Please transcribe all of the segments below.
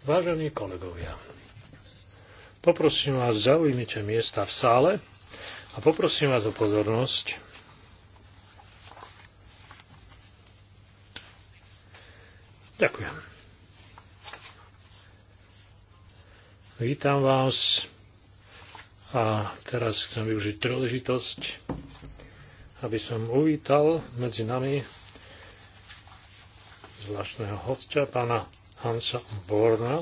Vážení kolegovia, poprosím vás, zaujmite miesta v sále a poprosím vás o pozornosť. Ďakujem. Vítam vás a teraz chcem využiť príležitosť, aby som uvítal medzi nami zvláštneho hostia, pána Hansa Borna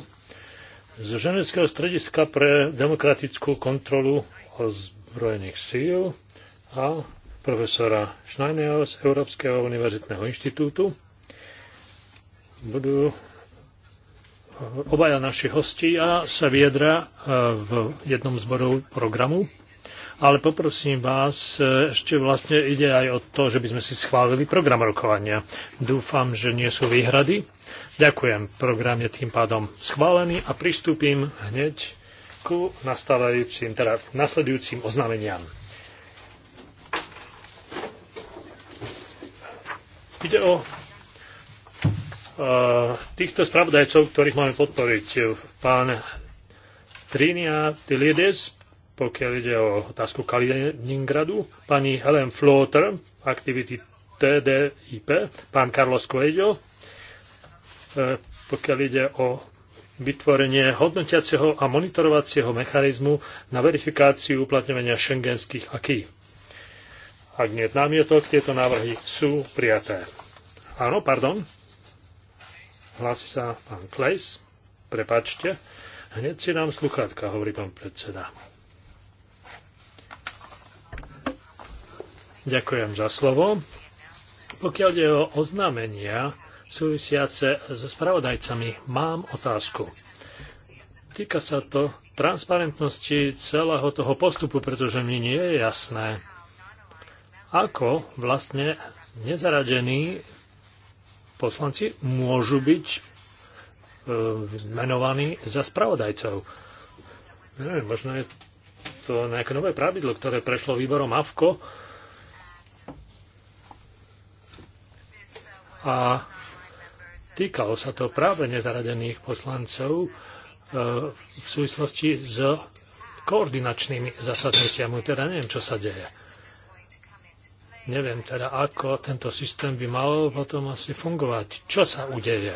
z Ženevského strediska pre demokratickú kontrolu ozbrojených síl a profesora Schneineho z Európskeho univerzitného inštitútu. Budú obaja naši hosti a sa viedra eh, v jednom z programu ale poprosím vás, e, ešte vlastne ide aj o to, že by sme si schválili program rokovania. Dúfam, že nie sú výhrady. Ďakujem, program je tým pádom schválený a pristúpim hneď ku nastávajúcim, teda nasledujúcim oznámeniam. Ide o e, týchto spravodajcov, ktorých máme podporiť, pán Trinia Tiliedes, pokiaľ ide o otázku Kaliningradu, pani Helen Floater, aktivity TDIP, pán Carlos Coelho, e, pokiaľ ide o vytvorenie hodnotiaceho a monitorovacieho mechanizmu na verifikáciu uplatňovania šengenských aký. Ak nie je námietok, tieto návrhy sú prijaté. Áno, pardon. Hlási sa pán Klejs. Prepačte. Hneď si nám sluchátka, hovorí pán predseda. Ďakujem za slovo. Pokiaľ je o oznámenia súvisiace so spravodajcami, mám otázku. Týka sa to transparentnosti celého toho postupu, pretože mi nie je jasné, ako vlastne nezaradení poslanci môžu byť e, menovaní za spravodajcov. Neviem, možno je to nejaké nové pravidlo, ktoré prešlo výborom AVKO a týkalo sa to práve nezaradených poslancov e, v súvislosti s koordinačnými zasadnutiami. Teda neviem, čo sa deje. Neviem teda, ako tento systém by mal potom asi fungovať. Čo sa udeje,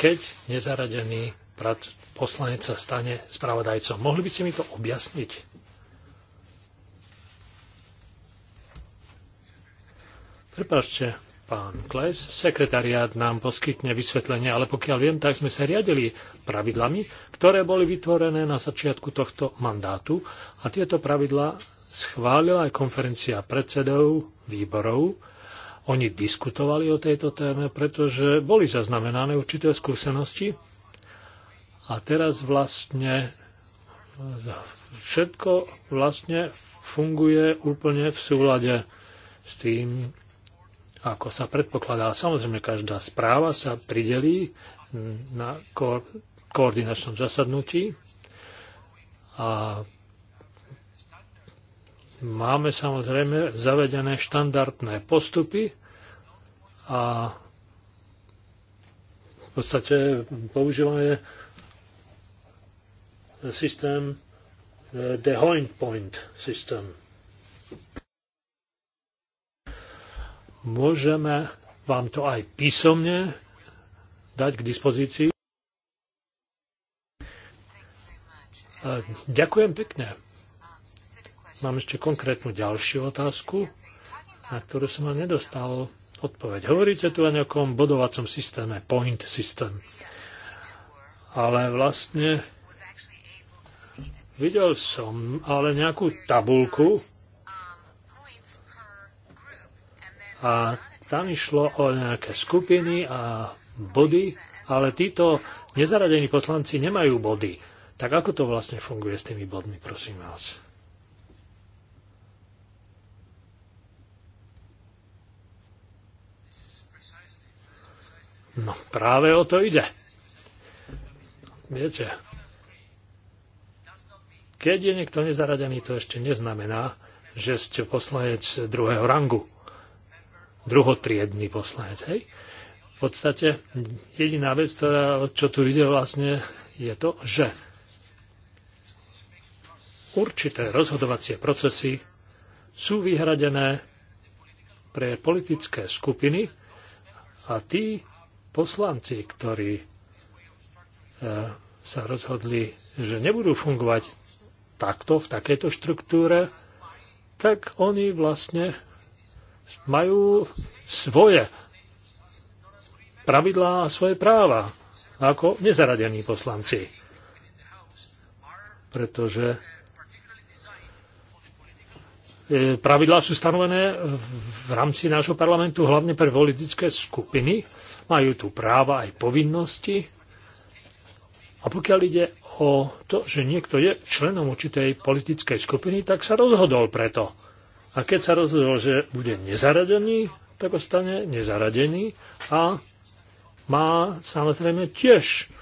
keď nezaradený poslanec sa stane spravodajcom? Mohli by ste mi to objasniť? Prepašte, pán Kles. Sekretariát nám poskytne vysvetlenie, ale pokiaľ viem, tak sme sa riadili pravidlami, ktoré boli vytvorené na začiatku tohto mandátu a tieto pravidlá schválila aj konferencia predsedov výborov. Oni diskutovali o tejto téme, pretože boli zaznamenané určité skúsenosti a teraz vlastne všetko vlastne funguje úplne v súlade s tým, ako sa predpokladá. Samozrejme, každá správa sa pridelí na ko- koordinačnom zasadnutí a máme samozrejme zavedené štandardné postupy a v podstate používame systém The eh, Hoint Point systém. Môžeme vám to aj písomne dať k dispozícii. Ďakujem pekne. Mám ešte konkrétnu ďalšiu otázku, na ktorú som vám nedostal odpoveď. Hovoríte tu o nejakom bodovacom systéme, point system. Ale vlastne videl som ale nejakú tabulku, a tam išlo o nejaké skupiny a body, ale títo nezaradení poslanci nemajú body. Tak ako to vlastne funguje s tými bodmi, prosím vás? No práve o to ide. Viete, keď je niekto nezaradený, to ešte neznamená, že ste poslanec druhého rangu druhotriedný poslanec. Hej? V podstate jediná vec, ktorá, čo tu ide vlastne, je to, že určité rozhodovacie procesy sú vyhradené pre politické skupiny a tí poslanci, ktorí e, sa rozhodli, že nebudú fungovať takto, v takejto štruktúre, tak oni vlastne majú svoje pravidlá a svoje práva ako nezaradení poslanci. Pretože e, pravidlá sú stanovené v rámci nášho parlamentu hlavne pre politické skupiny. Majú tu práva aj povinnosti. A pokiaľ ide o to, že niekto je členom určitej politickej skupiny, tak sa rozhodol preto. A keď sa rozhodol, že bude nezaradený, tak ostane nezaradený a má samozrejme tiež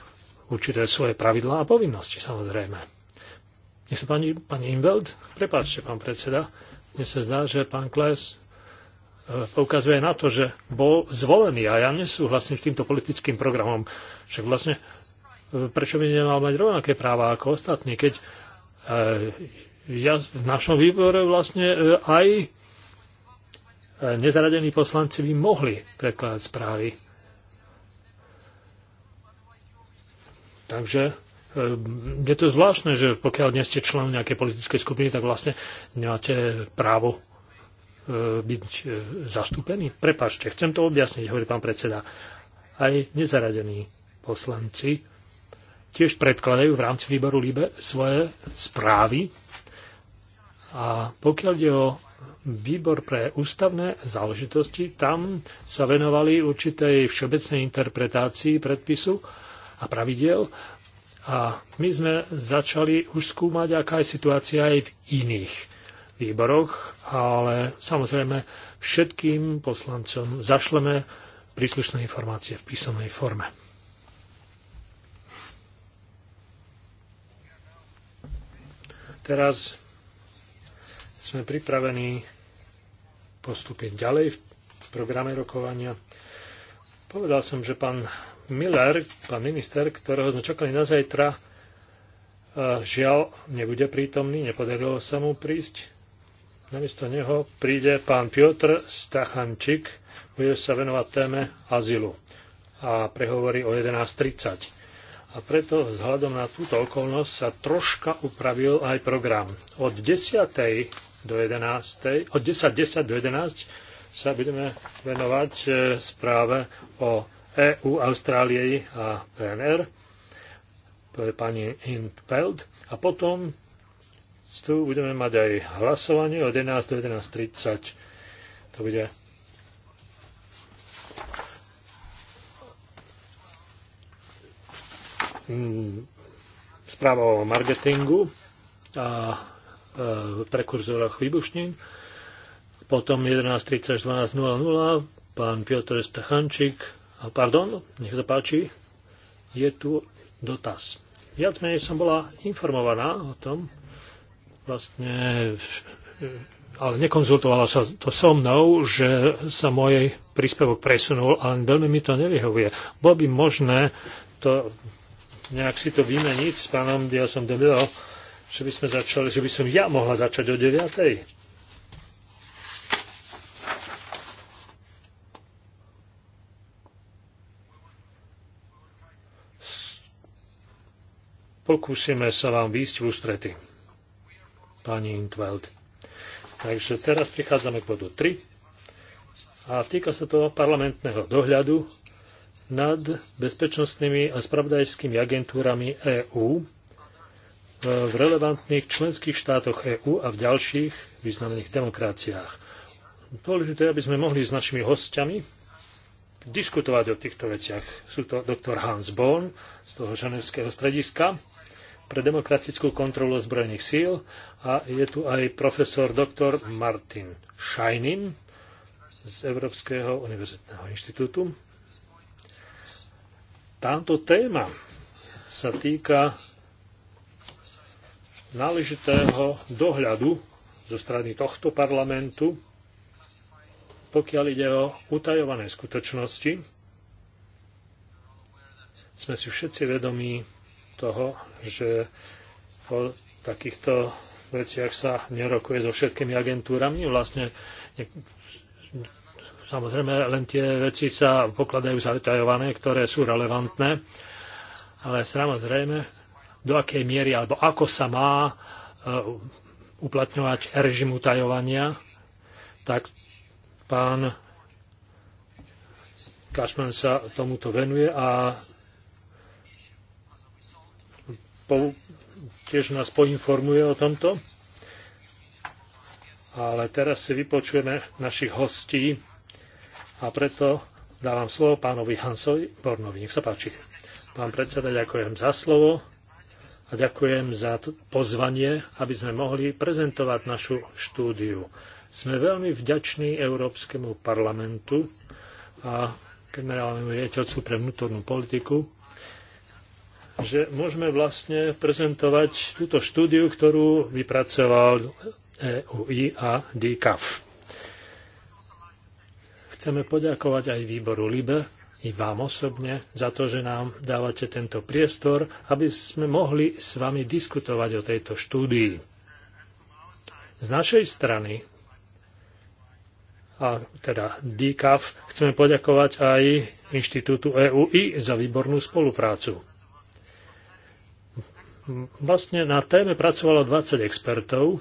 určité svoje pravidlá a povinnosti, samozrejme. Nech sa pani, pani Inveld, prepáčte, pán predseda, mne sa zdá, že pán Kles e, poukazuje na to, že bol zvolený a ja nesúhlasím s týmto politickým programom. Však vlastne, e, prečo by nemal mať rovnaké práva ako ostatní, keď e, ja v našom výbore vlastne e, aj e, nezaradení poslanci by mohli predkladať správy. Takže e, je to zvláštne, že pokiaľ nie ste člen nejakej politickej skupiny, tak vlastne nemáte právo byť zastúpení. Prepašte, chcem to objasniť, hovorí pán predseda. Aj nezaradení poslanci tiež predkladajú v rámci výboru LIBE svoje správy a pokiaľ ide o výbor pre ústavné záležitosti, tam sa venovali určitej všeobecnej interpretácii predpisu a pravidel. A my sme začali už skúmať, aká je situácia aj v iných výboroch, ale samozrejme všetkým poslancom zašleme príslušné informácie v písomnej forme. Teraz sme pripravení postúpiť ďalej v programe rokovania. Povedal som, že pán Miller, pán minister, ktorého sme čakali na zajtra, e, žiaľ nebude prítomný, nepodarilo sa mu prísť. Namiesto neho príde pán Piotr Stachančik, bude sa venovať téme azylu a prehovorí o 11.30. A preto vzhľadom na túto okolnosť sa troška upravil aj program. Od do 11. Od 10.10 10 do 11 sa budeme venovať e, správe o EU, Austrálii a PNR. To je pani Intpeld. A potom tu budeme mať aj hlasovanie od 11 do 11.30. To bude mm, správa o marketingu a Eh, prekurzoroch výbušnín. Potom 11.30 12.00 pán Piotr Stachančík. A pardon, nech sa páči, je tu dotaz. Viac menej som bola informovaná o tom, vlastne, ale nekonzultovala sa to so mnou, že sa môj príspevok presunul, ale veľmi mi to nevyhovuje. Bolo by možné to nejak si to vymeniť s pánom Diasom Demilo, že by sme začali, že by som ja mohla začať o 9. Pokúsime sa vám výjsť v ústrety, pani Intveld. Takže teraz prichádzame k bodu 3 a týka sa toho parlamentného dohľadu nad bezpečnostnými a spravodajskými agentúrami EÚ v relevantných členských štátoch EÚ a v ďalších významných demokráciách. Dôležité, aby sme mohli s našimi hostiami diskutovať o týchto veciach. Sú to doktor Hans Born z toho ženevského strediska pre demokratickú kontrolu zbrojných síl a je tu aj profesor doktor Martin Scheinin z Európskeho univerzitného inštitútu. Táto téma sa týka náležitého dohľadu zo strany tohto parlamentu, pokiaľ ide o utajované skutočnosti. Sme si všetci vedomí toho, že o takýchto veciach sa nerokuje so všetkými agentúrami. Vlastne samozrejme len tie veci sa pokladajú za utajované, ktoré sú relevantné. Ale samozrejme, do akej miery alebo ako sa má eh, uplatňovať režim utajovania, tak pán Kašman sa tomuto venuje a po, tiež nás poinformuje o tomto. Ale teraz si vypočujeme našich hostí a preto dávam slovo pánovi Hansovi Bornovi. Nech sa páči. Pán predseda, ďakujem za slovo a ďakujem za pozvanie, aby sme mohli prezentovať našu štúdiu. Sme veľmi vďační Európskemu parlamentu a generálnemu rieťocu pre vnútornú politiku, že môžeme vlastne prezentovať túto štúdiu, ktorú vypracoval EUI a DCAF. Chceme poďakovať aj výboru LIBE, i vám osobne za to, že nám dávate tento priestor, aby sme mohli s vami diskutovať o tejto štúdii. Z našej strany, a teda DCAF, chceme poďakovať aj Inštitútu EUI za výbornú spoluprácu. Vlastne na téme pracovalo 20 expertov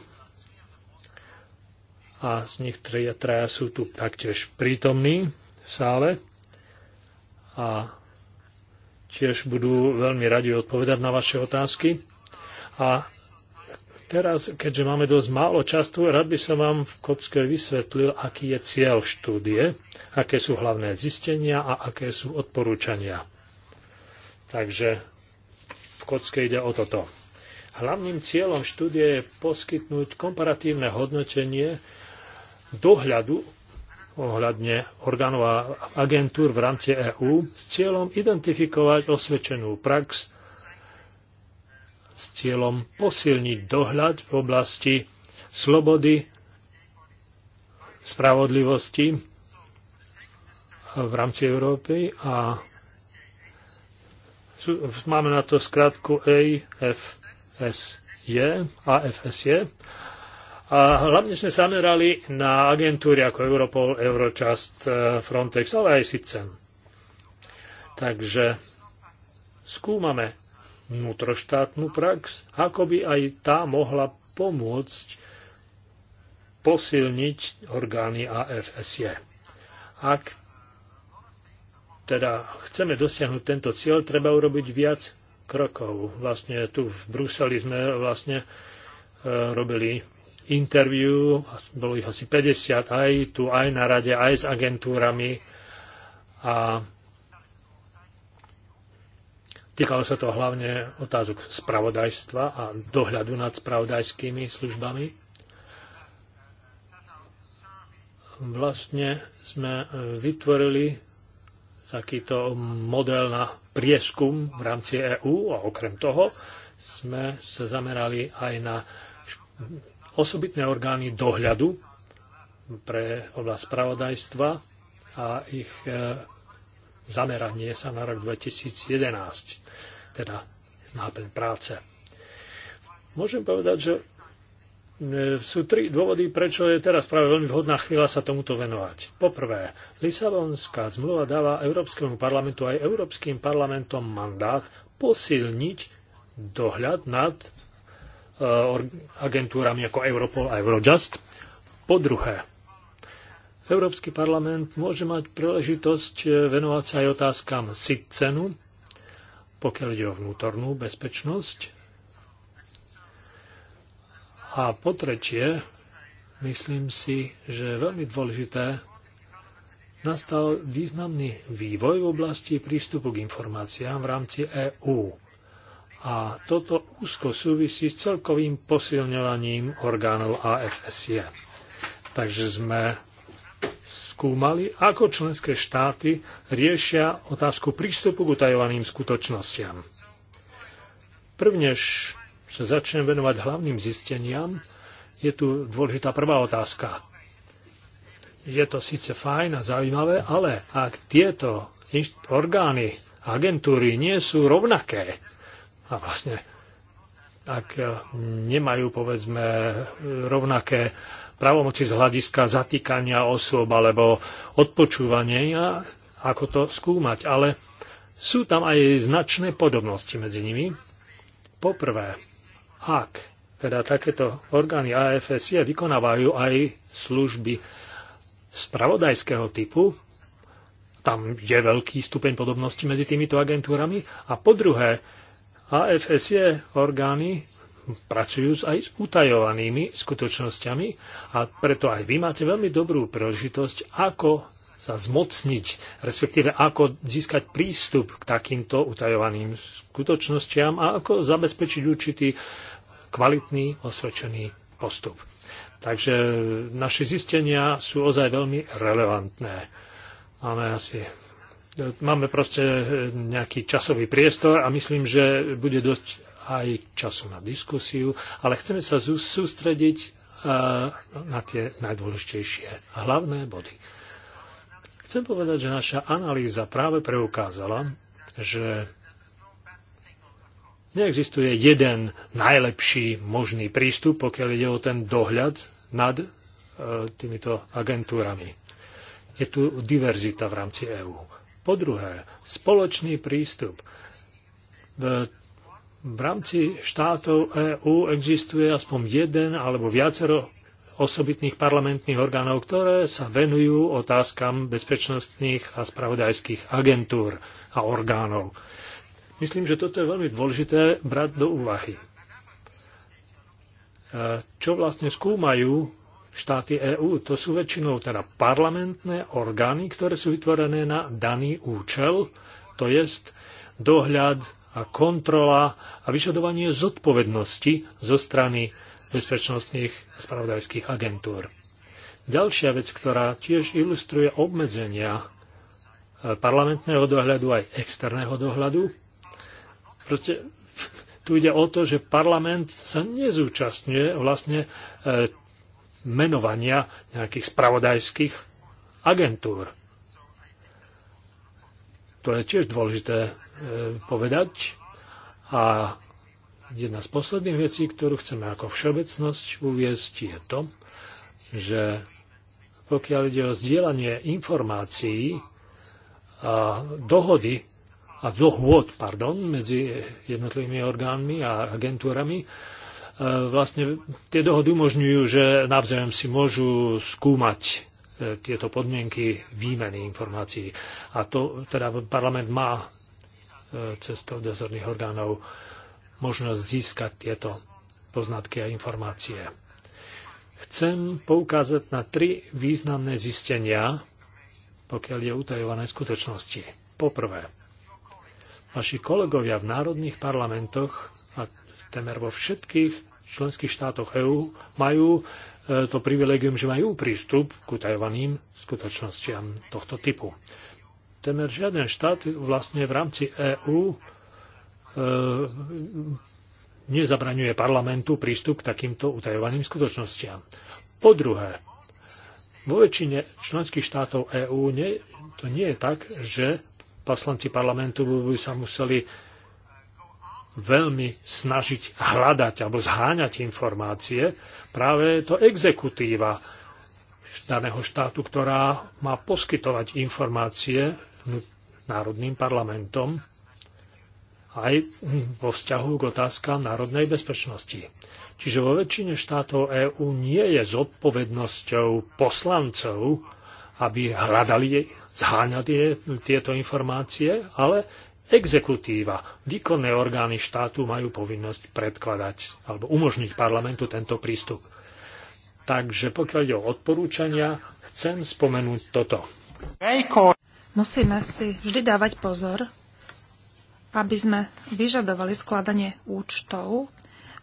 a z nich traja sú tu taktiež prítomní v sále a tiež budú veľmi radi odpovedať na vaše otázky. A teraz, keďže máme dosť málo času, rád by som vám v kocke vysvetlil, aký je cieľ štúdie, aké sú hlavné zistenia a aké sú odporúčania. Takže v kocke ide o toto. Hlavným cieľom štúdie je poskytnúť komparatívne hodnotenie dohľadu ohľadne orgánov a agentúr v rámci EÚ s cieľom identifikovať osvedčenú prax, s cieľom posilniť dohľad v oblasti slobody, spravodlivosti v rámci Európy a máme na to skratku AFSJ, AFSJ a hlavne sme zamerali na agentúry ako Europol, Eurojust, e, Frontex, ale aj SICEM. Takže skúmame vnútroštátnu prax, ako by aj tá mohla pomôcť posilniť orgány AFSE. Ak teda chceme dosiahnuť tento cieľ, treba urobiť viac krokov. Vlastne tu v Bruseli sme vlastne e, robili interviu, bolo ich asi 50, aj tu, aj na rade, aj s agentúrami. A týkalo sa to hlavne otázok spravodajstva a dohľadu nad spravodajskými službami. Vlastne sme vytvorili takýto model na prieskum v rámci EÚ a okrem toho sme sa zamerali aj na osobitné orgány dohľadu pre oblasť spravodajstva a ich e, zameranie sa na rok 2011, teda náplň práce. Môžem povedať, že e, sú tri dôvody, prečo je teraz práve veľmi vhodná chvíľa sa tomuto venovať. Poprvé, Lisabonská zmluva dáva Európskemu parlamentu aj Európskym parlamentom mandát posilniť dohľad nad Eh, agentúrami ako Europol a Eurojust. Po druhé, Európsky parlament môže mať príležitosť eh, venovať sa aj otázkam sit cenu, pokiaľ ide o vnútornú bezpečnosť. A po tretie, myslím si, že je veľmi dôležité, nastal významný vývoj v oblasti prístupu k informáciám v rámci EÚ a toto úzko súvisí s celkovým posilňovaním orgánov AFSE. Takže sme skúmali, ako členské štáty riešia otázku prístupu k utajovaným skutočnostiam. Prvnež sa začnem venovať hlavným zisteniam, je tu dôležitá prvá otázka. Je to síce fajn a zaujímavé, ale ak tieto orgány, agentúry nie sú rovnaké, a vlastne ak nemajú povedzme rovnaké pravomoci z hľadiska zatýkania osôb alebo odpočúvania, ako to skúmať. Ale sú tam aj značné podobnosti medzi nimi. Poprvé, ak teda takéto orgány AFSI vykonávajú aj služby spravodajského typu, tam je veľký stupeň podobnosti medzi týmito agentúrami. A po druhé, AFSE orgány pracujú aj s utajovanými skutočnosťami a preto aj vy máte veľmi dobrú príležitosť, ako sa zmocniť, respektíve ako získať prístup k takýmto utajovaným skutočnostiam a ako zabezpečiť určitý kvalitný, osvedčený postup. Takže naše zistenia sú ozaj veľmi relevantné. Máme asi Máme proste e, nejaký časový priestor a myslím, že bude dosť aj času na diskusiu, ale chceme sa sústrediť e, na tie najdôležitejšie hlavné body. Chcem povedať, že naša analýza práve preukázala, že neexistuje jeden najlepší možný prístup, pokiaľ ide o ten dohľad nad e, týmito agentúrami. Je tu diverzita v rámci EÚ. Po druhé, spoločný prístup. V, v rámci štátov EÚ existuje aspoň jeden alebo viacero osobitných parlamentných orgánov, ktoré sa venujú otázkam bezpečnostných a spravodajských agentúr a orgánov. Myslím, že toto je veľmi dôležité brať do úvahy. E, čo vlastne skúmajú štáty EÚ. To sú väčšinou teda parlamentné orgány, ktoré sú vytvorené na daný účel, to jest dohľad a kontrola a vyšadovanie zodpovednosti zo strany bezpečnostných spravodajských agentúr. Ďalšia vec, ktorá tiež ilustruje obmedzenia e, parlamentného dohľadu aj externého dohľadu, proste tu ide o to, že parlament sa nezúčastňuje vlastne e, menovania nejakých spravodajských agentúr. To je tiež dôležité e, povedať. A jedna z posledných vecí, ktorú chceme ako všeobecnosť uviezť, je to, že pokiaľ ide o zdieľanie informácií a dohody a dohôd pardon, medzi jednotlivými orgánmi a agentúrami, E, vlastne tie dohody umožňujú, že navzájom si môžu skúmať e, tieto podmienky výmeny informácií. A to teda parlament má e, cestou dozorných orgánov možnosť získať tieto poznatky a informácie. Chcem poukázať na tri významné zistenia, pokiaľ je utajované skutočnosti. Poprvé, vaši kolegovia v národných parlamentoch a temer vo všetkých členských štátoch EÚ majú e, to privilegium, že majú prístup k utajovaným skutočnostiam tohto typu. Temer žiaden štát vlastne v rámci EÚ e, nezabraňuje parlamentu prístup k takýmto utajovaným skutočnostiam. Po druhé, vo väčšine členských štátov EÚ nie, to nie je tak, že poslanci parlamentu by sa museli veľmi snažiť hľadať alebo zháňať informácie. Práve je to exekutíva daného štátu, ktorá má poskytovať informácie národným parlamentom aj vo vzťahu k otázkam národnej bezpečnosti. Čiže vo väčšine štátov EÚ nie je zodpovednosťou poslancov, aby hľadali, zháňali tieto informácie, ale exekutíva, výkonné orgány štátu majú povinnosť predkladať alebo umožniť parlamentu tento prístup. Takže pokiaľ ide o odporúčania, chcem spomenúť toto. Musíme si vždy dávať pozor, aby sme vyžadovali skladanie účtov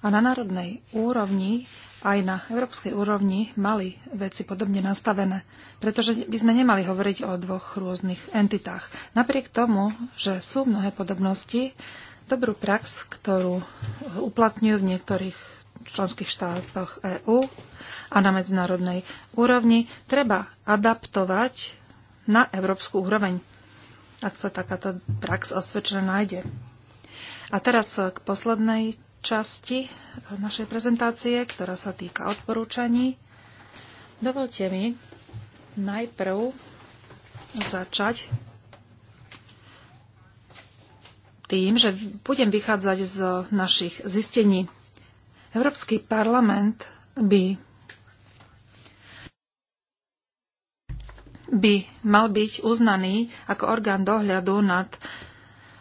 a na národnej úrovni aj na európskej úrovni mali veci podobne nastavené, pretože by sme nemali hovoriť o dvoch rôznych entitách. Napriek tomu, že sú mnohé podobnosti, dobrú prax, ktorú uplatňujú v niektorých členských štátoch EÚ a na medzinárodnej úrovni, treba adaptovať na európsku úroveň, ak sa takáto prax osvedčená nájde. A teraz k poslednej časti našej prezentácie, ktorá sa týka odporúčaní. Dovolte mi najprv začať tým, že budem vychádzať z našich zistení. Európsky parlament by by mal byť uznaný ako orgán dohľadu nad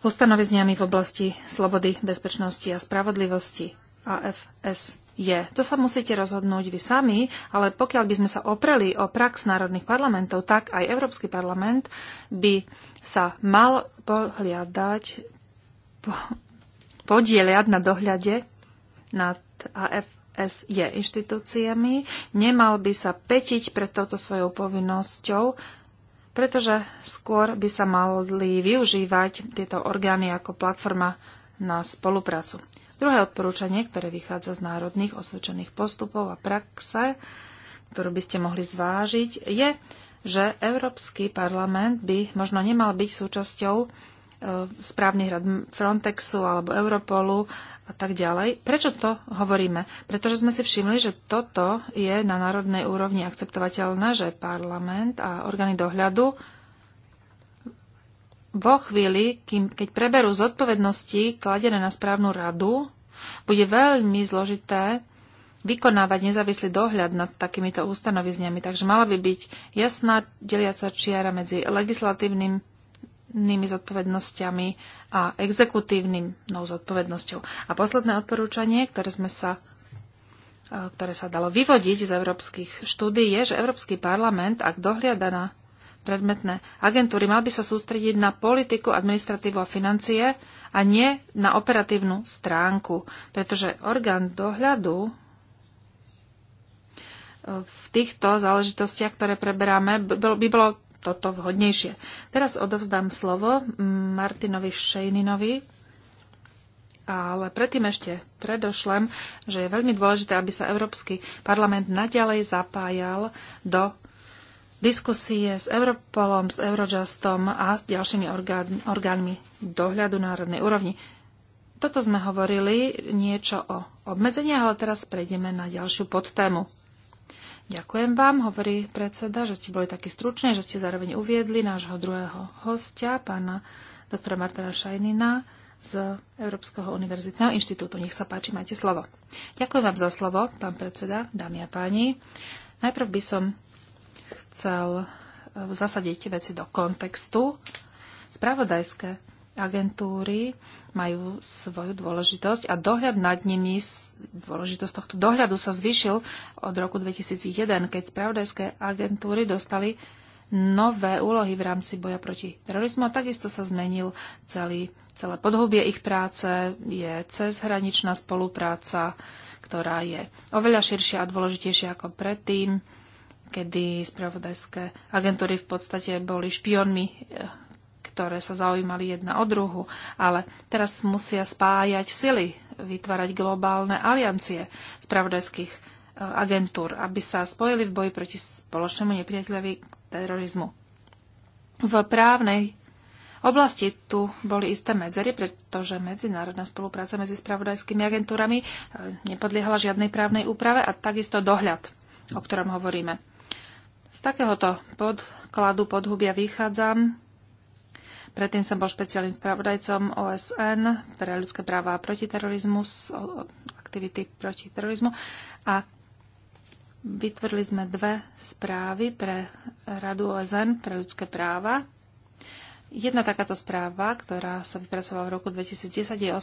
ustanoveniami v oblasti slobody, bezpečnosti a spravodlivosti AFS je. To sa musíte rozhodnúť vy sami, ale pokiaľ by sme sa opreli o prax národných parlamentov, tak aj Európsky parlament by sa mal pohliadať, po, podieliať na dohľade nad AFS je inštitúciami, nemal by sa petiť pred touto svojou povinnosťou pretože skôr by sa mali využívať tieto orgány ako platforma na spoluprácu. Druhé odporúčanie, ktoré vychádza z národných osvedčených postupov a praxe, ktorú by ste mohli zvážiť, je, že Európsky parlament by možno nemal byť súčasťou e, správnych rad Frontexu alebo Europolu a tak ďalej. Prečo to hovoríme? Pretože sme si všimli, že toto je na národnej úrovni akceptovateľné, že parlament a orgány dohľadu vo chvíli, kým, keď preberú zodpovednosti kladené na správnu radu, bude veľmi zložité vykonávať nezávislý dohľad nad takýmito ustanovizniami. Takže mala by byť jasná deliaca čiara medzi legislatívnym nými zodpovednosťami a exekutívnym no, zodpovednosťou. A posledné odporúčanie, ktoré sme sa e, ktoré sa dalo vyvodiť z európskych štúdí, je, že Európsky parlament, ak dohliada na predmetné agentúry, mal by sa sústrediť na politiku, administratívu a financie a nie na operatívnu stránku, pretože orgán dohľadu e, v týchto záležitostiach, ktoré preberáme, by bolo toto vhodnejšie. Teraz odovzdám slovo mm, Martinovi Šejninovi, ale predtým ešte predošlem, že je veľmi dôležité, aby sa Európsky parlament naďalej zapájal do diskusie s Europolom, s Eurojustom a s ďalšími orgán, orgánmi dohľadu národnej úrovni. Toto sme hovorili niečo o obmedzeniach, ale teraz prejdeme na ďalšiu podtému. Ďakujem vám, hovorí predseda, že ste boli takí struční, že ste zároveň uviedli nášho druhého hostia, pána doktora Martina Šajnina z Európskeho univerzitného inštitútu. Nech sa páči, máte slovo. Ďakujem vám za slovo, pán predseda, dámy a páni. Najprv by som chcel eh, zasadiť veci do kontextu. Spravodajské agentúry majú svoju dôležitosť a dohľad nad nimi, dôležitosť tohto dohľadu sa zvýšil od roku 2001, keď spravodajské agentúry dostali nové úlohy v rámci boja proti terorizmu a takisto sa zmenil celý, celé podhubie ich práce, je cezhraničná spolupráca, ktorá je oveľa širšia a dôležitejšia ako predtým, kedy spravodajské agentúry v podstate boli špionmi eh, ktoré sa zaujímali jedna o druhu, ale teraz musia spájať sily, vytvárať globálne aliancie spravodajských e, agentúr, aby sa spojili v boji proti spoločnému nepriateľovi terorizmu. V právnej oblasti tu boli isté medzery, pretože medzinárodná spolupráca medzi spravodajskými agentúrami e, nepodliehala žiadnej právnej úprave a takisto dohľad, o ktorom hovoríme. Z takéhoto podkladu podhubia vychádzam Predtým som bol špeciálnym spravodajcom OSN pre ľudské práva a protiterorizmus, aktivity proti terorizmu. A vytvorili sme dve správy pre Radu OSN pre ľudské práva. Jedna takáto správa, ktorá sa vypracovala v roku 2010, je o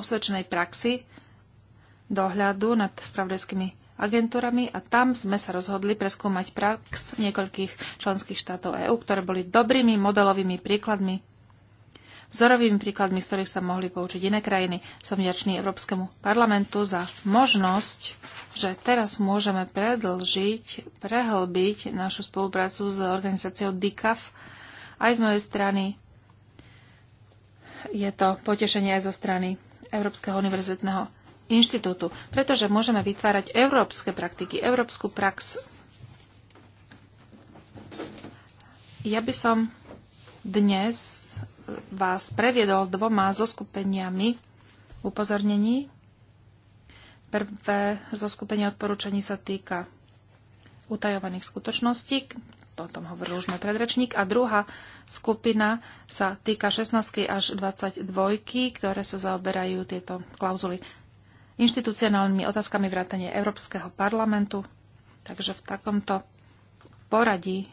osvedčenej praxi dohľadu nad spravodajskými agentúrami a tam sme sa rozhodli preskúmať prax niekoľkých členských štátov EÚ, ktoré boli dobrými modelovými príkladmi, vzorovými príkladmi, z ktorých sa mohli poučiť iné krajiny. Som vďačný Európskemu parlamentu za možnosť, že teraz môžeme predlžiť, prehlbiť našu spoluprácu s organizáciou DICAF aj z mojej strany. Je to potešenie aj zo strany Európskeho univerzitného inštitútu, pretože môžeme vytvárať európske praktiky, európsku prax. Ja by som dnes vás previedol dvoma zoskupeniami upozornení. Prvé zoskupenie odporúčaní sa týka utajovaných skutočností, o tom hovoril už môj predrečník, a druhá skupina sa týka 16 až 22, ktoré sa zaoberajú tieto klauzuly inštitucionálnymi otázkami vrátane Európskeho parlamentu. Takže v takomto poradí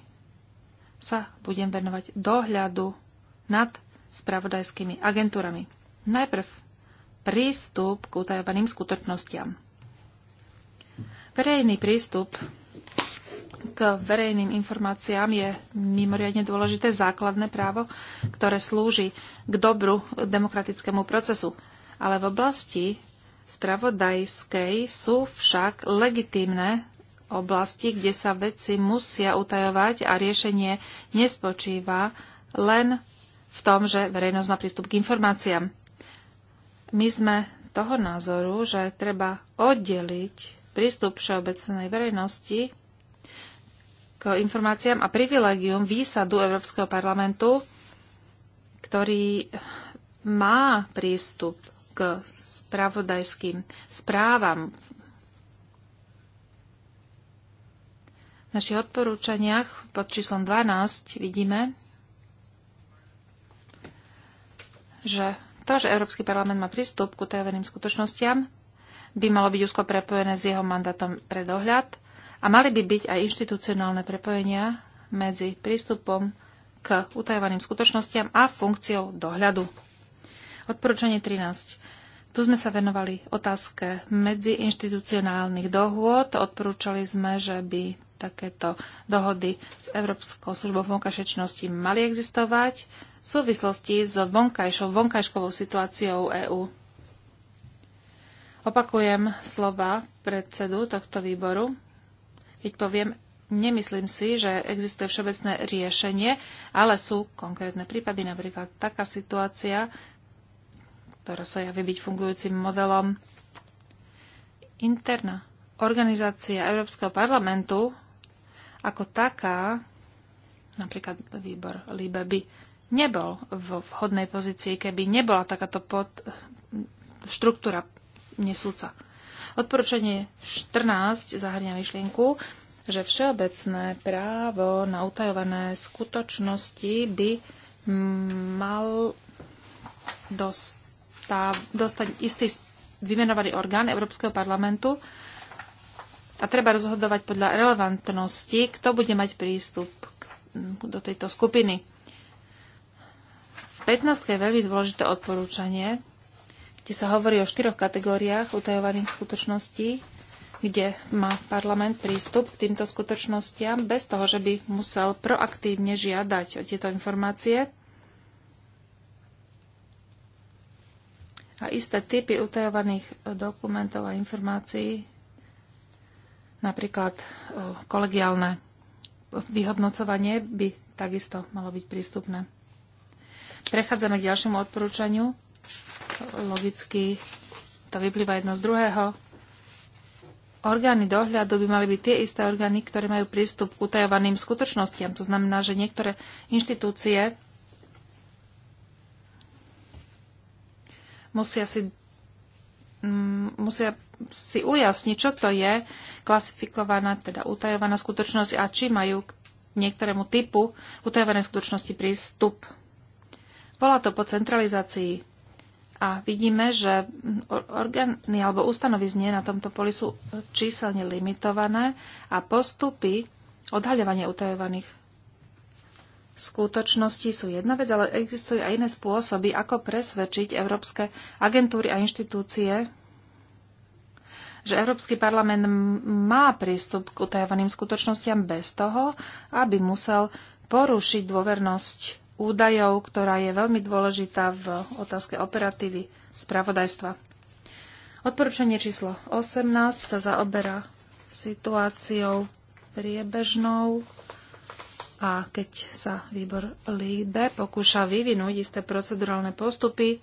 sa budem venovať dohľadu nad spravodajskými agentúrami. Najprv prístup k utajovaným skutočnostiam. Verejný prístup k verejným informáciám je mimoriadne dôležité základné právo, ktoré slúži k dobru demokratickému procesu. Ale v oblasti spravodajskej sú však legitimné oblasti, kde sa veci musia utajovať a riešenie nespočíva len v tom, že verejnosť má prístup k informáciám. My sme toho názoru, že treba oddeliť prístup všeobecnej verejnosti k informáciám a privilegium výsadu Európskeho parlamentu, ktorý má prístup k spravodajským správam. V našich odporúčaniach pod číslom 12 vidíme, že to, že Európsky parlament má prístup ku tajeným skutočnostiam, by malo byť úzko prepojené s jeho mandátom pre dohľad a mali by byť aj inštitucionálne prepojenia medzi prístupom k utajovaným skutočnostiam a funkciou dohľadu. Odporúčanie 13. Tu sme sa venovali otázke medziinštitucionálnych dohôd. Odporúčali sme, že by takéto dohody s Európskou službou vonkajšečnosti mali existovať v súvislosti s vonkajšou, vonkajškovou situáciou EÚ. Opakujem slova predsedu tohto výboru, keď poviem, nemyslím si, že existuje všeobecné riešenie, ale sú konkrétne prípady, napríklad taká situácia, ktorá sa javí byť fungujúcim modelom. Interná organizácia Európskeho parlamentu ako taká, napríklad výbor Líbe by nebol v vhodnej pozícii, keby nebola takáto pod, štruktúra nesúca. Odporúčanie 14 zahrňa myšlienku, že všeobecné právo na utajované skutočnosti by mal dosť tá, dostať istý vymenovaný orgán Európskeho parlamentu a treba rozhodovať podľa relevantnosti, kto bude mať prístup mm, do tejto skupiny. V 15. je veľmi dôležité odporúčanie, kde sa hovorí o štyroch kategóriách utajovaných skutočností, kde má parlament prístup k týmto skutočnostiam bez toho, že by musel proaktívne žiadať o tieto informácie. a isté typy utajovaných eh, dokumentov a informácií, napríklad eh, kolegiálne vyhodnocovanie, by takisto malo byť prístupné. Prechádzame k ďalšiemu odporúčaniu. Logicky to vyplýva jedno z druhého. Orgány dohľadu by mali byť tie isté orgány, ktoré majú prístup k utajovaným skutočnostiam. To znamená, že niektoré inštitúcie musia si, mm, musia si ujasniť, čo to je klasifikovaná, teda utajovaná skutočnosť a či majú k niektorému typu utajované skutočnosti prístup. Volá to po centralizácii a vidíme, že orgány alebo znie na tomto poli sú číselne limitované a postupy odhaľovania utajovaných skutočnosti sú jedna vec, ale existujú aj iné spôsoby, ako presvedčiť európske agentúry a inštitúcie, že Európsky parlament má prístup k utajovaným skutočnostiam bez toho, aby musel porušiť dôvernosť údajov, ktorá je veľmi dôležitá v otázke operatívy spravodajstva. Odporúčanie číslo 18 sa zaoberá situáciou priebežnou a keď sa výbor líbe pokúša vyvinúť isté procedurálne postupy,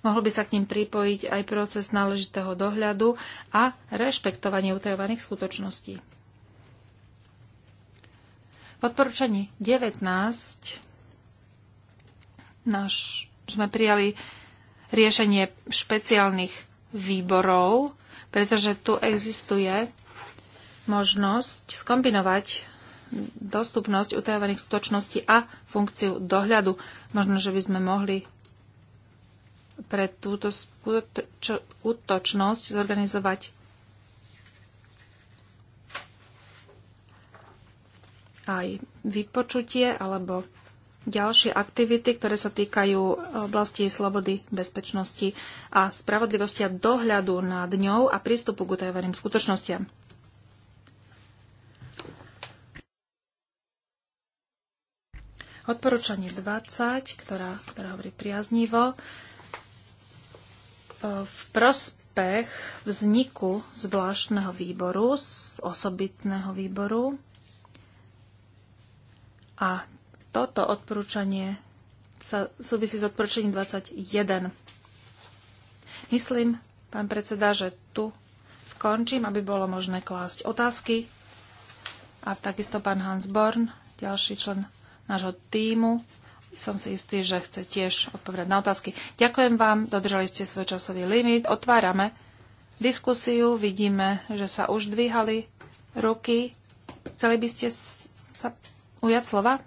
mohol by sa k ním pripojiť aj proces náležitého dohľadu a rešpektovanie utajovaných skutočností. V odporúčaní 19 náš, sme prijali riešenie špeciálnych výborov, pretože tu existuje možnosť skombinovať dostupnosť utajovaných skutočností a funkciu dohľadu. Možno, že by sme mohli pre túto skutočnosť zorganizovať aj vypočutie alebo ďalšie aktivity, ktoré sa týkajú oblasti slobody, bezpečnosti a spravodlivosti a dohľadu nad ňou a prístupu k utajovaným skutočnostiam. Odporúčanie 20, ktorá, ktorá hovorí priaznivo, v prospech vzniku zvláštneho výboru, z osobitného výboru. A toto odporúčanie sa súvisí s odporúčaním 21. Myslím, pán predseda, že tu skončím, aby bolo možné klásť otázky. A takisto pán Hans Born, ďalší člen nášho týmu. Som si istý, že chce tiež odpovedať na otázky. Ďakujem vám, dodržali ste svoj časový limit. Otvárame diskusiu, vidíme, že sa už dvíhali ruky. Chceli by ste sa ujať slova?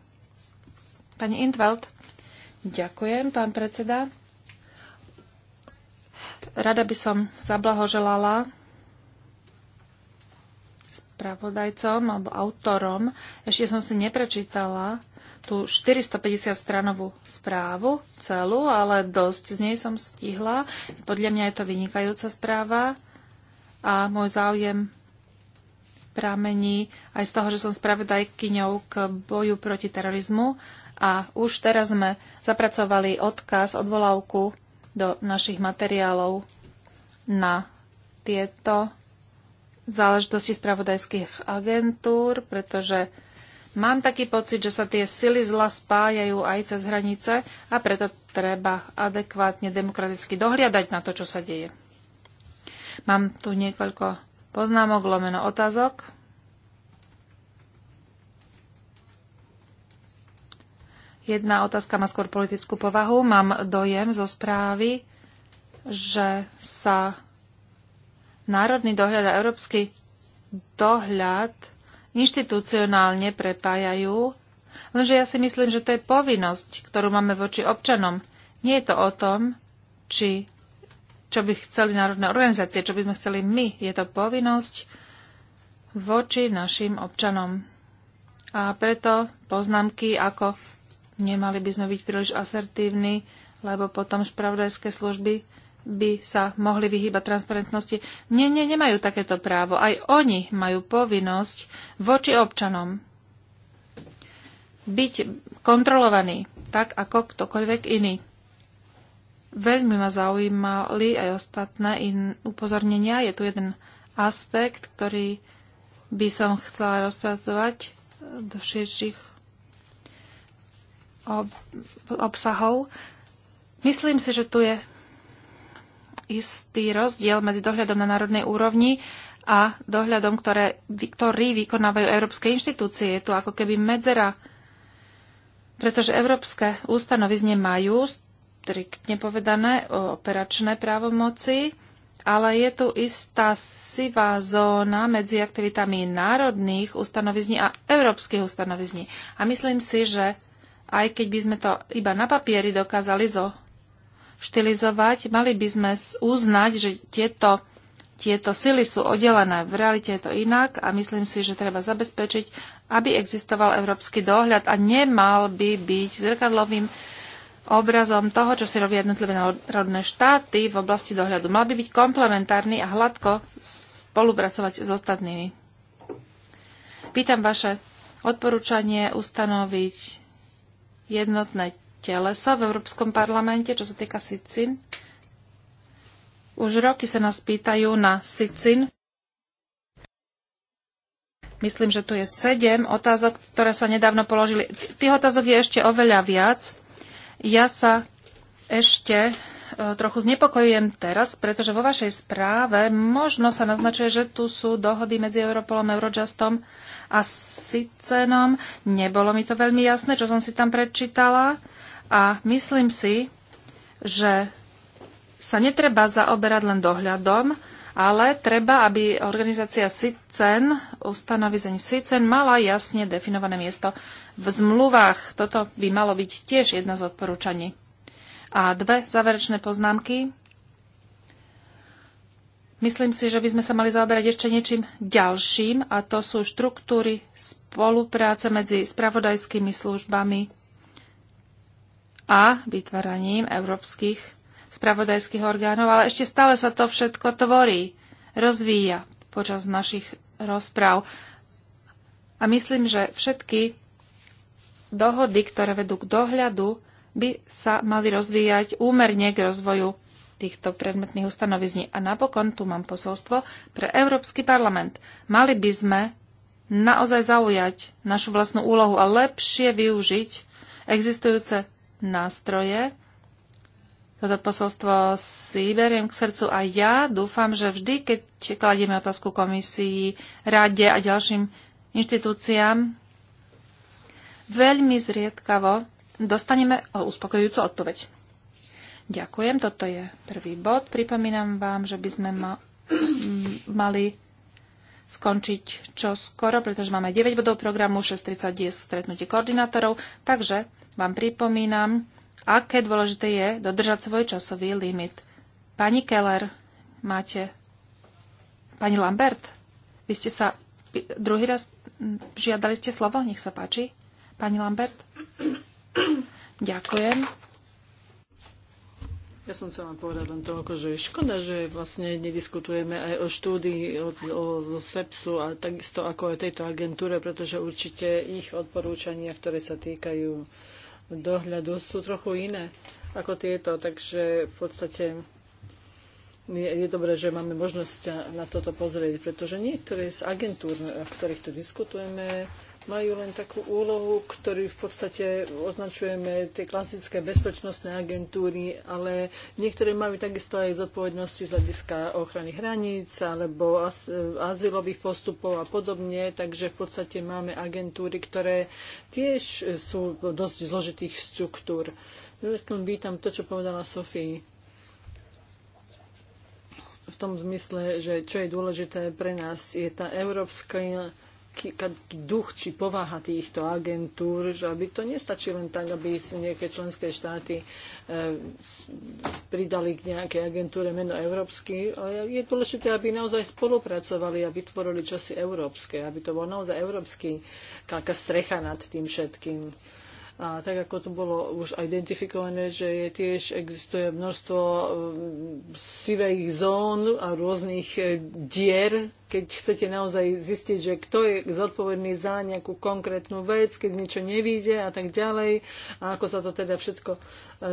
Pani Intveld. Ďakujem, pán predseda. Rada by som zablahoželala spravodajcom alebo autorom. Ešte som si neprečítala tú 450 stranovú správu celú, ale dosť z nej som stihla. Podľa mňa je to vynikajúca správa a môj záujem pramení aj z toho, že som spravodajkyňou k boju proti terorizmu a už teraz sme zapracovali odkaz, odvolávku do našich materiálov na tieto záležitosti spravodajských agentúr, pretože Mám taký pocit, že sa tie sily zla spájajú aj cez hranice a preto treba adekvátne demokraticky dohliadať na to, čo sa deje. Mám tu niekoľko poznámok, lomeno otázok. Jedna otázka má skôr politickú povahu. Mám dojem zo správy, že sa národný dohľad a európsky dohľad inštitucionálne prepájajú, lenže ja si myslím, že to je povinnosť, ktorú máme voči občanom. Nie je to o tom, či, čo by chceli národné organizácie, čo by sme chceli my. Je to povinnosť voči našim občanom. A preto poznámky ako nemali by sme byť príliš asertívni, lebo potom spravodajské služby by sa mohli vyhýbať transparentnosti. Nie, nie, nemajú takéto právo. Aj oni majú povinnosť voči občanom byť kontrolovaní, tak ako ktokoľvek iný. Veľmi ma zaujímali aj ostatné in upozornenia. Je tu jeden aspekt, ktorý by som chcela rozpracovať do širších ob- obsahov. Myslím si, že tu je istý rozdiel medzi dohľadom na národnej úrovni a dohľadom, ktoré, ktorý vykonávajú európske inštitúcie. Je tu ako keby medzera, pretože európske ústanovizne majú striktne povedané operačné právomoci, ale je tu istá sivá zóna medzi aktivitami národných ustanovizní a európskych ustanovizní. A myslím si, že aj keď by sme to iba na papieri dokázali zo štilizovať, mali by sme uznať, že tieto, tieto sily sú oddelené. V realite je to inak a myslím si, že treba zabezpečiť, aby existoval európsky dohľad a nemal by byť zrkadlovým obrazom toho, čo si robia jednotlivé národné štáty v oblasti dohľadu. Mal by byť komplementárny a hladko spolupracovať s ostatnými. Pýtam vaše odporúčanie ustanoviť jednotné telesa v Európskom parlamente, čo sa týka SICIN. Už roky sa nás pýtajú na SICIN. Myslím, že tu je sedem otázok, ktoré sa nedávno položili. Tých otázok je ešte oveľa viac. Ja sa ešte e, trochu znepokojujem teraz, pretože vo vašej správe možno sa naznačuje, že tu sú dohody medzi Europolom, Eurojustom a Sicenom. Nebolo mi to veľmi jasné, čo som si tam prečítala. A myslím si, že sa netreba zaoberať len dohľadom, ale treba, aby organizácia SICEN, ustanovizeň SICEN, mala jasne definované miesto v zmluvách. Toto by malo byť tiež jedna z odporúčaní. A dve záverečné poznámky. Myslím si, že by sme sa mali zaoberať ešte niečím ďalším, a to sú štruktúry spolupráce medzi spravodajskými službami a vytváraním európskych spravodajských orgánov, ale ešte stále sa to všetko tvorí, rozvíja počas našich rozpráv. A myslím, že všetky dohody, ktoré vedú k dohľadu, by sa mali rozvíjať úmerne k rozvoju týchto predmetných ustanovizní. A napokon tu mám posolstvo pre Európsky parlament. Mali by sme naozaj zaujať našu vlastnú úlohu a lepšie využiť existujúce nástroje. Toto posolstvo si beriem k srdcu a ja dúfam, že vždy, keď kladieme otázku komisii, rade a ďalším inštitúciám, veľmi zriedkavo dostaneme uspokojujúcu odpoveď. Ďakujem, toto je prvý bod. Pripomínam vám, že by sme ma- mali skončiť čo skoro, pretože máme 9 bodov programu, 6.30 je stretnutie koordinátorov, takže vám pripomínam, aké dôležité je dodržať svoj časový limit. Pani Keller, máte... Pani Lambert, vy ste sa druhý raz žiadali ste slovo, nech sa páči. Pani Lambert. Ďakujem. Ja som chcela povedať len toľko, že je škoda, že vlastne nediskutujeme aj o štúdii o, o SEPSu a takisto ako aj tejto agentúre, pretože určite ich odporúčania, ktoré sa týkajú dohľadu, sú trochu iné ako tieto. Takže v podstate je, je dobré, že máme možnosť na toto pozrieť, pretože niektoré z agentúr, o ktorých tu diskutujeme, majú len takú úlohu, ktorú v podstate označujeme tie klasické bezpečnostné agentúry, ale niektoré majú takisto aj zodpovednosti z hľadiska ochrany hraníc alebo azylových postupov a podobne, takže v podstate máme agentúry, ktoré tiež sú dosť zložitých štruktúr. Vítam to, čo povedala Sofii v tom zmysle, že čo je dôležité pre nás, je tá európska taký duch či povaha týchto agentúr, že aby to nestačí len tak, aby si nejaké členské štáty e, pridali k nejakej agentúre meno európsky, ale je dôležité, aby naozaj spolupracovali a vytvorili čosi európske, aby to bol naozaj európsky, taká strecha nad tým všetkým. A tak ako to bolo už identifikované, že je tiež existuje množstvo um, sivých zón a rôznych e, dier, keď chcete naozaj zistiť, že kto je zodpovedný za nejakú konkrétnu vec, keď niečo nevíde a tak ďalej, a ako sa to teda všetko e,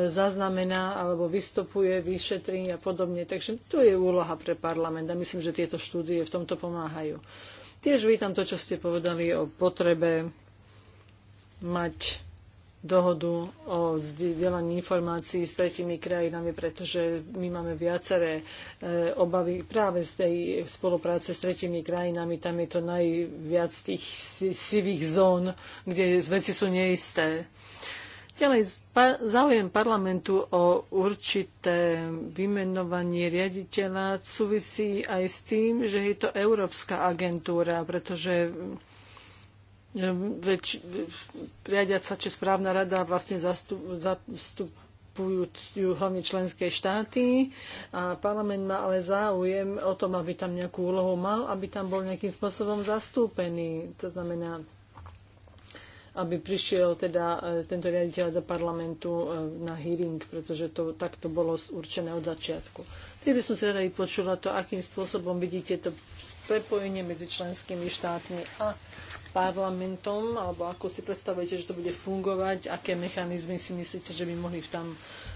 zaznamená alebo vystupuje, vyšetrí a podobne. Takže to je úloha pre parlament a myslím, že tieto štúdie v tomto pomáhajú. Tiež vítam to, čo ste povedali o potrebe mať dohodu o vzdielaní informácií s tretimi krajinami, pretože my máme viaceré e, obavy práve z tej spolupráce s tretimi krajinami. Tam je to najviac tých sivých zón, kde veci sú neisté. Ďalej záujem parlamentu o určité vymenovanie riaditeľa súvisí aj s tým, že je to európska agentúra, pretože väč, riadiať sa, či správna rada vlastne zastupujú zastupujú hlavne členské štáty a parlament má ale záujem o tom, aby tam nejakú úlohu mal, aby tam bol nejakým spôsobom zastúpený. To znamená, aby prišiel teda e, tento riaditeľ do parlamentu e, na hearing, pretože to takto bolo určené od začiatku. Tým by som si rada vypočula to, akým spôsobom vidíte to prepojenie medzi členskými štátmi a parlamentom, alebo ako si predstavujete, že to bude fungovať, aké mechanizmy si myslíte, že by mohli tam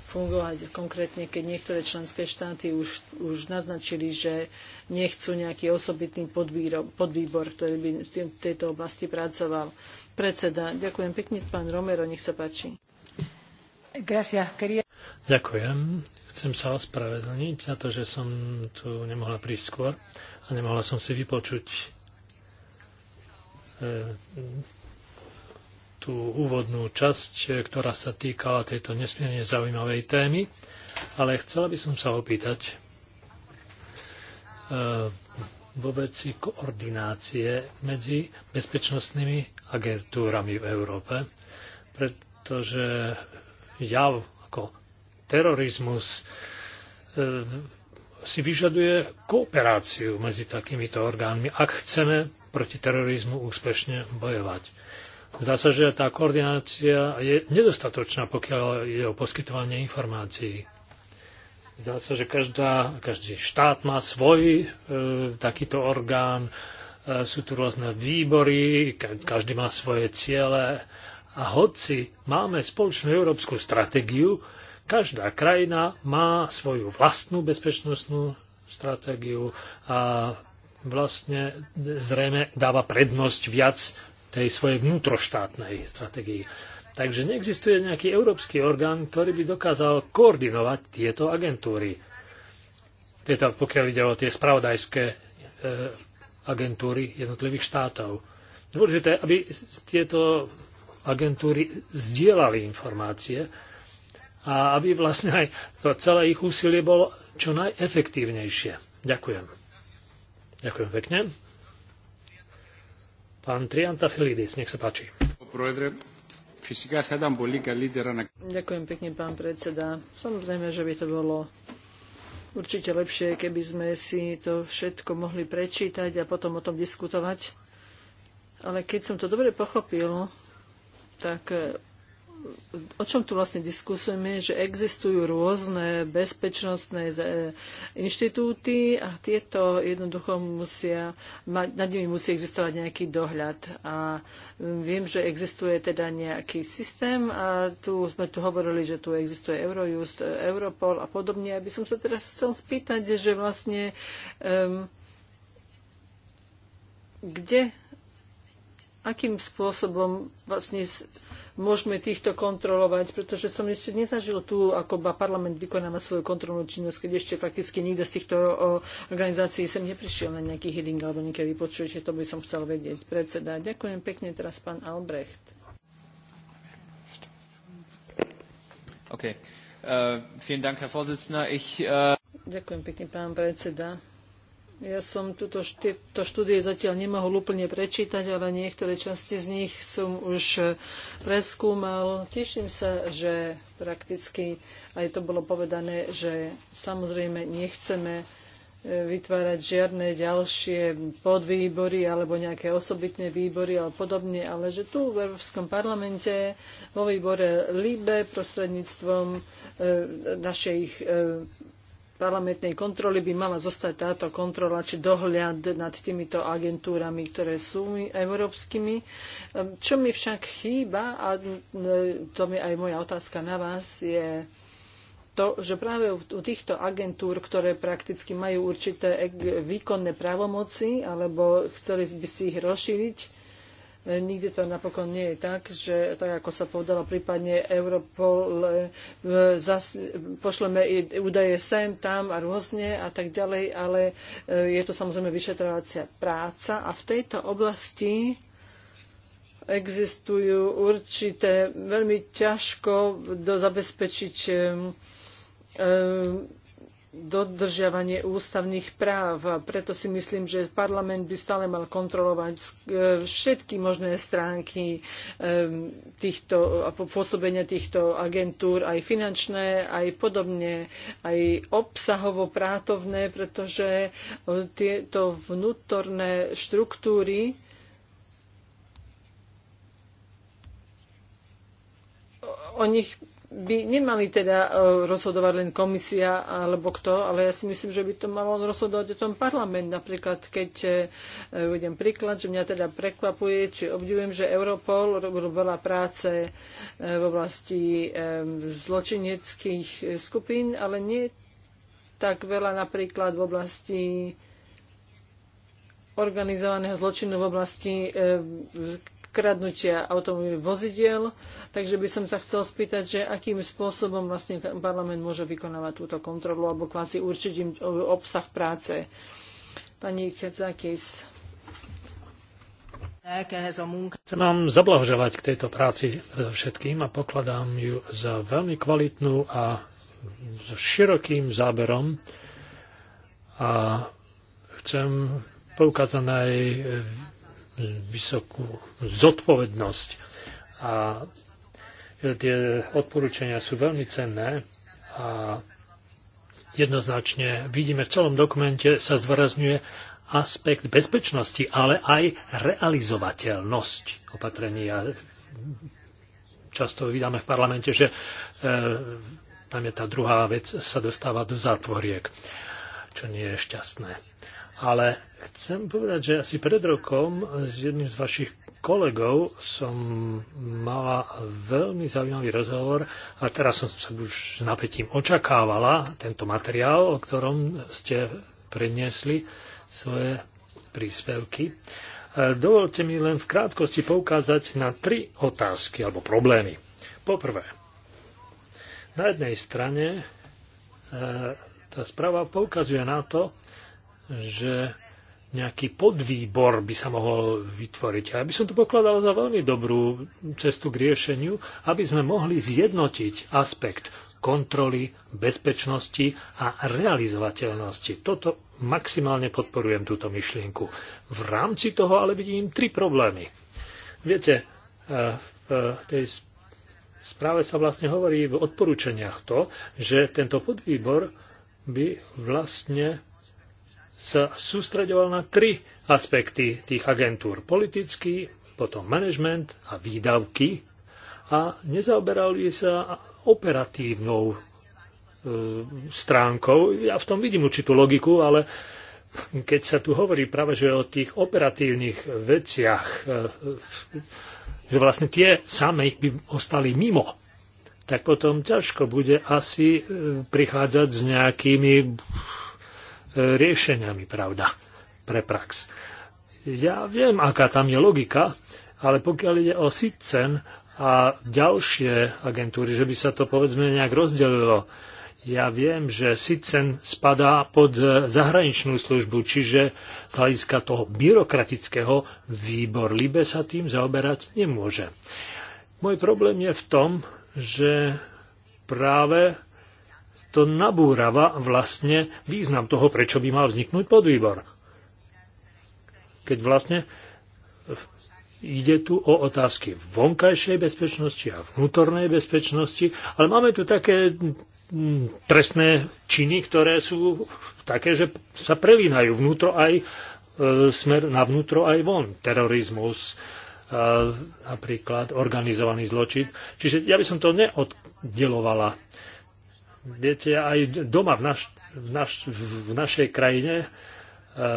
fungovať konkrétne, keď niektoré členské štáty už, už naznačili, že nechcú nejaký osobitný podvýrob, podvýbor, ktorý by v tejto oblasti pracoval. Predseda, ďakujem pekne, pán Romero, nech sa páči. Ďakujem. Chcem sa ospravedlniť za to, že som tu nemohla prísť skôr a nemohla som si vypočuť E, tú úvodnú časť, e, ktorá sa týkala tejto nesmierne zaujímavej témy, ale chcela by som sa opýtať e, vo veci koordinácie medzi bezpečnostnými agentúrami v Európe, pretože jav ako terorizmus si vyžaduje kooperáciu medzi takýmito orgánmi, ak chceme proti terorizmu úspešne bojovať. Zdá sa, že tá koordinácia je nedostatočná, pokiaľ je o poskytovanie informácií. Zdá sa, že každá, každý štát má svoj e, takýto orgán, e, sú tu rôzne výbory, každý má svoje ciele a hoci máme spoločnú európsku stratégiu, každá krajina má svoju vlastnú bezpečnostnú stratégiu a vlastne zrejme dáva prednosť viac tej svojej vnútroštátnej strategii. Takže neexistuje nejaký európsky orgán, ktorý by dokázal koordinovať tieto agentúry. Tieto, teda pokiaľ ide o tie spravodajské e, agentúry jednotlivých štátov. Dôležité, aby tieto agentúry vzdielali informácie a aby vlastne aj to celé ich úsilie bolo čo najefektívnejšie. Ďakujem. Ďakujem pekne. Pán Trianta Filidis, nech sa páči. Ďakujem pekne, pán predseda. Samozrejme, že by to bolo určite lepšie, keby sme si to všetko mohli prečítať a potom o tom diskutovať. Ale keď som to dobre pochopil, tak eh, o čom tu vlastne diskusujeme, že existujú rôzne bezpečnostné e, inštitúty a tieto jednoducho musia, nad nimi musí existovať nejaký dohľad. A viem, že existuje teda nejaký systém a tu sme tu hovorili, že tu existuje Eurojust, e, Europol a podobne. Aby som sa teraz chcel spýtať, že vlastne um, kde akým spôsobom vlastne môžeme týchto kontrolovať, pretože som ešte nezažil tu, ako parlament vykonáva svoju kontrolnú činnosť, keď ešte prakticky nikto z týchto organizácií sem neprišiel na nejaký hearing alebo nejaké vypočujete, to by som chcel vedieť. Predseda, ďakujem pekne teraz pán Albrecht. Okay. Uh, Dank, ich, uh... Ďakujem pekne, pán predseda. Ja som túto tieto štúdie zatiaľ nemohol úplne prečítať, ale niektoré časti z nich som už eh, preskúmal. Teším sa, že prakticky aj to bolo povedané, že samozrejme nechceme eh, vytvárať žiadne ďalšie podvýbory alebo nejaké osobitné výbory alebo podobne, ale že tu v Európskom parlamente vo výbore LIBE prostredníctvom e, eh, našich e, parlamentnej kontroly by mala zostať táto kontrola či dohľad nad týmito agentúrami, ktoré sú európskymi. Ehm, čo mi však chýba, a to mi aj moja otázka na vás, je to, že práve u týchto agentúr, ktoré prakticky majú určité e, výkonné právomoci, alebo chceli by si ich rozšíriť, Nikde to napokon nie je tak, že tak ako sa povedalo prípadne Europol e, zas, pošleme údaje sem, tam a rôzne a tak ďalej, ale e, je to samozrejme vyšetrovacia práca a v tejto oblasti existujú určité veľmi ťažko do zabezpečiť um, um, dodržiavanie ústavných práv. Preto si myslím, že parlament by stále mal kontrolovať eh, všetky možné stránky eh, týchto, pôsobenia týchto agentúr, aj finančné, aj podobne, aj obsahovo prátovné, pretože eh, tieto vnútorné štruktúry o nich by nemali teda e, rozhodovať len komisia alebo kto, ale ja si myslím, že by to malo rozhodovať o tom parlament. Napríklad, keď e, uvedem príklad, že mňa teda prekvapuje, či obdivujem, že Europol robil veľa práce e, v oblasti zločineckých skupín, ale nie tak veľa napríklad v oblasti organizovaného zločinu v oblasti kradnutia automobilových vozidiel. Takže by som sa chcel spýtať, že akým spôsobom vlastne parlament môže vykonávať túto kontrolu alebo kvázi určiť im obsah práce. Pani Kedzakis. Eh, chcem vám zablahoželať k tejto práci všetkým a pokladám ju za veľmi kvalitnú a s širokým záberom a chcem poukázať na jej vysokú zodpovednosť a tie odporúčania sú veľmi cenné a jednoznačne vidíme v celom dokumente sa zdôrazňuje aspekt bezpečnosti, ale aj realizovateľnosť opatrení. A často vidíme v parlamente, že e, tam je tá druhá vec, sa dostáva do zátvoriek, čo nie je šťastné. Ale Chcem povedať, že asi pred rokom s jedným z vašich kolegov som mala veľmi zaujímavý rozhovor a teraz som sa už s napätím očakávala tento materiál, o ktorom ste predniesli svoje príspevky. E, dovolte mi len v krátkosti poukázať na tri otázky alebo problémy. Poprvé, na jednej strane e, tá správa poukazuje na to, že nejaký podvýbor by sa mohol vytvoriť. A ja by som to pokladal za veľmi dobrú cestu k riešeniu, aby sme mohli zjednotiť aspekt kontroly, bezpečnosti a realizovateľnosti. Toto maximálne podporujem túto myšlienku. V rámci toho ale vidím tri problémy. Viete, e, e, v tej správe sa vlastne hovorí v odporúčaniach to, že tento podvýbor by vlastne sa sústreďoval na tri aspekty tých agentúr. Politický, potom management a výdavky a nezaoberali sa operatívnou e, stránkou. Ja v tom vidím určitú logiku, ale keď sa tu hovorí práve že o tých operatívnych veciach, e, že vlastne tie same by ostali mimo, tak potom ťažko bude asi e, prichádzať s nejakými riešeniami, pravda, pre prax. Ja viem, aká tam je logika, ale pokiaľ ide o SITCEN a ďalšie agentúry, že by sa to povedzme nejak rozdelilo, ja viem, že SITCEN spadá pod e, zahraničnú službu, čiže z hľadiska toho byrokratického výbor LIBE sa tým zaoberať nemôže. Môj problém je v tom, že práve to nabúrava vlastne význam toho, prečo by mal vzniknúť podvýbor. Keď vlastne ide tu o otázky vonkajšej bezpečnosti a vnútornej bezpečnosti, ale máme tu také mm, trestné činy, ktoré sú také, že sa prelínajú vnútro aj e, smer na vnútro aj von. Terorizmus, e, napríklad organizovaný zločin. Čiže ja by som to neoddelovala Viete, aj doma v, naš, v, naš, v našej krajine e,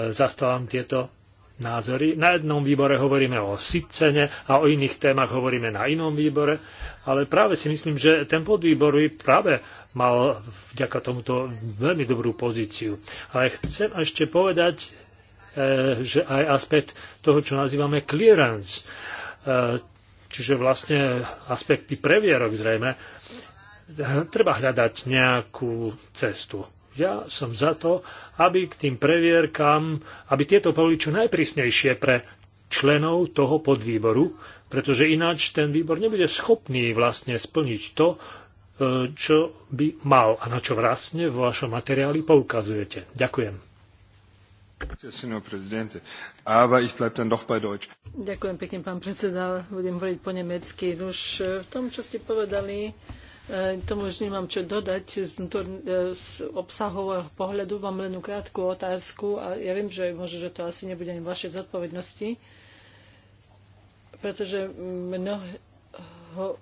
zastávam tieto názory. Na jednom výbore hovoríme o sitcene a o iných témach hovoríme na inom výbore, ale práve si myslím, že ten podvýbor by práve mal vďaka tomuto veľmi dobrú pozíciu. Ale chcem ešte povedať, e, že aj aspekt toho, čo nazývame clearance, e, čiže vlastne aspekty previerok zrejme, Hm, treba hľadať nejakú cestu. Ja som za to, aby k tým previerkám, aby tieto boli čo najprísnejšie pre členov toho podvýboru, pretože ináč ten výbor nebude schopný vlastne splniť to, e, čo by mal a na čo vlastne v vašom materiáli poukazujete. Ďakujem. Ďakujem pekne, pán predseda. Budem hovoriť po nemecky. Už e, v tom, čo ste povedali, tomu už nemám čo dodať. Z, z obsahového pohľadu mám len krátku otázku a ja viem, že možno, že to asi nebude ani vaše zodpovednosti, pretože mnoho...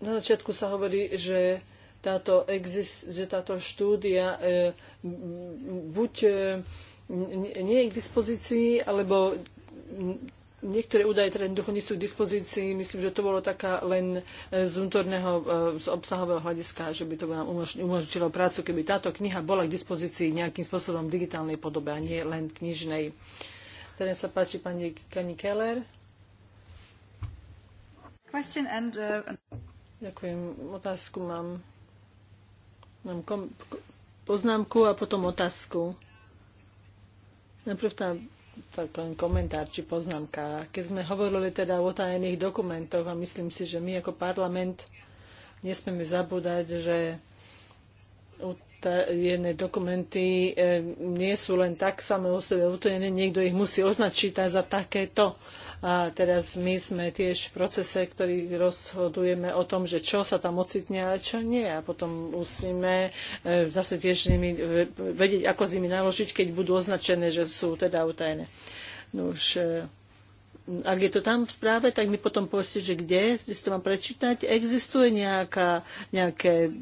Na začiatku sa hovorí, že táto, exist, že táto štúdia e, buď e, nie je k dispozícii, alebo Niektoré údaje teda jednoducho nie sú k dispozícii. Myslím, že to bolo taká len e, z vnútorného, e, z obsahového hľadiska, že by to nám umožnilo prácu, keby táto kniha bola k dispozícii nejakým spôsobom v digitálnej podobe a nie len knižnej. Teraz sa páči pani Kani Keller. And, uh... Ďakujem. Otázku mám. Mám kom, poznámku a potom otázku. Najprv tá tak len komentár či poznámka. Keď sme hovorili teda o tajných dokumentoch a myslím si, že my ako parlament nesmieme zabúdať, že utajené dokumenty eh, nie sú len tak samé o sebe utajené, niekto ich musí označiť aj za takéto a teraz my sme tiež v procese, ktorý rozhodujeme o tom, že čo sa tam ocitne a čo nie. A potom musíme e, zase tiež nimi e, vedieť, ako s nimi naložiť, keď budú označené, že sú teda utajené. No už, e, ak je to tam v správe, tak mi potom povedzte, že kde, si to mám prečítať, existuje nejaká, nejaké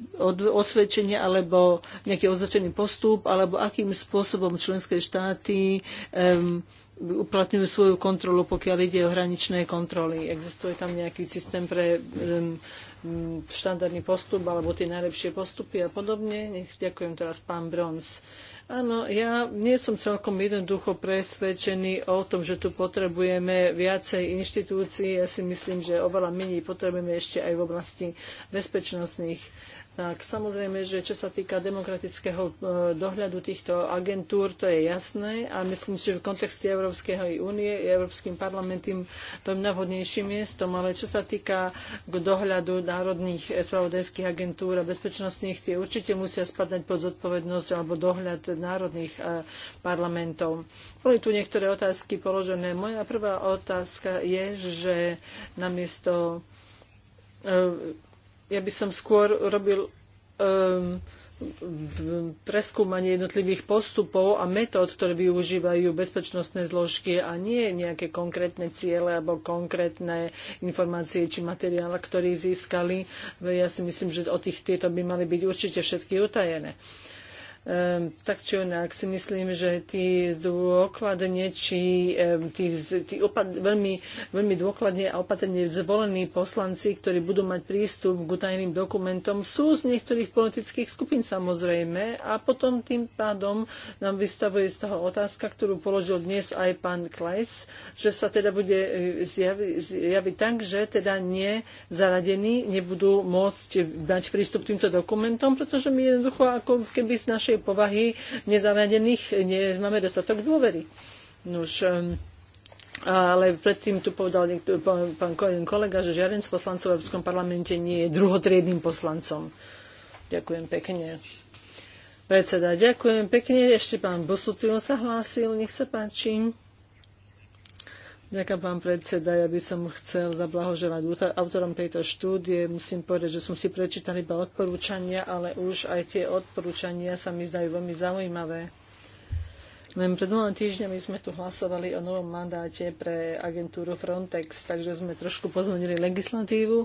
osvedčenie alebo nejaký označený postup, alebo akým spôsobom členské štáty um, uplatňujú svoju kontrolu, pokiaľ ide o hraničné kontroly. Existuje tam nejaký systém pre um, štandardný postup alebo tie najlepšie postupy a podobne. Nech, ďakujem teraz pán Brons. Áno, ja nie som celkom jednoducho presvedčený o tom, že tu potrebujeme viacej inštitúcií. Ja si myslím, že oveľa menej potrebujeme ešte aj v oblasti bezpečnostných tak samozrejme, že čo sa týka demokratického e, dohľadu týchto agentúr, to je jasné a myslím si, že v kontexte Európskej únie je Európskym parlamentom to najvhodnejším miestom, ale čo sa týka dohľadu národných spravodajských agentúr a bezpečnostných, tie určite musia spadať pod zodpovednosť alebo dohľad národných e, parlamentov. Boli tu niektoré otázky položené. Moja prvá otázka je, že namiesto e, ja by som skôr robil um, preskúmanie jednotlivých postupov a metód, ktoré využívajú bezpečnostné zložky a nie nejaké konkrétne ciele alebo konkrétne informácie či materiály, ktorý získali. Ja si myslím, že o tých tieto by mali byť určite všetky utajené. Uh, tak či onak si myslím, že tí dôkladne, či tí, tí opad, veľmi, veľmi dôkladne a opatrne zvolení poslanci, ktorí budú mať prístup k tajným dokumentom, sú z niektorých politických skupín samozrejme a potom tým pádom nám vystavuje z toho otázka, ktorú položil dnes aj pán Klajs, že sa teda bude eh, zjaviť zjavi tak, že teda nezaradení nebudú môcť mať prístup k týmto dokumentom, pretože my jednoducho ako keby z našej povahy nezaradených nemáme dostatok dôvery. Nuž, ehm, ale predtým tu povedal niekto, pán, pán kolega, že žiaden z poslancov v Európskom parlamente nie je druhotriedným poslancom. Ďakujem pekne. Predseda, ďakujem pekne. Ešte pán Bosutil sa hlásil. Nech sa páči. Ďakujem, pán predseda. Ja by som chcel zablahoželať autorom tejto štúdie. Musím povedať, že som si prečítal iba odporúčania, ale už aj tie odporúčania sa mi zdajú veľmi zaujímavé. Len pred dvoma týždňami sme tu hlasovali o novom mandáte pre agentúru Frontex, takže sme trošku pozvonili legislatívu.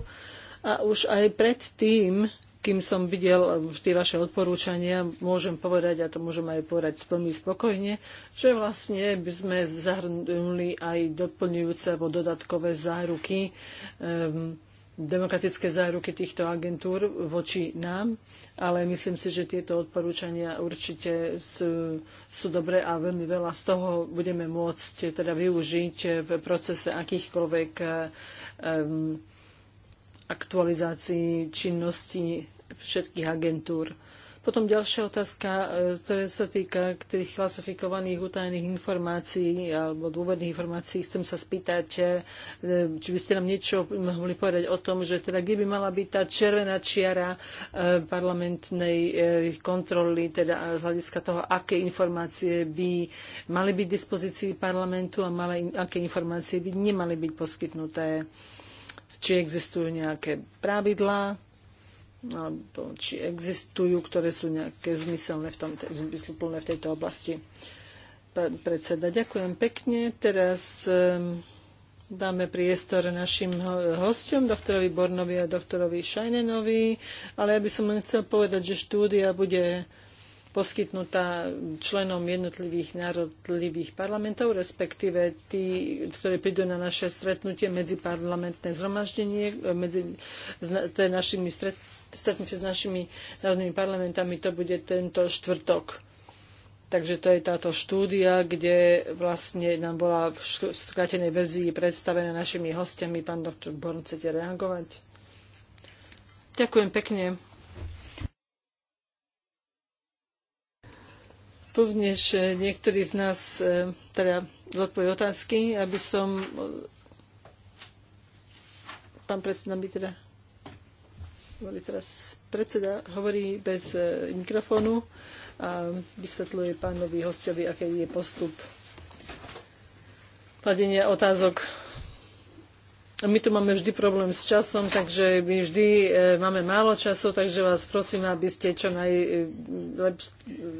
A už aj predtým kým som videl tie vaše odporúčania, môžem povedať, a to môžem aj povedať veľmi spokojne, že vlastne by sme zahrnuli aj doplňujúce alebo dodatkové záruky, um, demokratické záruky týchto agentúr voči nám, ale myslím si, že tieto odporúčania určite sú, sú dobré a veľmi veľa z toho budeme môcť teda využiť v procese akýchkoľvek um, aktualizácii činnosti všetkých agentúr. Potom ďalšia otázka, e, ktorá sa týka tých klasifikovaných utajených informácií alebo dôverných informácií. Chcem sa spýtať, e, či by ste nám niečo mohli povedať o tom, že teda kde by mala byť tá červená čiara e, parlamentnej kontroly, teda z hľadiska toho, aké informácie by mali byť v dispozícii parlamentu a aké informácie by nemali byť poskytnuté či existujú nejaké pravidlá, alebo či existujú, ktoré sú nejaké zmyselné v, tom, zmysluplné v tejto oblasti. predseda, ďakujem pekne. Teraz dáme priestor našim hostom, doktorovi Bornovi a doktorovi Šajnenovi, ale ja by som len chcel povedať, že štúdia bude poskytnutá členom jednotlivých národlivých parlamentov, respektíve tí, ktorí prídu na naše stretnutie medziparlamentné zhromaždenie, medzi našimi stret, stretnutie s našimi národnými parlamentami, to bude tento štvrtok. Takže to je táto štúdia, kde vlastne nám bola v skratenej verzii predstavená našimi hostiami. Pán doktor Born, chcete reagovať? Ďakujem pekne. Rovnež e, niektorí z nás e, teda zodpovie otázky, aby som e, pán predseda by teda hovorí teraz predseda hovorí bez mikrofónu a vysvetľuje pánovi hostovi, aký je postup kladenia otázok my tu máme vždy problém s časom, takže my vždy e, máme málo času, takže vás prosím, aby ste čo naj... E,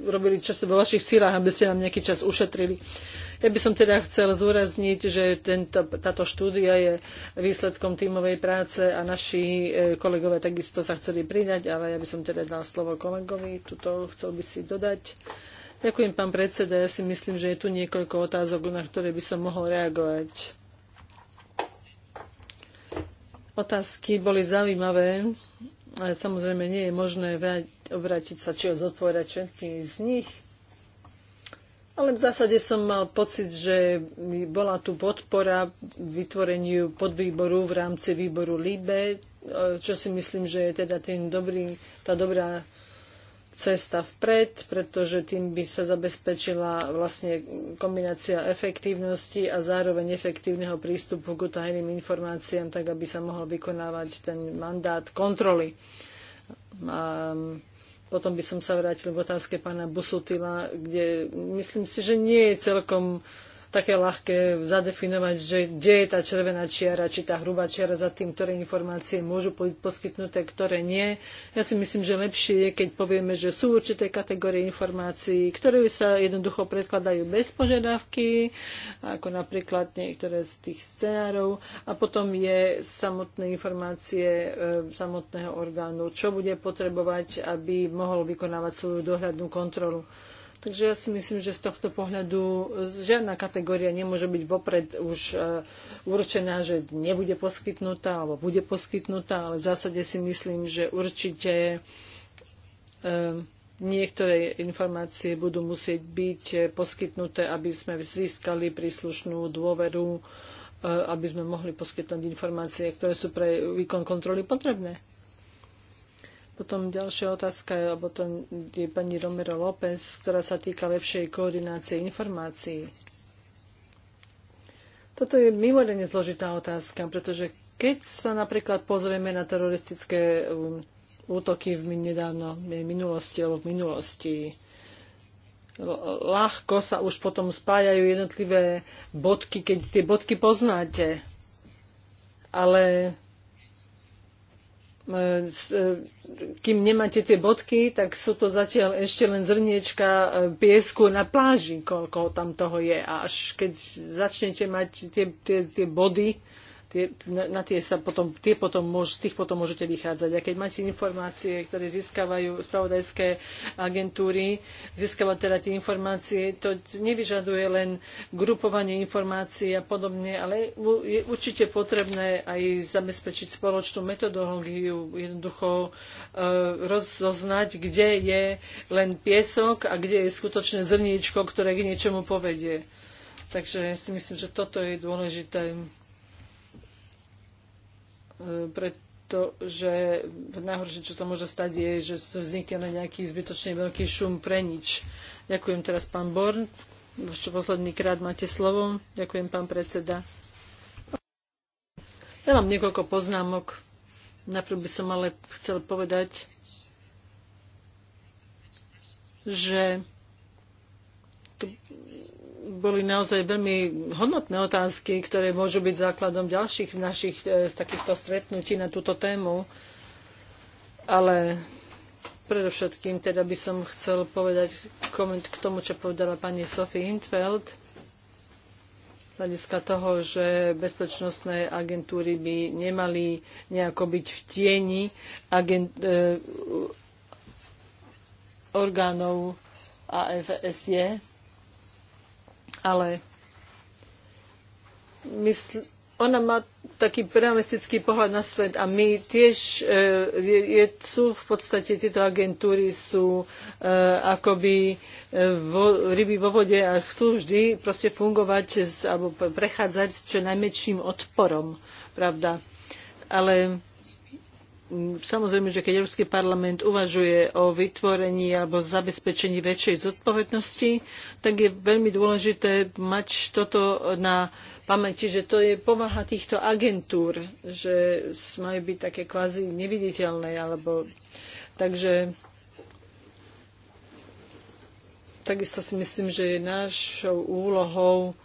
robili čas vo vašich sílach, aby ste nám nejaký čas ušetrili. Ja by som teda chcel zúrazniť, že tento, táto štúdia je výsledkom tímovej práce a naši e, kolegové takisto sa chceli pridať, ale ja by som teda dal slovo kolegovi, tuto chcel by si dodať. Ďakujem, pán predseda. Ja si myslím, že je tu niekoľko otázok, na ktoré by som mohol reagovať. Otázky boli zaujímavé, ale samozrejme nie je možné obrátiť sa či odpovedať všetky z nich. Ale v zásade som mal pocit, že bola tu podpora vytvoreniu podvýboru v rámci výboru LIBE, čo si myslím, že je teda ten dobrý, tá dobrá cesta vpred, pretože tým by sa zabezpečila vlastne kombinácia efektívnosti a zároveň efektívneho prístupu k utajeným informáciám, tak aby sa mohol vykonávať ten mandát kontroly. A um, potom by som sa vrátil k otázke pána Busutila, kde myslím si, že nie je celkom také ľahké zadefinovať, že kde je tá červená čiara, či tá hrubá čiara za tým, ktoré informácie môžu byť poskytnuté, ktoré nie. Ja si myslím, že lepšie je, keď povieme, že sú určité kategórie informácií, ktoré sa jednoducho predkladajú bez požiadavky, ako napríklad niektoré z tých scenárov a potom je samotné informácie e, samotného orgánu, čo bude potrebovať, aby mohol vykonávať svoju dohľadnú kontrolu. Takže ja si myslím, že z tohto pohľadu žiadna kategória nemôže byť vopred už e, určená, že nebude poskytnutá alebo bude poskytnutá, ale v zásade si myslím, že určite e, niektoré informácie budú musieť byť e, poskytnuté, aby sme získali príslušnú dôveru, aby sme mohli poskytnúť informácie, ktoré sú pre výkon kontroly potrebné. Potom ďalšia otázka je, alebo to je pani Romero López, ktorá sa týka lepšej koordinácie informácií. Toto je mimoriadne zložitá otázka, pretože keď sa napríklad pozrieme na teroristické um, útoky v nedávno v minulosti alebo v minulosti, ľahko sa už potom spájajú jednotlivé bodky, keď tie bodky poznáte. Ale E, e, kým nemáte tie bodky, tak sú to zatiaľ ešte len zrniečka e, piesku na pláži, koľko tam toho je. A až keď začnete mať tie, tie, tie body, tie, na, na tie sa potom, tie potom môž, tých potom môžete vychádzať. A keď máte informácie, ktoré získavajú spravodajské agentúry, získavať teda tie informácie, to nevyžaduje len grupovanie informácií a podobne, ale je určite potrebné aj zabezpečiť spoločnú metodológiu, jednoducho e, rozoznať, kde je len piesok a kde je skutočné zrníčko, ktoré k niečomu povedie. Takže ja si myslím, že toto je dôležité pretože najhoršie, čo sa môže stať, je, že vznikne na nejaký zbytočne veľký šum pre nič. Ďakujem teraz pán Born. Ešte posledný krát máte slovo. Ďakujem pán predseda. Ja mám niekoľko poznámok. Najprv by som ale chcel povedať, že boli naozaj veľmi hodnotné otázky, ktoré môžu byť základom ďalších našich e, z takýchto stretnutí na túto tému. Ale predovšetkým teda by som chcel povedať koment k tomu, čo povedala pani Sophie Intveld hľadiska toho, že bezpečnostné agentúry by nemali nejako byť v tieni agent, e, orgánov AFSE ale mysl- ona má taký pedagogistický pohľad na svet a my tiež e, je, sú v podstate tieto agentúry sú e, akoby e, vo, ryby vo vode a chcú vždy proste fungovať z, alebo prechádzať s čo najväčším odporom, pravda. Ale Samozrejme, že keď Európsky parlament uvažuje o vytvorení alebo zabezpečení väčšej zodpovednosti, tak je veľmi dôležité mať toto na pamäti, že to je povaha týchto agentúr, že majú byť také kvázi neviditeľné. Alebo... Takže takisto si myslím, že je našou úlohou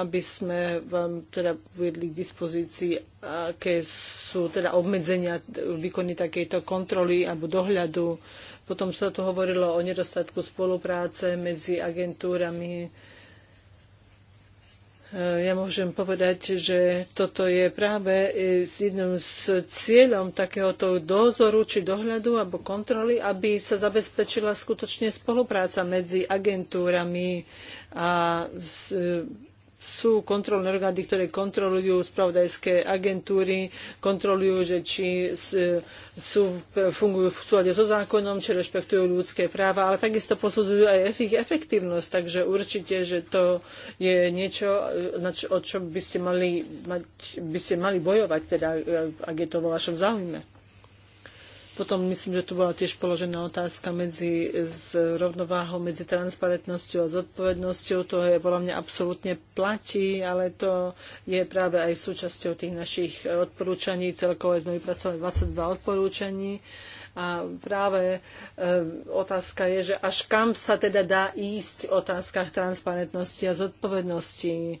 aby sme vám teda uvedli k dispozícii, aké sú teda obmedzenia výkony takejto kontroly alebo dohľadu. Potom sa tu hovorilo o nedostatku spolupráce medzi agentúrami. Eh, ja môžem povedať, že toto je práve eh, s jedným z cieľom takéhoto dozoru či dohľadu alebo kontroly, aby sa zabezpečila skutočne spolupráca medzi agentúrami a s, eh, sú kontrolné orgány, ktoré kontrolujú spravodajské agentúry, kontrolujú, že či e, sú, e, fungujú v súlade so zákonom, či rešpektujú ľudské práva, ale takisto posudzujú aj ich efektívnosť. Takže určite, že to je niečo, e, o čo by ste mali, mať, by ste mali bojovať, teda, ak je to vo vašom záujme. Potom myslím, že tu bola tiež položená otázka medzi s rovnováhou medzi transparentnosťou a zodpovednosťou. To je podľa mňa absolútne platí, ale to je práve aj súčasťou tých našich odporúčaní. Celkovo sme vypracovali 22 odporúčaní. A práve e, otázka je, že až kam sa teda dá ísť v otázkach transparentnosti a zodpovednosti. E,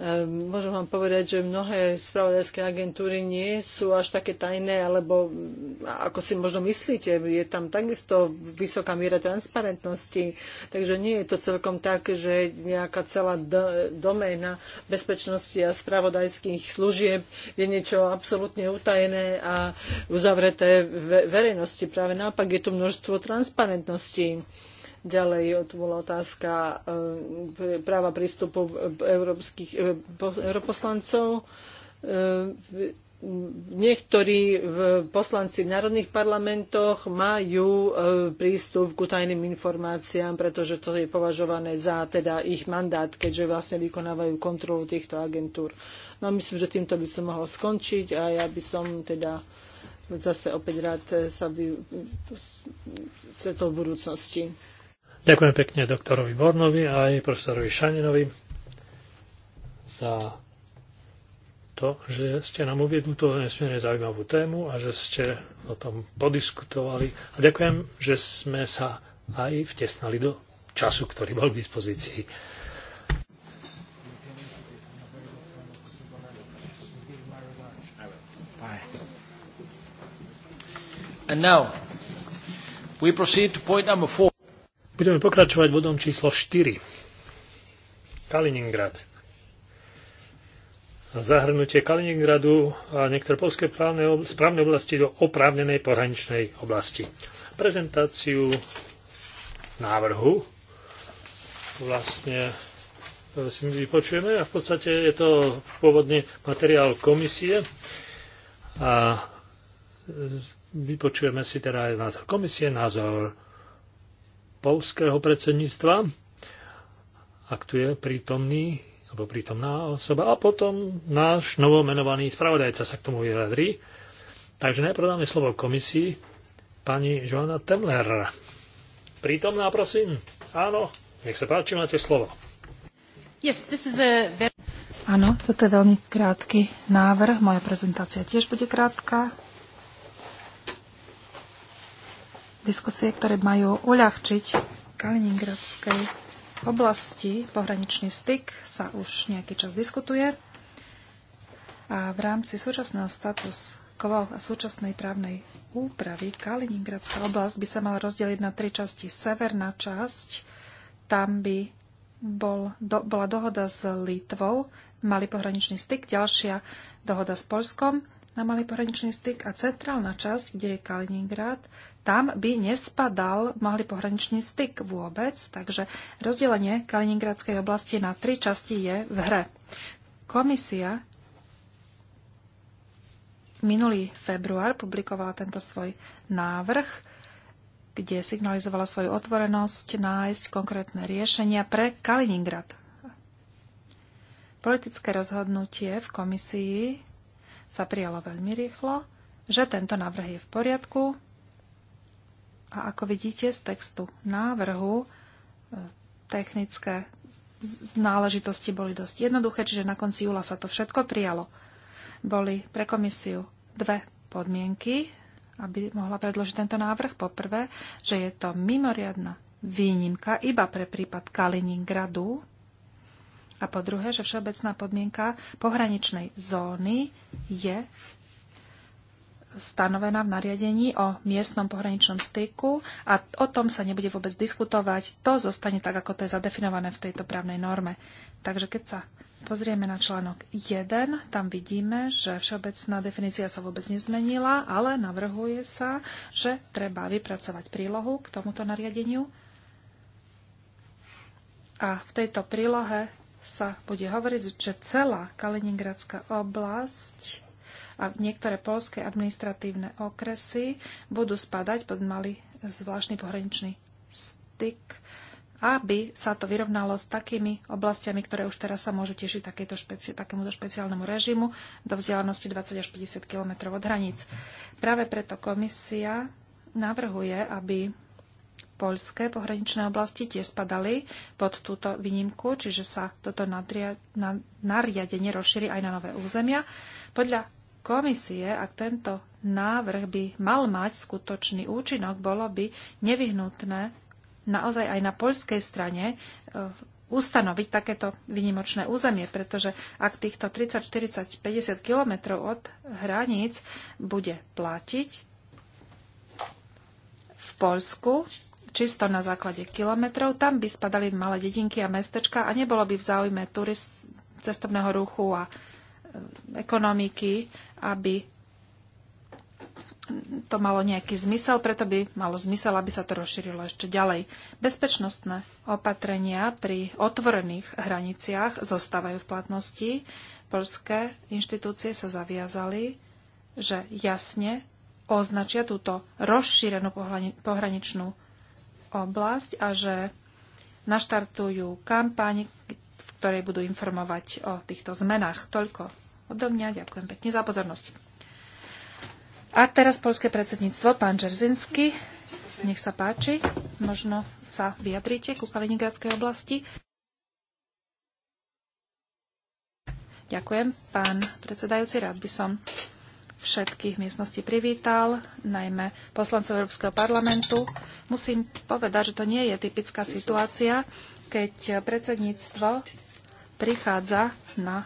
Ehm, môžem vám povedať, že mnohé spravodajské agentúry nie sú až také tajné, alebo mm, ako si možno myslíte, je tam takisto vysoká miera transparentnosti, takže nie je to celkom tak, že nejaká celá doména bezpečnosti a spravodajských služieb je niečo absolútne utajené a uzavreté verejnosti. Práve naopak je tu množstvo transparentnosti. Ďalej tu bola otázka práva prístupu európskych europoslancov. Niektorí poslanci v národných parlamentoch majú prístup k tajným informáciám, pretože to je považované za teda ich mandát, keďže vlastne vykonávajú kontrolu týchto agentúr. No myslím, že týmto by som mohol skončiť a ja by som teda zase opäť rád sa, by, v budúcnosti. Ďakujem pekne doktorovi Bornovi a aj profesorovi Šaninovi za to, že ste nám uviedli túto nesmierne zaujímavú tému a že ste o tom podiskutovali. A ďakujem, že sme sa aj vtesnali do času, ktorý bol k dispozícii. And now we proceed to point number four. Budeme pokračovať bodom číslo 4. Kaliningrad. Zahrnutie Kaliningradu a niektoré polské právne, správne oblasti do oprávnenej pohraničnej oblasti. Prezentáciu návrhu vlastne e, si my vypočujeme a v podstate je to pôvodne materiál komisie a e, vypočujeme si teda aj názor komisie, názor polského predsedníctva, ak tu je prítomný alebo prítomná osoba, a potom náš novomenovaný spravodajca sa k tomu vyjadrí. Takže najprv dáme slovo komisii pani Joana Temler. Prítomná, prosím. Áno, nech sa páči, máte slovo. Yes, this is a very... Áno, toto je veľmi krátky návrh. Moja prezentácia tiež bude krátka. diskusie, ktoré majú uľahčiť kaliningradskej oblasti pohraničný styk, sa už nejaký čas diskutuje. A v rámci súčasného status quo a súčasnej právnej úpravy Kaliningradská oblasť by sa mala rozdeliť na tri časti. Severná časť, tam by bol, do, bola dohoda s Litvou, mali pohraničný styk, ďalšia dohoda s Polskom na malý pohraničný styk a centrálna časť, kde je Kaliningrad, tam by nespadal malý pohraničný styk vôbec, takže rozdelenie Kaliningradskej oblasti na tri časti je v hre. Komisia minulý február publikovala tento svoj návrh, kde signalizovala svoju otvorenosť nájsť konkrétne riešenia pre Kaliningrad. Politické rozhodnutie v komisii sa prijalo veľmi rýchlo, že tento návrh je v poriadku a ako vidíte z textu návrhu, e, technické náležitosti boli dosť jednoduché, čiže na konci júla sa to všetko prijalo. Boli pre komisiu dve podmienky, aby mohla predložiť tento návrh. Poprvé, že je to mimoriadna výnimka iba pre prípad Kaliningradu, a po druhé, že všeobecná podmienka pohraničnej zóny je stanovená v nariadení o miestnom pohraničnom styku a o tom sa nebude vôbec diskutovať. To zostane tak, ako to je zadefinované v tejto právnej norme. Takže keď sa pozrieme na článok 1, tam vidíme, že všeobecná definícia sa vôbec nezmenila, ale navrhuje sa, že treba vypracovať prílohu k tomuto nariadeniu. A v tejto prílohe sa bude hovoriť, že celá Kaliningradská oblasť a niektoré polské administratívne okresy budú spadať pod malý zvláštny pohraničný styk, aby sa to vyrovnalo s takými oblastiami, ktoré už teraz sa môžu tešiť takéto špeci- takémuto špeciálnemu režimu do vzdialenosti 20 až 50 km od hraníc. Práve preto komisia navrhuje, aby poľské pohraničné oblasti tie spadali pod túto výnimku, čiže sa toto nariadenie rozšíri aj na nové územia. Podľa komisie, ak tento návrh by mal mať skutočný účinok, bolo by nevyhnutné naozaj aj na poľskej strane e, ustanoviť takéto vynimočné územie, pretože ak týchto 30, 40, 50 kilometrov od hraníc bude platiť v Polsku, čisto na základe kilometrov. Tam by spadali malé dedinky a mestečka a nebolo by v záujme turist, cestovného ruchu a e, ekonomiky, aby to malo nejaký zmysel, preto by malo zmysel, aby sa to rozšírilo ešte ďalej. Bezpečnostné opatrenia pri otvorených hraniciach zostávajú v platnosti. Polské inštitúcie sa zaviazali, že jasne označia túto rozšírenú pohraničnú oblasť a že naštartujú kampaň, v ktorej budú informovať o týchto zmenách. Toľko odo mňa. Ďakujem pekne za pozornosť. A teraz polské predsedníctvo, pán Žerzinsky. Nech sa páči, možno sa vyjadríte ku Kaliningradskej oblasti. Ďakujem, pán predsedajúci, rád by som všetkých miestností privítal, najmä poslancov Európskeho parlamentu, Musím povedať, že to nie je typická situácia, keď predsedníctvo prichádza na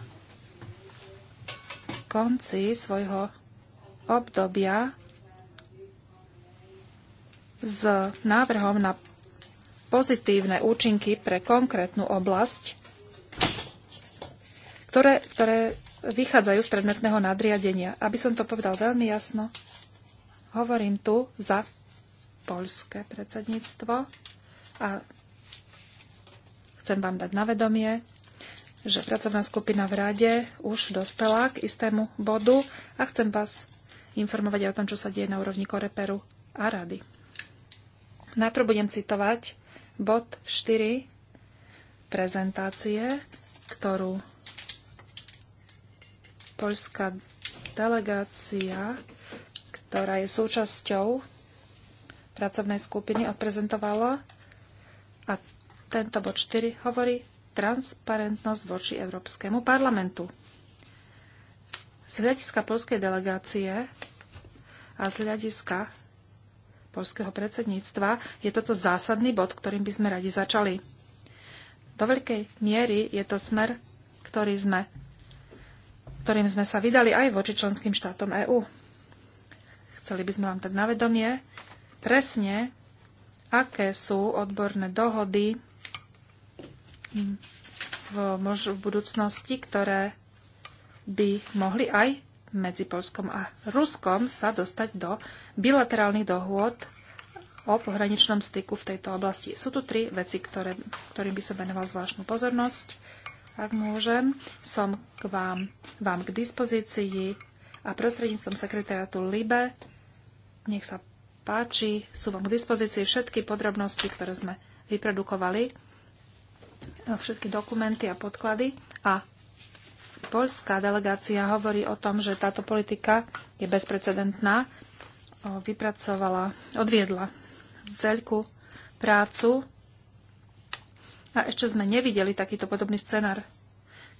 konci svojho obdobia s návrhom na pozitívne účinky pre konkrétnu oblasť, ktoré, ktoré vychádzajú z predmetného nadriadenia. Aby som to povedal veľmi jasno, hovorím tu za poľské predsedníctvo a chcem vám dať na vedomie, že pracovná skupina v rade už dospela k istému bodu a chcem vás informovať aj o tom, čo sa deje na úrovni Koreperu a rady. Najprv budem citovať bod 4 prezentácie, ktorú poľská delegácia, ktorá je súčasťou pracovnej skupiny odprezentovala. A tento bod 4 hovorí transparentnosť voči Európskemu parlamentu. Z hľadiska polskej delegácie a z hľadiska polského predsedníctva je toto zásadný bod, ktorým by sme radi začali. Do veľkej miery je to smer, ktorý sme, ktorým sme sa vydali aj voči členským štátom EÚ. Chceli by sme vám tak na vedomie presne, aké sú odborné dohody v, mož- v budúcnosti, ktoré by mohli aj medzi Polskom a Ruskom sa dostať do bilaterálnych dohôd o pohraničnom styku v tejto oblasti. Sú tu tri veci, ktoré, ktorým by som venoval zvláštnu pozornosť. Ak môžem, som k vám, vám k dispozícii a prostredníctvom sekretariatu LIBE nech sa páči, sú vám k dispozícii všetky podrobnosti, ktoré sme vyprodukovali, všetky dokumenty a podklady. A poľská delegácia hovorí o tom, že táto politika je bezprecedentná. Vypracovala, odviedla veľkú prácu a ešte sme nevideli takýto podobný scenár,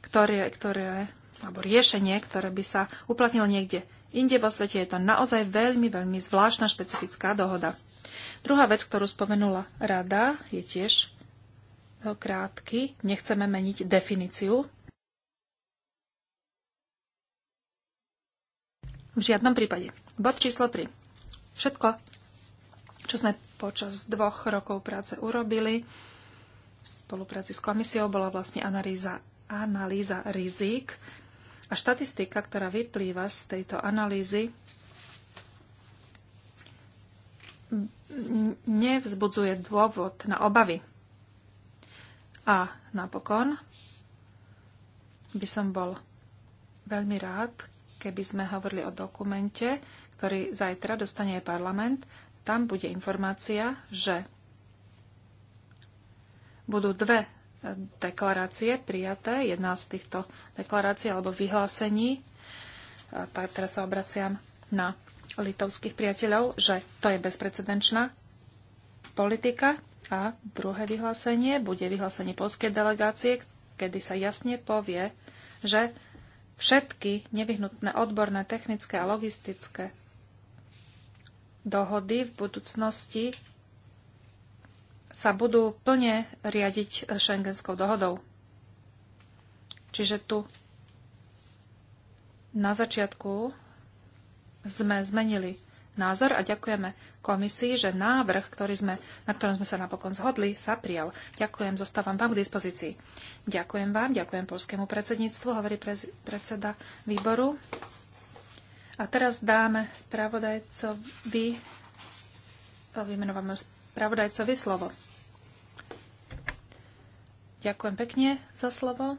ktoré, ktoré, alebo riešenie, ktoré by sa uplatnilo niekde Inde vo svete je to naozaj veľmi, veľmi zvláštna špecifická dohoda. Druhá vec, ktorú spomenula rada, je tiež krátky. Nechceme meniť definíciu. V žiadnom prípade. Bod číslo 3. Všetko, čo sme počas dvoch rokov práce urobili v spolupráci s komisiou, bola vlastne analýza, analýza rizik a štatistika, ktorá vyplýva z tejto analýzy, nevzbudzuje dôvod na obavy. A napokon by som bol veľmi rád, keby sme hovorili o dokumente, ktorý zajtra dostane aj parlament. Tam bude informácia, že budú dve deklarácie prijaté, jedna z týchto deklarácií alebo vyhlásení. Tak teraz sa obraciam na litovských priateľov, že to je bezprecedenčná politika. A druhé vyhlásenie bude vyhlásenie polskej delegácie, kedy sa jasne povie, že všetky nevyhnutné odborné, technické a logistické dohody v budúcnosti sa budú plne riadiť šengenskou e, dohodou. Čiže tu na začiatku sme zmenili názor a ďakujeme komisii, že návrh, ktorý sme, na ktorom sme sa napokon zhodli, sa prijal. Ďakujem, zostávam vám k dispozícii. Ďakujem vám, ďakujem polskému predsedníctvu, hovorí prez, predseda výboru. A teraz dáme spravodajcovi, e, vymenováme slovo. Ďakujem pekne za slovo.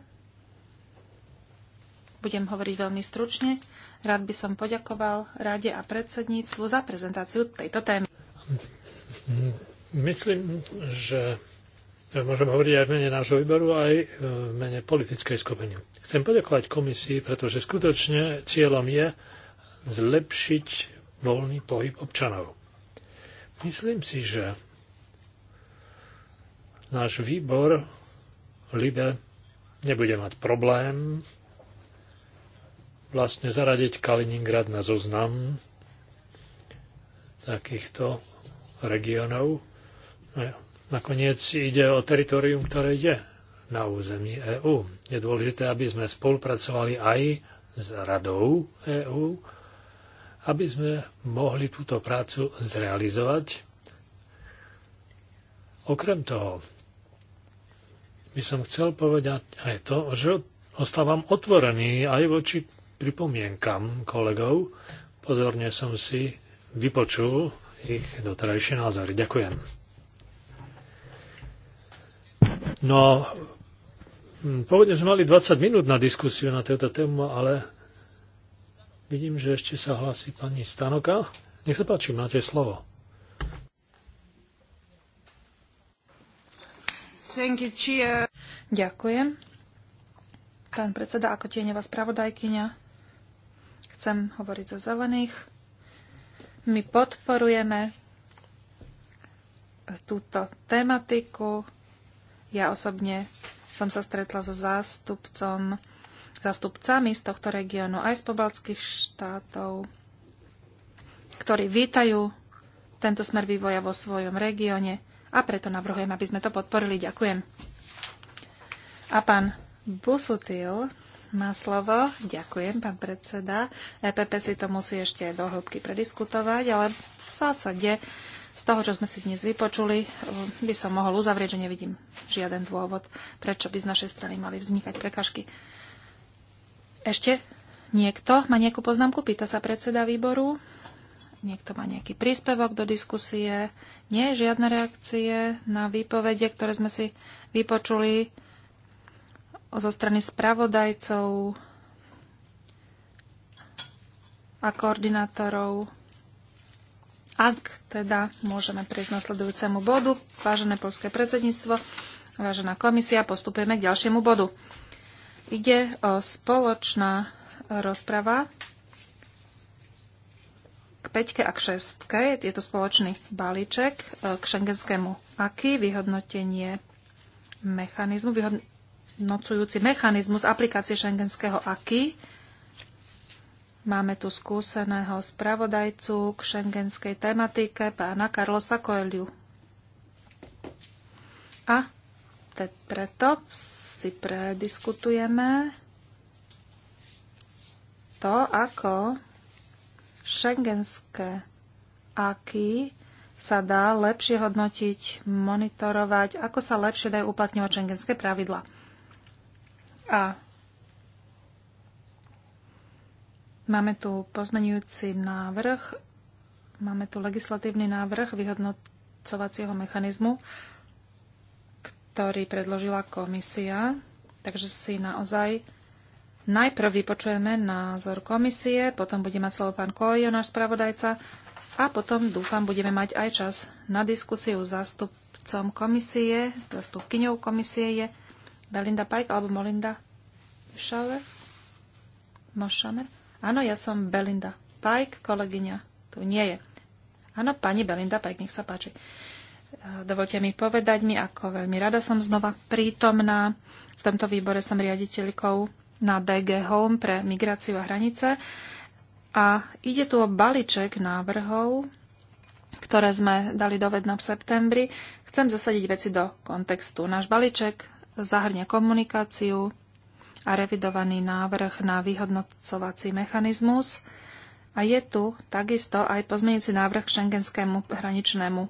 Budem hovoriť veľmi stručne. Rád by som poďakoval Rade a predsedníctvu za prezentáciu tejto témy. Myslím, že môžem hovoriť aj v mene nášho výboru, aj v mene politickej skupiny. Chcem poďakovať komisii, pretože skutočne cieľom je zlepšiť voľný pohyb občanov. Myslím si, že náš výbor Libe nebude mať problém vlastne zaradiť Kaliningrad na zoznam takýchto regionov. No, nakoniec ide o teritorium, ktoré je na území EÚ. Je dôležité, aby sme spolupracovali aj s Radou EÚ, aby sme mohli túto prácu zrealizovať. Okrem toho, by som chcel povedať aj to, že ostávam otvorený aj voči pripomienkam kolegov. Pozorne som si vypočul ich doterajšie názory. Ďakujem. No, pôvodne sme mali 20 minút na diskusiu na túto tému, ale vidím, že ešte sa hlási pani Stanoka. Nech sa páči, máte slovo. Ďakujem. Pán predseda, ako tieňová spravodajkyňa, chcem hovoriť za zelených. My podporujeme túto tematiku. Ja osobne som sa stretla so zástupcom, zástupcami z tohto regiónu aj z pobaltských štátov, ktorí vítajú tento smer vývoja vo svojom regióne a preto navrhujem, aby sme to podporili. Ďakujem. A pán Busutil má slovo. Ďakujem, pán predseda. EPP si to musí ešte do hĺbky prediskutovať, ale v zásade z toho, čo sme si dnes vypočuli, by som mohol uzavrieť, že nevidím žiaden dôvod, prečo by z našej strany mali vznikať prekažky. Ešte niekto má nejakú poznámku? Pýta sa predseda výboru. Niekto má nejaký príspevok do diskusie? Nie, žiadne reakcie na výpovede, ktoré sme si vypočuli zo strany spravodajcov a koordinátorov. Ak teda môžeme prejsť nasledujúcemu bodu, vážené polské predsedníctvo, vážená komisia, postupujeme k ďalšiemu bodu. Ide o spoločná rozprava 5 a k 6. Je to spoločný balíček e, k šengenskému aký vyhodnotenie mechanizmu, vyhodnocujúci mechanizmus aplikácie šengenského aký. Máme tu skúseného spravodajcu k šengenskej tematike, pána Karlosa Koeliu. A te, preto si prediskutujeme to, ako šengenské aký sa dá lepšie hodnotiť, monitorovať, ako sa lepšie dajú uplatňovať šengenské pravidla. A máme tu pozmenujúci návrh, máme tu legislatívny návrh vyhodnocovacieho mechanizmu, ktorý predložila komisia, takže si naozaj Najprv vypočujeme názor komisie, potom bude mať slovo pán Kojo, náš spravodajca, a potom, dúfam, budeme mať aj čas na diskusiu s zástupcom komisie, zástupkyňou komisie je Belinda Pajk alebo Molinda Šauer? Mošamer? Áno, ja som Belinda Pajk, kolegyňa tu nie je. Áno, pani Belinda Pajk, nech sa páči. Dovolte mi povedať mi, ako veľmi rada som znova prítomná. V tomto výbore som riaditeľkou na DG Home pre migráciu a hranice. A ide tu o balíček návrhov, ktoré sme dali do vedna v septembri. Chcem zasadiť veci do kontextu. Náš balíček zahrňa komunikáciu a revidovaný návrh na vyhodnocovací mechanizmus. A je tu takisto aj pozmeňujúci návrh Schengenskému hraničnému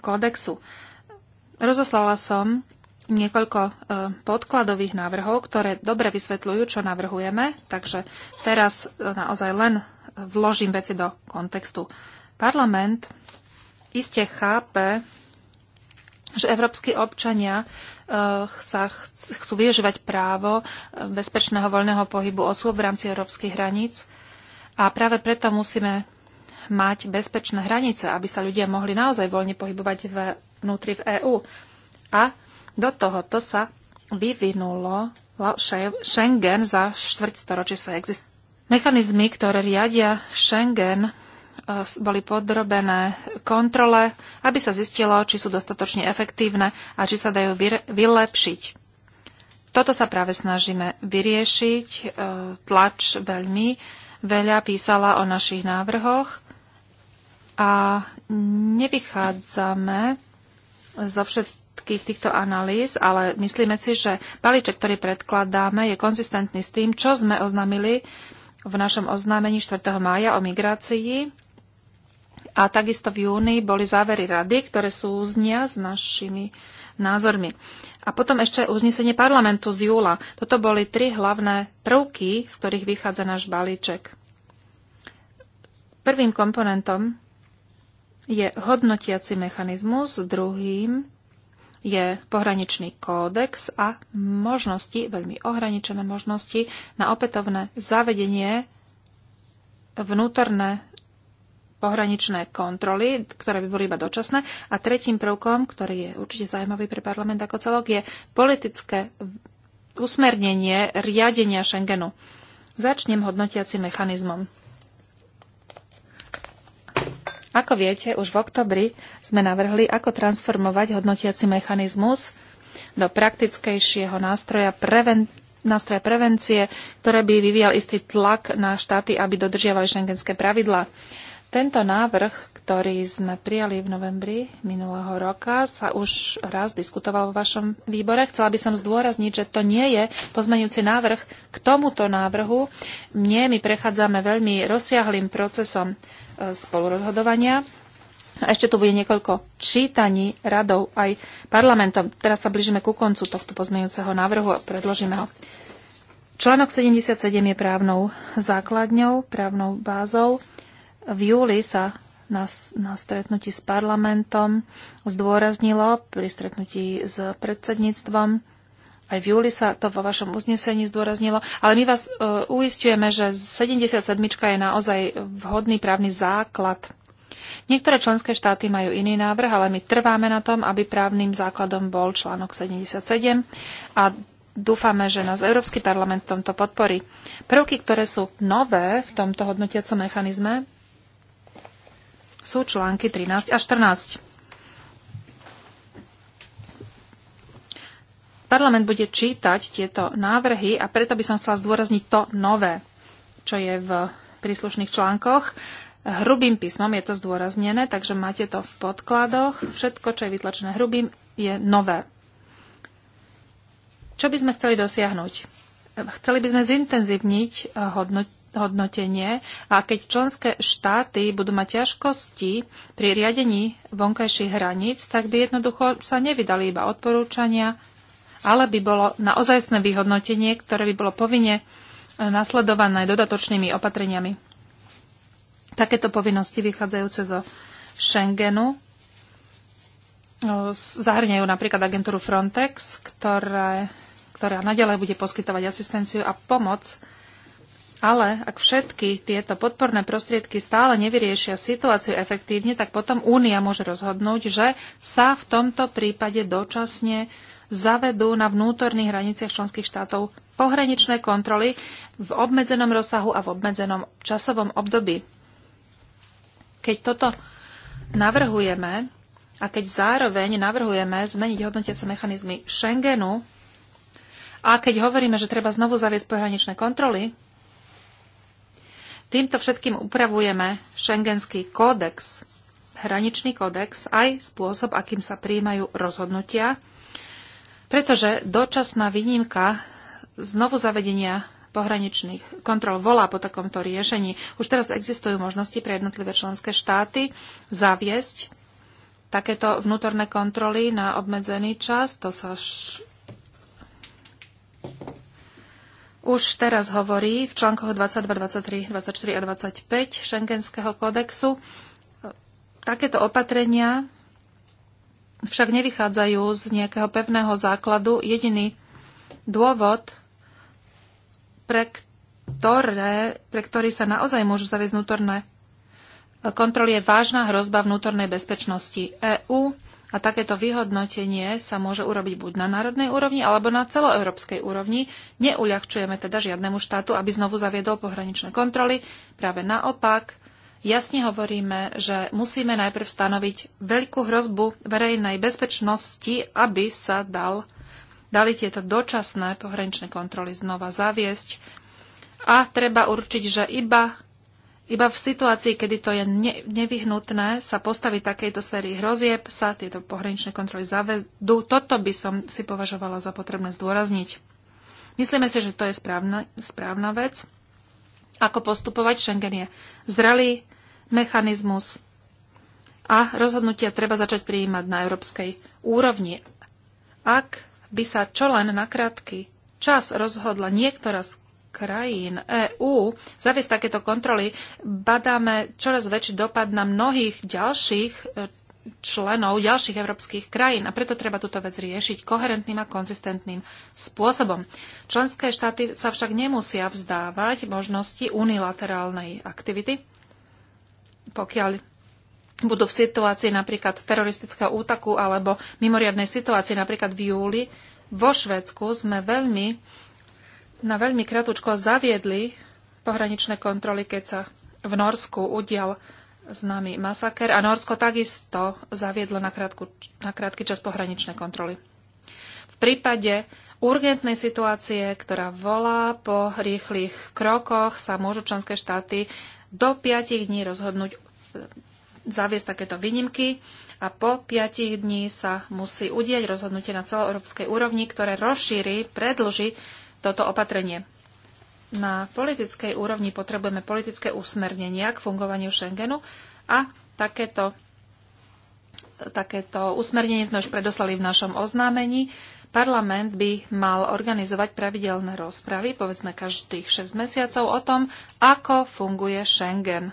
kódexu. Rozoslala som niekoľko e, podkladových návrhov, ktoré dobre vysvetľujú, čo navrhujeme, takže teraz e, naozaj len vložím veci do kontextu. Parlament iste chápe, že európsky občania e, sa chcú využívať právo bezpečného voľného pohybu osôb v rámci európskych hraníc a práve preto musíme mať bezpečné hranice, aby sa ľudia mohli naozaj voľne pohybovať vnútri v EÚ. A do tohoto sa vyvinulo Schengen za štvrťstoročie svojej existencie. Mechanizmy, ktoré riadia Schengen, e, boli podrobené kontrole, aby sa zistilo, či sú dostatočne efektívne a či sa dajú vylepšiť. Toto sa práve snažíme vyriešiť. E, tlač veľmi veľa písala o našich návrhoch a nevychádzame zo všetkých všetkých týchto analýz, ale myslíme si, že balíček, ktorý predkladáme, je konzistentný s tým, čo sme oznámili v našom oznámení 4. mája o migrácii. A takisto v júni boli závery rady, ktoré sú znia s našimi názormi. A potom ešte uznesenie parlamentu z júla. Toto boli tri hlavné prvky, z ktorých vychádza náš balíček. Prvým komponentom je hodnotiaci mechanizmus, druhým je pohraničný kódex a možnosti, veľmi ohraničené možnosti na opätovné zavedenie vnútorné pohraničné kontroly, ktoré by boli iba dočasné. A tretím prvkom, ktorý je určite zaujímavý pre parlament ako celok, je politické usmernenie riadenia Schengenu. Začnem hodnotiacim mechanizmom. Ako viete, už v oktobri sme navrhli, ako transformovať hodnotiaci mechanizmus do praktickejšieho nástroja, preven- nástroja prevencie, ktoré by vyvíjal istý tlak na štáty, aby dodržiavali šengenské pravidlá. Tento návrh, ktorý sme prijali v novembri minulého roka, sa už raz diskutoval vo vašom výbore. Chcela by som zdôrazniť, že to nie je pozmeňujúci návrh k tomuto návrhu. Nie, my prechádzame veľmi rozsiahlým procesom spolurozhodovania. A ešte tu bude niekoľko čítaní radov aj parlamentom. Teraz sa blížime ku koncu tohto pozmeňujúceho návrhu a predložíme ho. Článok 77 je právnou základňou, právnou bázou. V júli sa na, na stretnutí s parlamentom zdôraznilo pri stretnutí s predsedníctvom aj v júli sa to vo vašom uznesení zdôraznilo, ale my vás uh, uistujeme, že 77. je naozaj vhodný právny základ. Niektoré členské štáty majú iný návrh, ale my trváme na tom, aby právnym základom bol článok 77 a dúfame, že nás Európsky parlament v tomto podporí. Prvky, ktoré sú nové v tomto hodnotiacom mechanizme, sú články 13 a 14. Parlament bude čítať tieto návrhy a preto by som chcela zdôrazniť to nové, čo je v príslušných článkoch. Hrubým písmom je to zdôraznené, takže máte to v podkladoch. Všetko, čo je vytlačené hrubým, je nové. Čo by sme chceli dosiahnuť? Chceli by sme zintenzívniť eh, hodnotenie a keď členské štáty budú mať ťažkosti pri riadení vonkajších hraníc, tak by jednoducho sa nevydali iba odporúčania, ale by bolo naozajstné vyhodnotenie, ktoré by bolo povinne e, nasledované dodatočnými opatreniami. Takéto povinnosti vychádzajúce zo Schengenu e, zahrňajú napríklad agentúru Frontex, ktorá, ktorá nadalej bude poskytovať asistenciu a pomoc ale ak všetky tieto podporné prostriedky stále nevyriešia situáciu efektívne, tak potom Únia môže rozhodnúť, že sa v tomto prípade dočasne zavedú na vnútorných hraniciach členských štátov pohraničné kontroly v obmedzenom rozsahu a v obmedzenom časovom období. Keď toto navrhujeme a keď zároveň navrhujeme zmeniť hodnotiace mechanizmy Schengenu a keď hovoríme, že treba znovu zaviesť pohraničné kontroly, týmto všetkým upravujeme Schengenský kódex, hraničný kódex, aj spôsob, akým sa príjmajú rozhodnutia pretože dočasná výnimka znovu zavedenia pohraničných kontrol volá po takomto riešení. Už teraz existujú možnosti pre jednotlivé členské štáty zaviesť takéto vnútorné kontroly na obmedzený čas. To sa š... už teraz hovorí v článkoch 22, 23, 24 a 25 Schengenského kódexu. Takéto opatrenia však nevychádzajú z nejakého pevného základu. Jediný dôvod, pre, ktoré, pre ktorý sa naozaj môžu zaviesť vnútorné kontroly, je vážna hrozba vnútornej bezpečnosti EÚ a takéto vyhodnotenie sa môže urobiť buď na národnej úrovni alebo na celoeurópskej úrovni. Neuľahčujeme teda žiadnemu štátu, aby znovu zaviedol pohraničné kontroly. Práve naopak, jasne hovoríme, že musíme najprv stanoviť veľkú hrozbu verejnej bezpečnosti, aby sa dal, dali tieto dočasné pohraničné kontroly znova zaviesť. A treba určiť, že iba, iba v situácii, kedy to je ne, nevyhnutné sa postaviť takejto sérii hrozieb, sa tieto pohraničné kontroly zavedú. Toto by som si považovala za potrebné zdôrazniť. Myslíme si, že to je správna, správna vec ako postupovať. Schengen je zrelý mechanizmus a rozhodnutia treba začať prijímať na európskej úrovni. Ak by sa čo len na krátky čas rozhodla niektorá z krajín EÚ zaviesť takéto kontroly, badáme čoraz väčší dopad na mnohých ďalších e, členov ďalších európskych krajín a preto treba túto vec riešiť koherentným a konzistentným spôsobom. Členské štáty sa však nemusia vzdávať možnosti unilaterálnej aktivity pokiaľ budú v situácii napríklad teroristického útaku alebo mimoriadnej situácii, napríklad v júli, vo Švedsku sme veľmi, na veľmi kratučko zaviedli pohraničné kontroly, keď sa v Norsku udial známy masaker a Norsko takisto zaviedlo na, krátku, na krátky čas pohraničné kontroly. V prípade urgentnej situácie, ktorá volá po rýchlych krokoch, sa môžu členské štáty do 5 dní rozhodnúť e, zaviesť takéto výnimky a po 5 dní sa musí udieť rozhodnutie na celoeurópskej úrovni, ktoré rozšíri, predlží toto opatrenie. Na politickej úrovni potrebujeme politické usmernenia k fungovaniu Schengenu a takéto, takéto usmernenie sme už predoslali v našom oznámení. Parlament by mal organizovať pravidelné rozpravy, povedzme každých 6 mesiacov, o tom, ako funguje Schengen.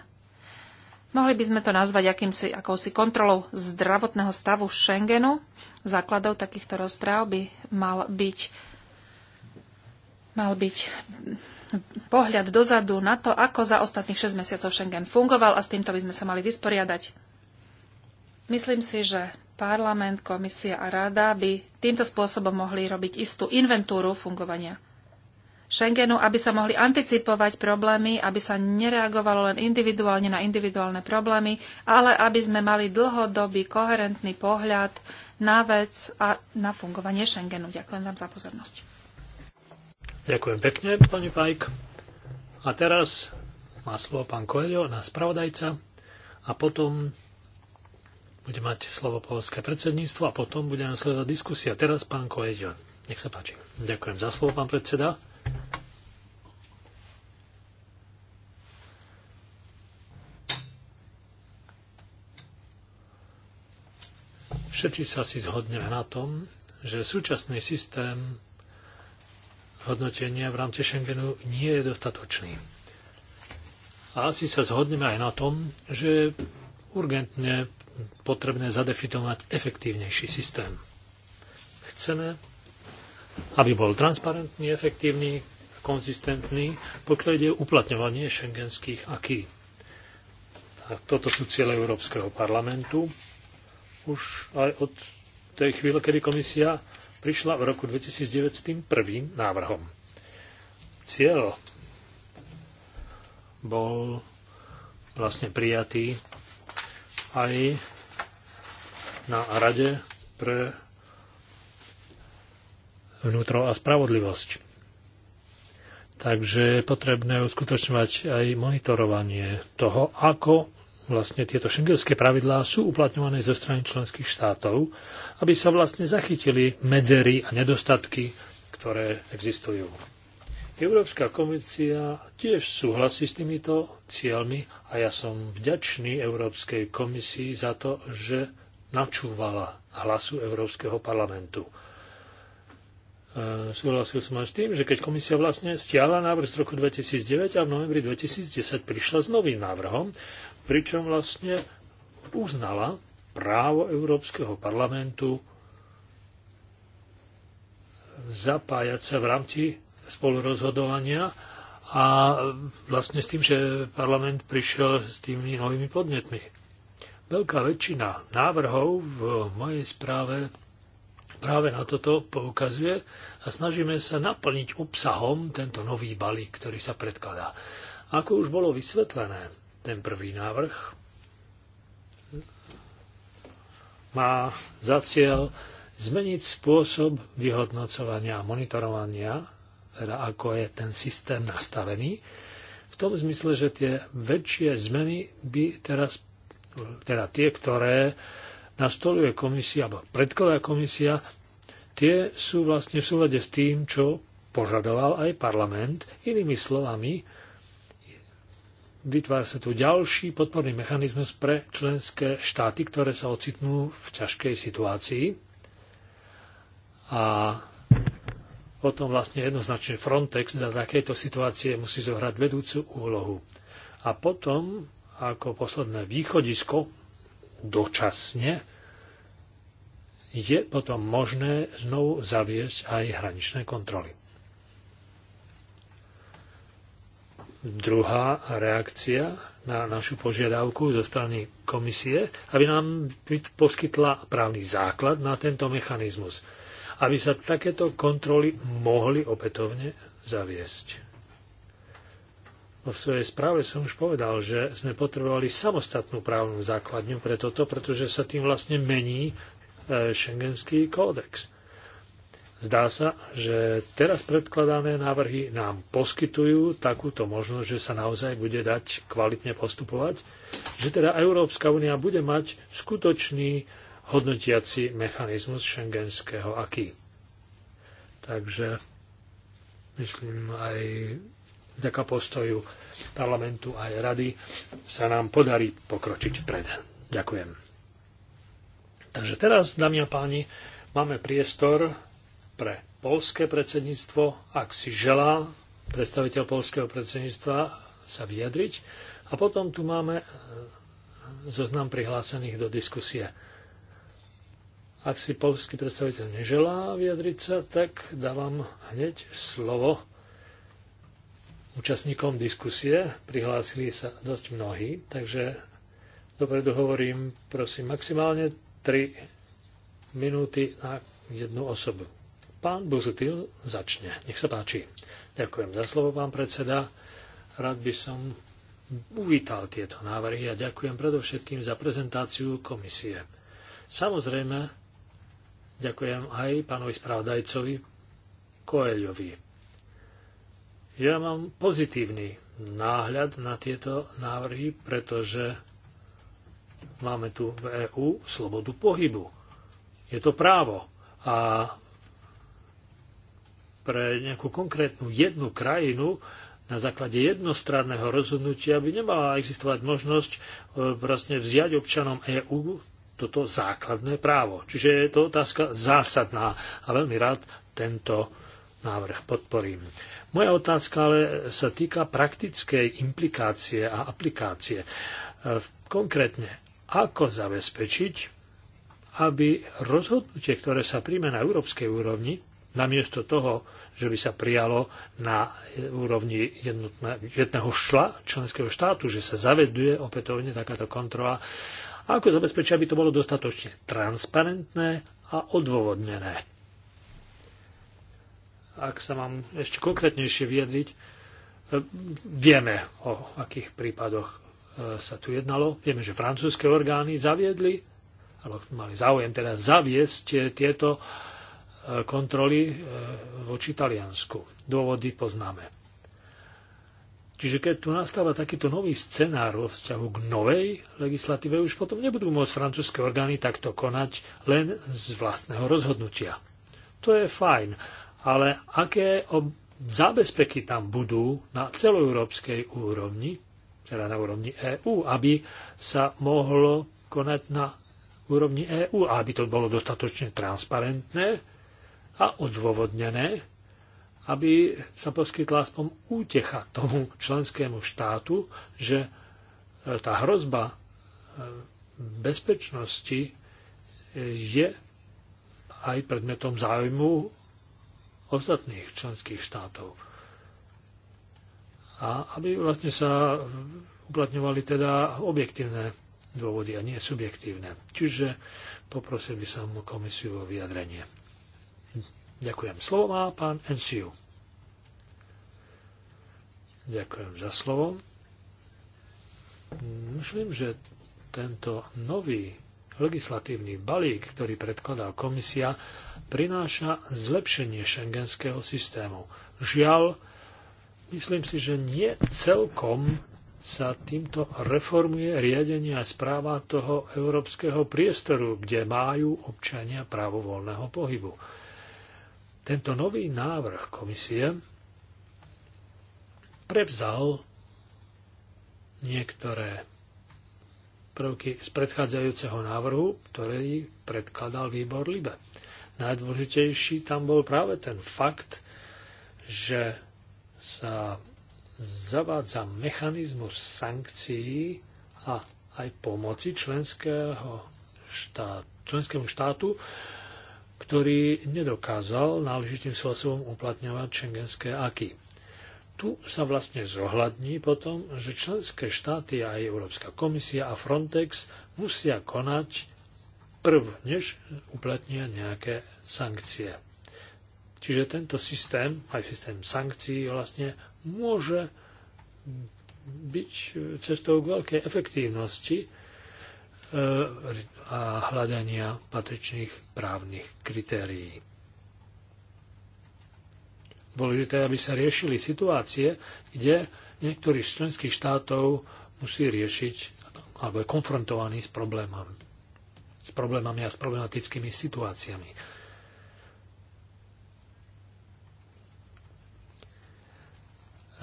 Mohli by sme to nazvať akýmsi, akousi kontrolou zdravotného stavu Schengenu. Základov takýchto rozpráv by mal byť, mal byť pohľad dozadu na to, ako za ostatných 6 mesiacov Schengen fungoval a s týmto by sme sa mali vysporiadať. Myslím si, že parlament, komisia a rada by týmto spôsobom mohli robiť istú inventúru fungovania Schengenu, aby sa mohli anticipovať problémy, aby sa nereagovalo len individuálne na individuálne problémy, ale aby sme mali dlhodobý, koherentný pohľad na vec a na fungovanie Schengenu. Ďakujem vám za pozornosť. Ďakujem pekne, pani Pajk. A teraz má slovo pán Koelio, na spravodajca, a potom bude mať slovo polské predsedníctvo a potom bude nasledovať diskusia. Teraz pán Koežo, nech sa páči. Ďakujem za slovo, pán predseda. Všetci sa si zhodneme na tom, že súčasný systém hodnotenia v rámci Schengenu nie je dostatočný. A asi sa zhodneme aj na tom, že urgentne potrebné zadefinovať efektívnejší systém. Chceme, aby bol transparentný, efektívny, konzistentný, pokiaľ ide uplatňovanie šengenských aký. A toto sú ciele Európskeho parlamentu. Už aj od tej chvíle, kedy komisia prišla v roku 2009 s tým prvým návrhom. Cieľ bol vlastne prijatý aj na Rade pre vnútro a spravodlivosť. Takže je potrebné uskutočňovať aj monitorovanie toho, ako vlastne tieto šengelské pravidlá sú uplatňované zo strany členských štátov, aby sa vlastne zachytili medzery a nedostatky, ktoré existujú. Európska komisia tiež súhlasí s týmito cieľmi a ja som vďačný Európskej komisii za to, že načúvala hlasu Európskeho parlamentu. E, súhlasil som aj s tým, že keď komisia vlastne stiahla návrh z roku 2009 a v novembri 2010 prišla s novým návrhom, pričom vlastne uznala právo Európskeho parlamentu zapájať sa v rámci spolurozhodovania a vlastne s tým, že parlament prišiel s tými novými podnetmi. Veľká väčšina návrhov v mojej správe práve na toto poukazuje a snažíme sa naplniť obsahom tento nový balík, ktorý sa predkladá. Ako už bolo vysvetlené, ten prvý návrh má za cieľ zmeniť spôsob vyhodnocovania a monitorovania teda ako je ten systém nastavený, v tom zmysle, že tie väčšie zmeny by teraz, teda tie, ktoré nastoluje komisia, alebo predkladá komisia, tie sú vlastne v súlade s tým, čo požadoval aj parlament. Inými slovami, vytvára sa tu ďalší podporný mechanizmus pre členské štáty, ktoré sa ocitnú v ťažkej situácii. A potom vlastne jednoznačne Frontex za takéto situácie musí zohrať vedúcu úlohu. A potom, ako posledné východisko, dočasne, je potom možné znovu zaviesť aj hraničné kontroly. Druhá reakcia na našu požiadavku zo strany komisie, aby nám poskytla právny základ na tento mechanizmus aby sa takéto kontroly mohli opätovne zaviesť. V svojej správe som už povedal, že sme potrebovali samostatnú právnu základňu pre toto, pretože sa tým vlastne mení šengenský e, kódex. Zdá sa, že teraz predkladané návrhy nám poskytujú takúto možnosť, že sa naozaj bude dať kvalitne postupovať, že teda Európska únia bude mať skutočný hodnotiaci mechanizmus šengenského aký. Takže myslím aj vďaka postoju parlamentu aj rady sa nám podarí pokročiť vpred. Ďakujem. Takže teraz, dámy a páni, máme priestor pre polské predsedníctvo, ak si želá predstaviteľ polského predsedníctva sa vyjadriť. A potom tu máme eh, zoznam prihlásených do diskusie. Ak si polský predstaviteľ neželá vyjadriť sa, tak dávam hneď slovo účastníkom diskusie. Prihlásili sa dosť mnohí, takže dopredu hovorím, prosím, maximálne 3 minúty na jednu osobu. Pán Buzutil začne. Nech sa páči. Ďakujem za slovo, pán predseda. Rád by som uvítal tieto návrhy a ďakujem predovšetkým za prezentáciu komisie. Samozrejme, Ďakujem aj pánovi spravodajcovi Koeľovi. Ja mám pozitívny náhľad na tieto návrhy, pretože máme tu v EÚ slobodu pohybu. Je to právo. A pre nejakú konkrétnu jednu krajinu na základe jednostranného rozhodnutia by nemala existovať možnosť e, vlastne vziať občanom EÚ toto základné právo. Čiže je to otázka zásadná a veľmi rád tento návrh podporím. Moja otázka ale sa týka praktickej implikácie a aplikácie. E, konkrétne, ako zabezpečiť, aby rozhodnutie, ktoré sa príjme na európskej úrovni, namiesto toho, že by sa prijalo na úrovni jedného šla, členského štátu, že sa zaveduje opätovne takáto kontrola, a ako zabezpečia, aby to bolo dostatočne transparentné a odôvodnené. Ak sa mám ešte konkrétnejšie vyjadriť, e, vieme, o akých prípadoch e, sa tu jednalo. Vieme, že francúzske orgány zaviedli, alebo mali záujem teda zaviesť tieto e, kontroly voči Taliansku. Dôvody poznáme. Čiže keď tu nastáva takýto nový scenár vo vzťahu k novej legislatíve, už potom nebudú môcť francúzske orgány takto konať len z vlastného rozhodnutia. To je fajn, ale aké zábezpeky tam budú na celoeurópskej úrovni, teda na úrovni EÚ, aby sa mohlo konať na úrovni EÚ, aby to bolo dostatočne transparentné a odôvodnené, aby sa poskytla aspoň útecha tomu členskému štátu, že e, tá hrozba e, bezpečnosti e, je aj predmetom záujmu ostatných členských štátov. A aby vlastne sa uplatňovali teda objektívne dôvody a nie subjektívne. Čiže poprosil by som komisiu o vyjadrenie. Ďakujem. Slovo má pán Enciu. Ďakujem za slovo. Myslím, že tento nový legislatívny balík, ktorý predkladá komisia, prináša zlepšenie šengenského systému. Žiaľ, myslím si, že nie celkom sa týmto reformuje riadenie a správa toho európskeho priestoru, kde majú občania právo voľného pohybu. Tento nový návrh komisie prevzal niektoré prvky z predchádzajúceho návrhu, ktorý predkladal výbor Libe. Najdôležitejší tam bol práve ten fakt, že sa zavádza mechanizmus sankcií a aj pomoci členského štátu, členskému štátu ktorý nedokázal náležitým spôsobom uplatňovať šengenské aky. Tu sa vlastne zohľadní potom, že členské štáty a aj Európska komisia a Frontex musia konať prv, než uplatnia nejaké sankcie. Čiže tento systém, aj systém sankcií vlastne môže byť cestou k veľkej efektívnosti e, a hľadania patričných právnych kritérií. Dôležité, aby sa riešili situácie, kde niektorý z členských štátov musí riešiť alebo je konfrontovaný s problémami. S problémami a s problematickými situáciami.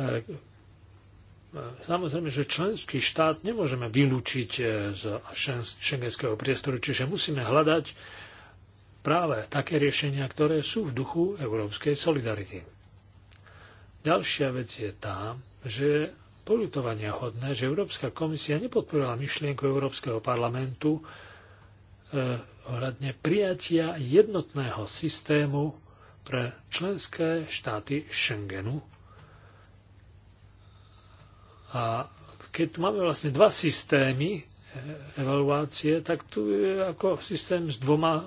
E Samozrejme, že členský štát nemôžeme vylúčiť e, z šengenského priestoru, čiže musíme hľadať práve také riešenia, ktoré sú v duchu európskej solidarity. Ďalšia vec je tá, že polutovania hodné, že Európska komisia nepodporila myšlienku Európskeho parlamentu e, ohľadne prijatia jednotného systému pre členské štáty Schengenu a keď tu máme vlastne dva systémy e, evaluácie, tak tu je ako systém s dvoma e,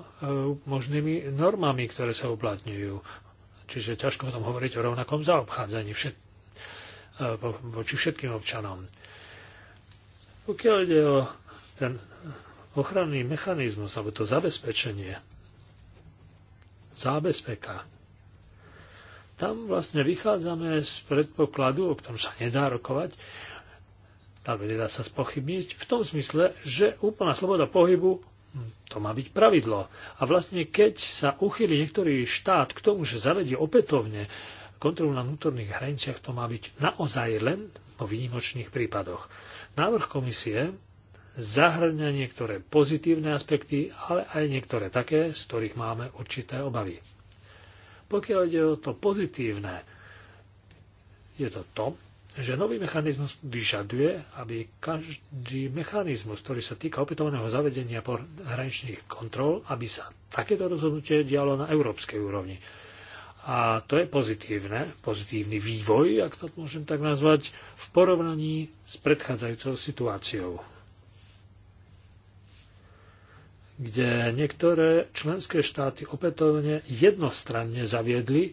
možnými normami, ktoré sa uplatňujú. Čiže ťažko o tom hovoriť o rovnakom zaobchádzaní všet... E, voči všetkým občanom. Pokiaľ ide o ten ochranný mechanizmus alebo to zabezpečenie, zábezpeka, tam vlastne vychádzame z predpokladu, o ktorom sa nedá rokovať, tam nedá sa spochybniť, v tom zmysle, že úplná sloboda pohybu hm, to má byť pravidlo. A vlastne keď sa uchýli niektorý štát k tomu, že zavedie opätovne kontrolu na vnútorných hraniciach, to má byť naozaj len po výnimočných prípadoch. Návrh komisie zahrňa niektoré pozitívne aspekty, ale aj niektoré také, z ktorých máme určité obavy. Pokiaľ ide o to pozitívne, je to to, že nový mechanizmus vyžaduje, aby každý mechanizmus, ktorý sa týka opätovného zavedenia hraničných kontrol, aby sa takéto rozhodnutie dialo na európskej úrovni. A to je pozitívne, pozitívny vývoj, ak to môžem tak nazvať, v porovnaní s predchádzajúcou situáciou kde niektoré členské štáty opätovne jednostranne zaviedli e,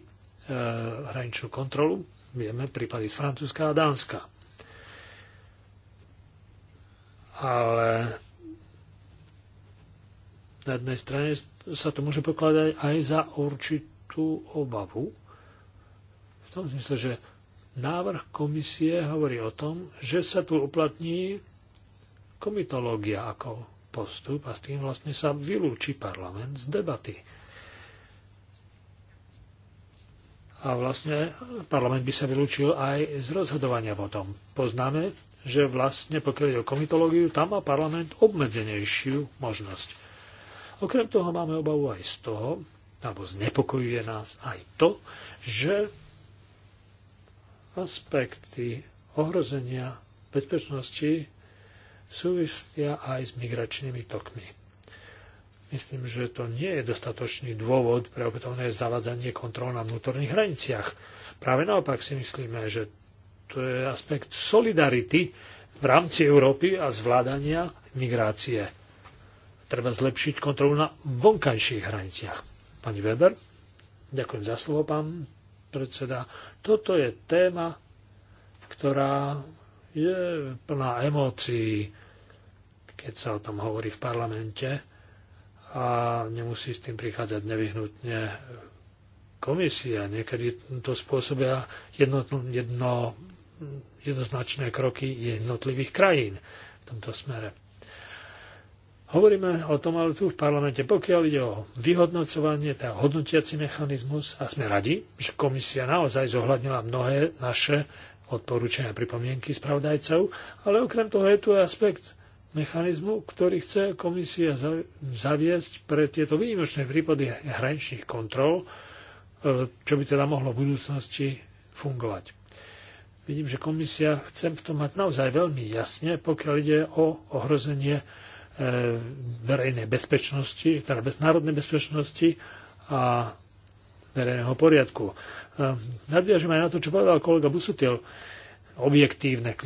hraničnú kontrolu. Vieme prípady z Francúzska a Dánska. Ale na jednej strane sa to môže pokladať aj za určitú obavu. V tom zmysle, že návrh komisie hovorí o tom, že sa tu uplatní komitológia ako postup a s tým vlastne sa vylúči parlament z debaty. A vlastne parlament by sa vylúčil aj z rozhodovania tom. Poznáme, že vlastne pokiaľ ide o komitológiu, tam má parlament obmedzenejšiu možnosť. Okrem toho máme obavu aj z toho, alebo znepokojuje nás aj to, že aspekty ohrozenia bezpečnosti súvisia aj s migračnými tokmi. Myslím, že to nie je dostatočný dôvod pre opätovné zavadzanie kontrol na vnútorných hraniciach. Práve naopak si myslíme, že to je aspekt solidarity v rámci Európy a zvládania migrácie. Treba zlepšiť kontrolu na vonkajších hraniciach. Pani Weber, ďakujem za slovo, pán predseda. Toto je téma, ktorá je plná emócií keď sa o tom hovorí v parlamente a nemusí s tým prichádzať nevyhnutne komisia. Niekedy to spôsobia jedno, jedno, jednoznačné kroky jednotlivých krajín v tomto smere. Hovoríme o tom ale tu v parlamente, pokiaľ ide o vyhodnocovanie, tak hodnotiaci mechanizmus a sme radi, že komisia naozaj zohľadnila mnohé naše odporúčania a pripomienky spravodajcov, ale okrem toho je tu aspekt mechanizmu, ktorý chce komisia zaviesť pre tieto výnimočné prípady hraničných kontrol, e, čo by teda mohlo v budúcnosti fungovať. Vidím, že komisia chce v tom mať naozaj veľmi jasne, pokiaľ ide o ohrozenie e, verejnej bezpečnosti, teda národnej bezpečnosti a verejného poriadku. E, nadviažem aj na to, čo povedal kolega Busutil. Objektívne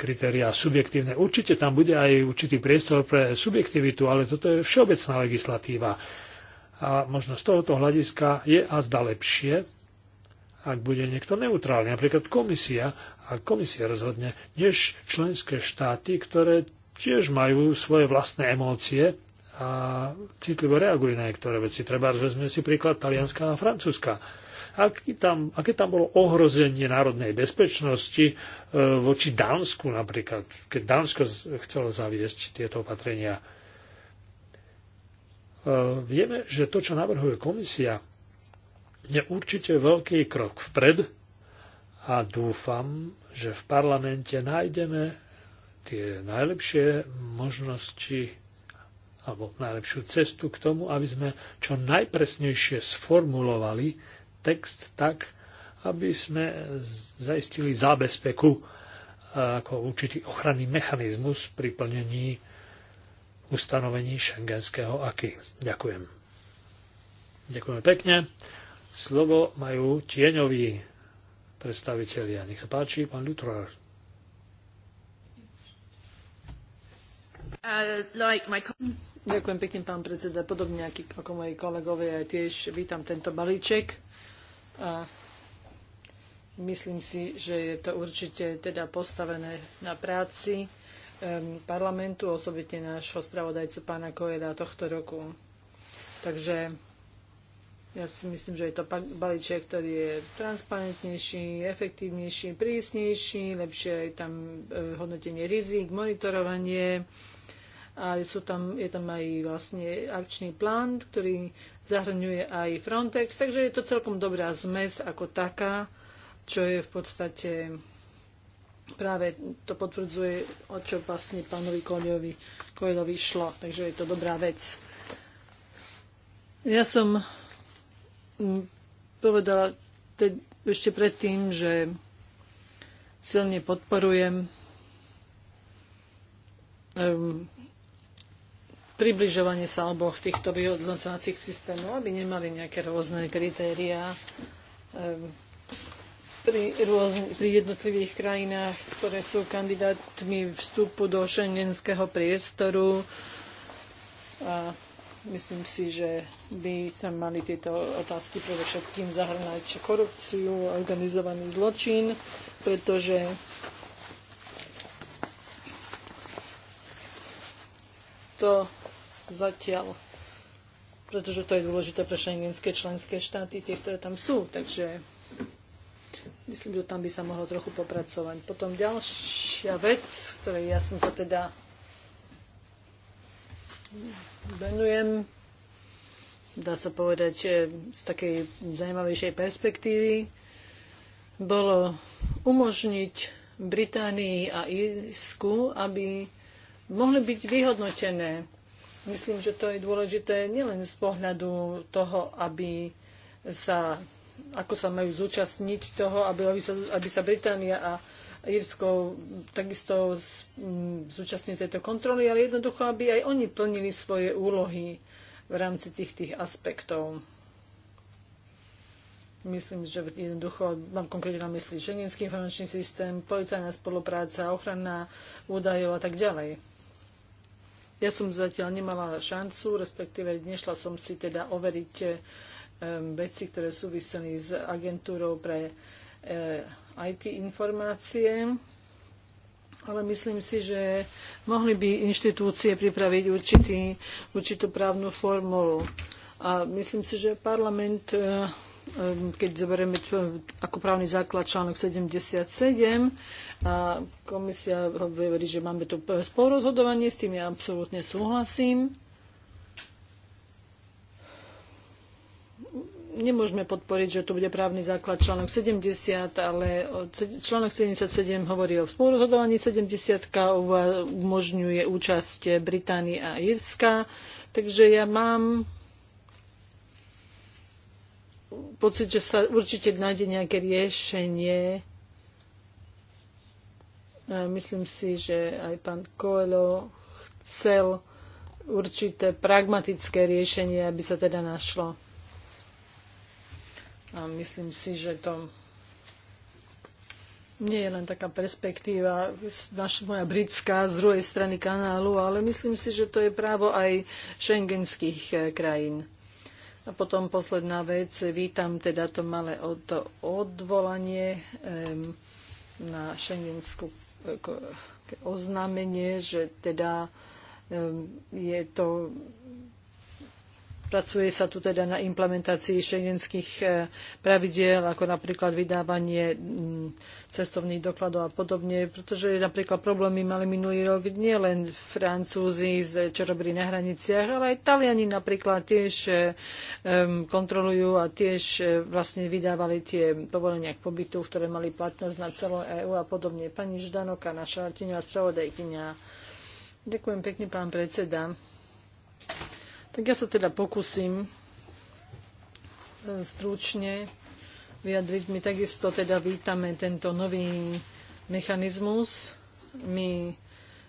kritéria subjektívne. Určite tam bude aj určitý priestor pre subjektivitu, ale toto je všeobecná legislatíva. A možno z tohoto hľadiska je a zda lepšie, ak bude niekto neutrálny, napríklad komisia, a komisia rozhodne, než členské štáty, ktoré tiež majú svoje vlastné emócie a citlivo reagujú na niektoré veci. Treba vezme si príklad Talianska a Francúzska aký tam, aké tam bolo ohrozenie národnej bezpečnosti e, voči Dánsku napríklad, keď Dánsko chcelo zaviesť tieto opatrenia. E, vieme, že to, čo navrhuje komisia, je určite veľký krok vpred a dúfam, že v parlamente nájdeme tie najlepšie možnosti alebo najlepšiu cestu k tomu, aby sme čo najpresnejšie sformulovali text tak, aby sme zaistili zábezpeku e, ako určitý ochranný mechanizmus pri plnení ustanovení šengenského aky. Ďakujem. Ďakujeme pekne. Slovo majú tieňoví predstavitelia. Nech sa páči, pán Lutrár. Uh, Ďakujem pekne, pán predseda. Podobne ako moji kolegovia, ja tiež vítam tento balíček a myslím si, že je to určite teda postavené na práci parlamentu, osobitne nášho spravodajcu pána Kojeda tohto roku. Takže ja si myslím, že je to balíček, ktorý je transparentnejší, efektívnejší, prísnejší, lepšie je tam e, hodnotenie rizik, monitorovanie a sú tam, je tam aj vlastne akčný plán, ktorý zahrňuje aj Frontex, takže je to celkom dobrá zmes ako taká, čo je v podstate práve to potvrdzuje, o čo vlastne pánovi Koľovi, Koľovi šlo. Takže je to dobrá vec. Ja som mm, povedala te, ešte predtým, že silne podporujem um, približovanie sa oboch týchto vyhodnocovacích systémov, aby nemali nejaké rôzne kritériá ehm, pri, rôzny, pri jednotlivých krajinách, ktoré sú kandidátmi vstupu do šengenského priestoru. A myslím si, že by sa mali tieto otázky predovšetkým zahrnať korupciu, organizovaný zločin, pretože to zatiaľ, pretože to je dôležité pre šengenské členské štáty, tie, ktoré tam sú. Takže myslím, že tam by sa mohlo trochu popracovať. Potom ďalšia vec, ktorej ja som sa teda venujem, dá sa povedať, e, z takej zaujímavejšej perspektívy, bolo umožniť Británii a Irsku, aby mohli byť vyhodnotené Myslím, že to je dôležité nielen z pohľadu toho, aby sa, ako sa majú zúčastniť toho, aby, aby, sa, aby sa Británia a Írsko takisto mm, zúčastnili tejto kontroly, ale jednoducho, aby aj oni plnili svoje úlohy v rámci tých, tých aspektov. Myslím, že jednoducho mám konkrétne na mysli šengenský informačný systém, policajná spolupráca, ochrana údajov a tak ďalej. Ja som zatiaľ nemala šancu, respektíve nešla som si teda overiť eh, veci, ktoré súviseli s agentúrou pre eh, IT informácie ale myslím si, že mohli by inštitúcie pripraviť určitý, určitú právnu formulu. A myslím si, že parlament, eh, keď zoberieme ako právny základ článok 77, a komisia hovorí, že máme tu spolurozhodovanie, s tým ja absolútne súhlasím. nemôžeme podporiť, že tu bude právny základ článok 70, ale článok 77 hovorí o spolurozhodovaní, 70 umožňuje účasť Británie a Írska. Takže ja mám pocit, že sa určite nájde nejaké riešenie Myslím si, že aj pán Koelo chcel určité pragmatické riešenie, aby sa teda našlo. A myslím si, že to nie je len taká perspektíva naša moja britská z druhej strany kanálu, ale myslím si, že to je právo aj šengenských eh, krajín. A potom posledná vec, vítam teda to malé od, odvolanie um, na šengenskú oznámenie, že teda je to Pracuje sa tu teda na implementácii šengenských e, pravidiel, ako napríklad vydávanie cestovných dokladov a podobne, pretože napríklad problémy mali minulý rok nie len Francúzi, čo robili na hraniciach, ale aj Taliani napríklad tiež e, kontrolujú a tiež e, vlastne vydávali tie povolenia k pobytu, ktoré mali platnosť na celú EÚ a podobne. Pani Ždanoka, naša tieňová spravodajkynia. Ďakujem pekne, pán predseda. Tak ja sa teda pokúsim e, stručne vyjadriť. My takisto teda vítame tento nový mechanizmus. My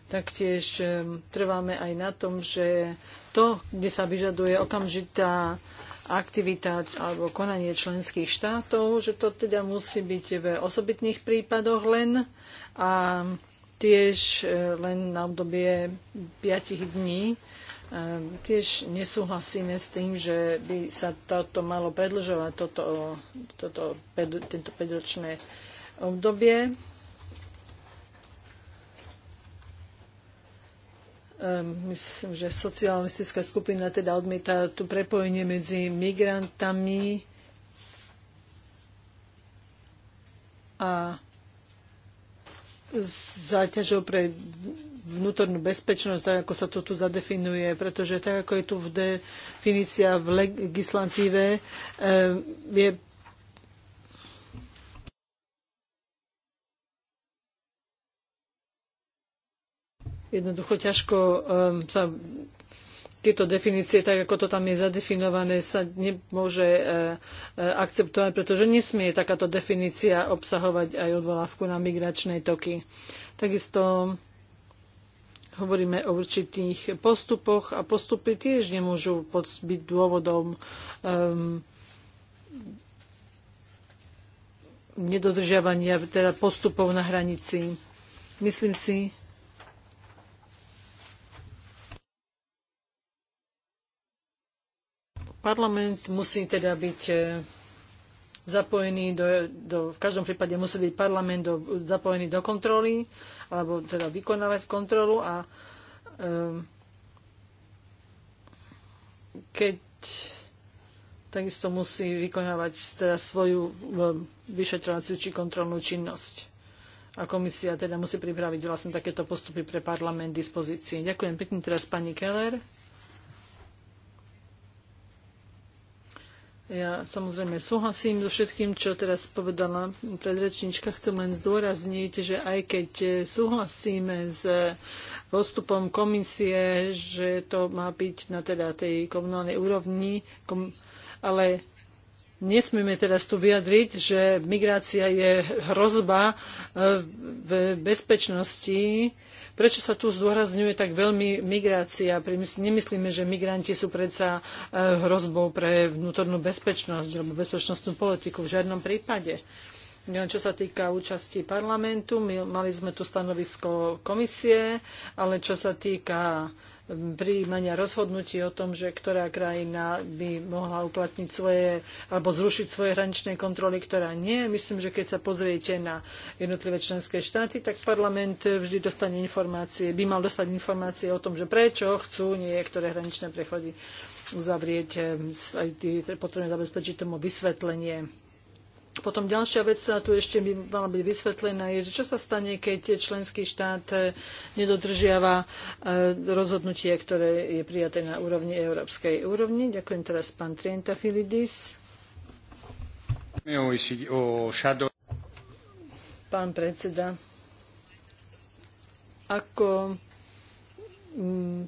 taktiež e, trváme aj na tom, že to, kde sa vyžaduje okamžitá aktivita alebo konanie členských štátov, že to teda musí byť v osobitných prípadoch len a tiež e, len na obdobie 5 dní Tiež nesúhlasíme s tým, že by sa toto malo predlžovať, toto, toto, tento päťročné obdobie. Ehm, myslím, že socialistická skupina teda odmieta tu prepojenie medzi migrantami a záťažou pre vnútornú bezpečnosť, tak ako sa to tu zadefinuje, pretože tak ako je tu v definícia v legislatíve, eh, je jednoducho ťažko eh, sa tieto definície, tak ako to tam je zadefinované, sa nemôže eh, akceptovať, pretože nesmie takáto definícia obsahovať aj odvolávku na migračné toky. Takisto hovoríme o určitých postupoch a postupy tiež nemôžu byť dôvodom um, nedodržiavania teda postupov na hranici. Myslím si, parlament musí teda byť eh, zapojení do, do, v každom prípade musí byť parlament do, zapojený do kontroly, alebo teda vykonávať kontrolu a um, keď takisto musí vykonávať teda svoju ehm, vyšetrovaciu či kontrolnú činnosť. A komisia teda musí pripraviť vlastne takéto postupy pre parlament dispozícii. Ďakujem pekne teraz pani Keller. Ja samozrejme súhlasím so všetkým, čo teraz povedala predrečnička. Chcem len zdôrazniť, že aj keď súhlasíme s postupom komisie, že to má byť na teda tej komunálnej úrovni, kom, ale nesmieme teraz tu vyjadriť, že migrácia je hrozba e, v bezpečnosti Prečo sa tu zdôrazňuje tak veľmi migrácia? Nemyslíme, že migranti sú predsa e, hrozbou pre vnútornú bezpečnosť alebo bezpečnostnú politiku v žiadnom prípade. Čo sa týka účasti parlamentu, my, mali sme tu stanovisko komisie, ale čo sa týka prijímania rozhodnutí o tom, že ktorá krajina by mohla uplatniť svoje alebo zrušiť svoje hraničné kontroly, ktorá nie. Myslím, že keď sa pozriete na jednotlivé členské štáty, tak parlament vždy dostane informácie, by mal dostať informácie o tom, že prečo chcú niektoré hraničné prechody uzavrieť. Eh, aj potrebujeme zabezpečiť tomu vysvetlenie potom ďalšia vec, ktorá tu ešte by mala byť vysvetlená, je, že čo sa stane, keď členský štát e, nedodržiava e, rozhodnutie, ktoré je prijaté na úrovni európskej úrovni. Ďakujem teraz pán Trienta Filidis. Pán predseda, ako mm,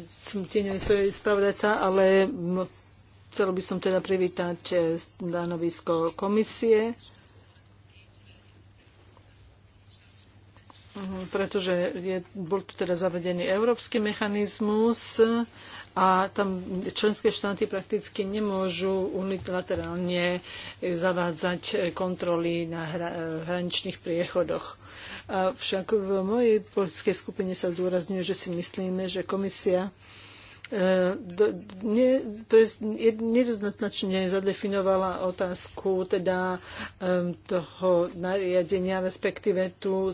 som tieňový spravodajca, ale Chcel by som teda privítať eh, stanovisko komisie, mhm, pretože je, bol tu teda zavedený európsky mechanizmus a tam členské štáty prakticky nemôžu unilaterálne eh, zavádzať eh, kontroly na hra, hraničných priechodoch. Však v mojej politickej skupine sa zdôrazňuje, že si myslíme, že komisia E, nedoznačne zadefinovala otázku teda toho nariadenia, respektíve tu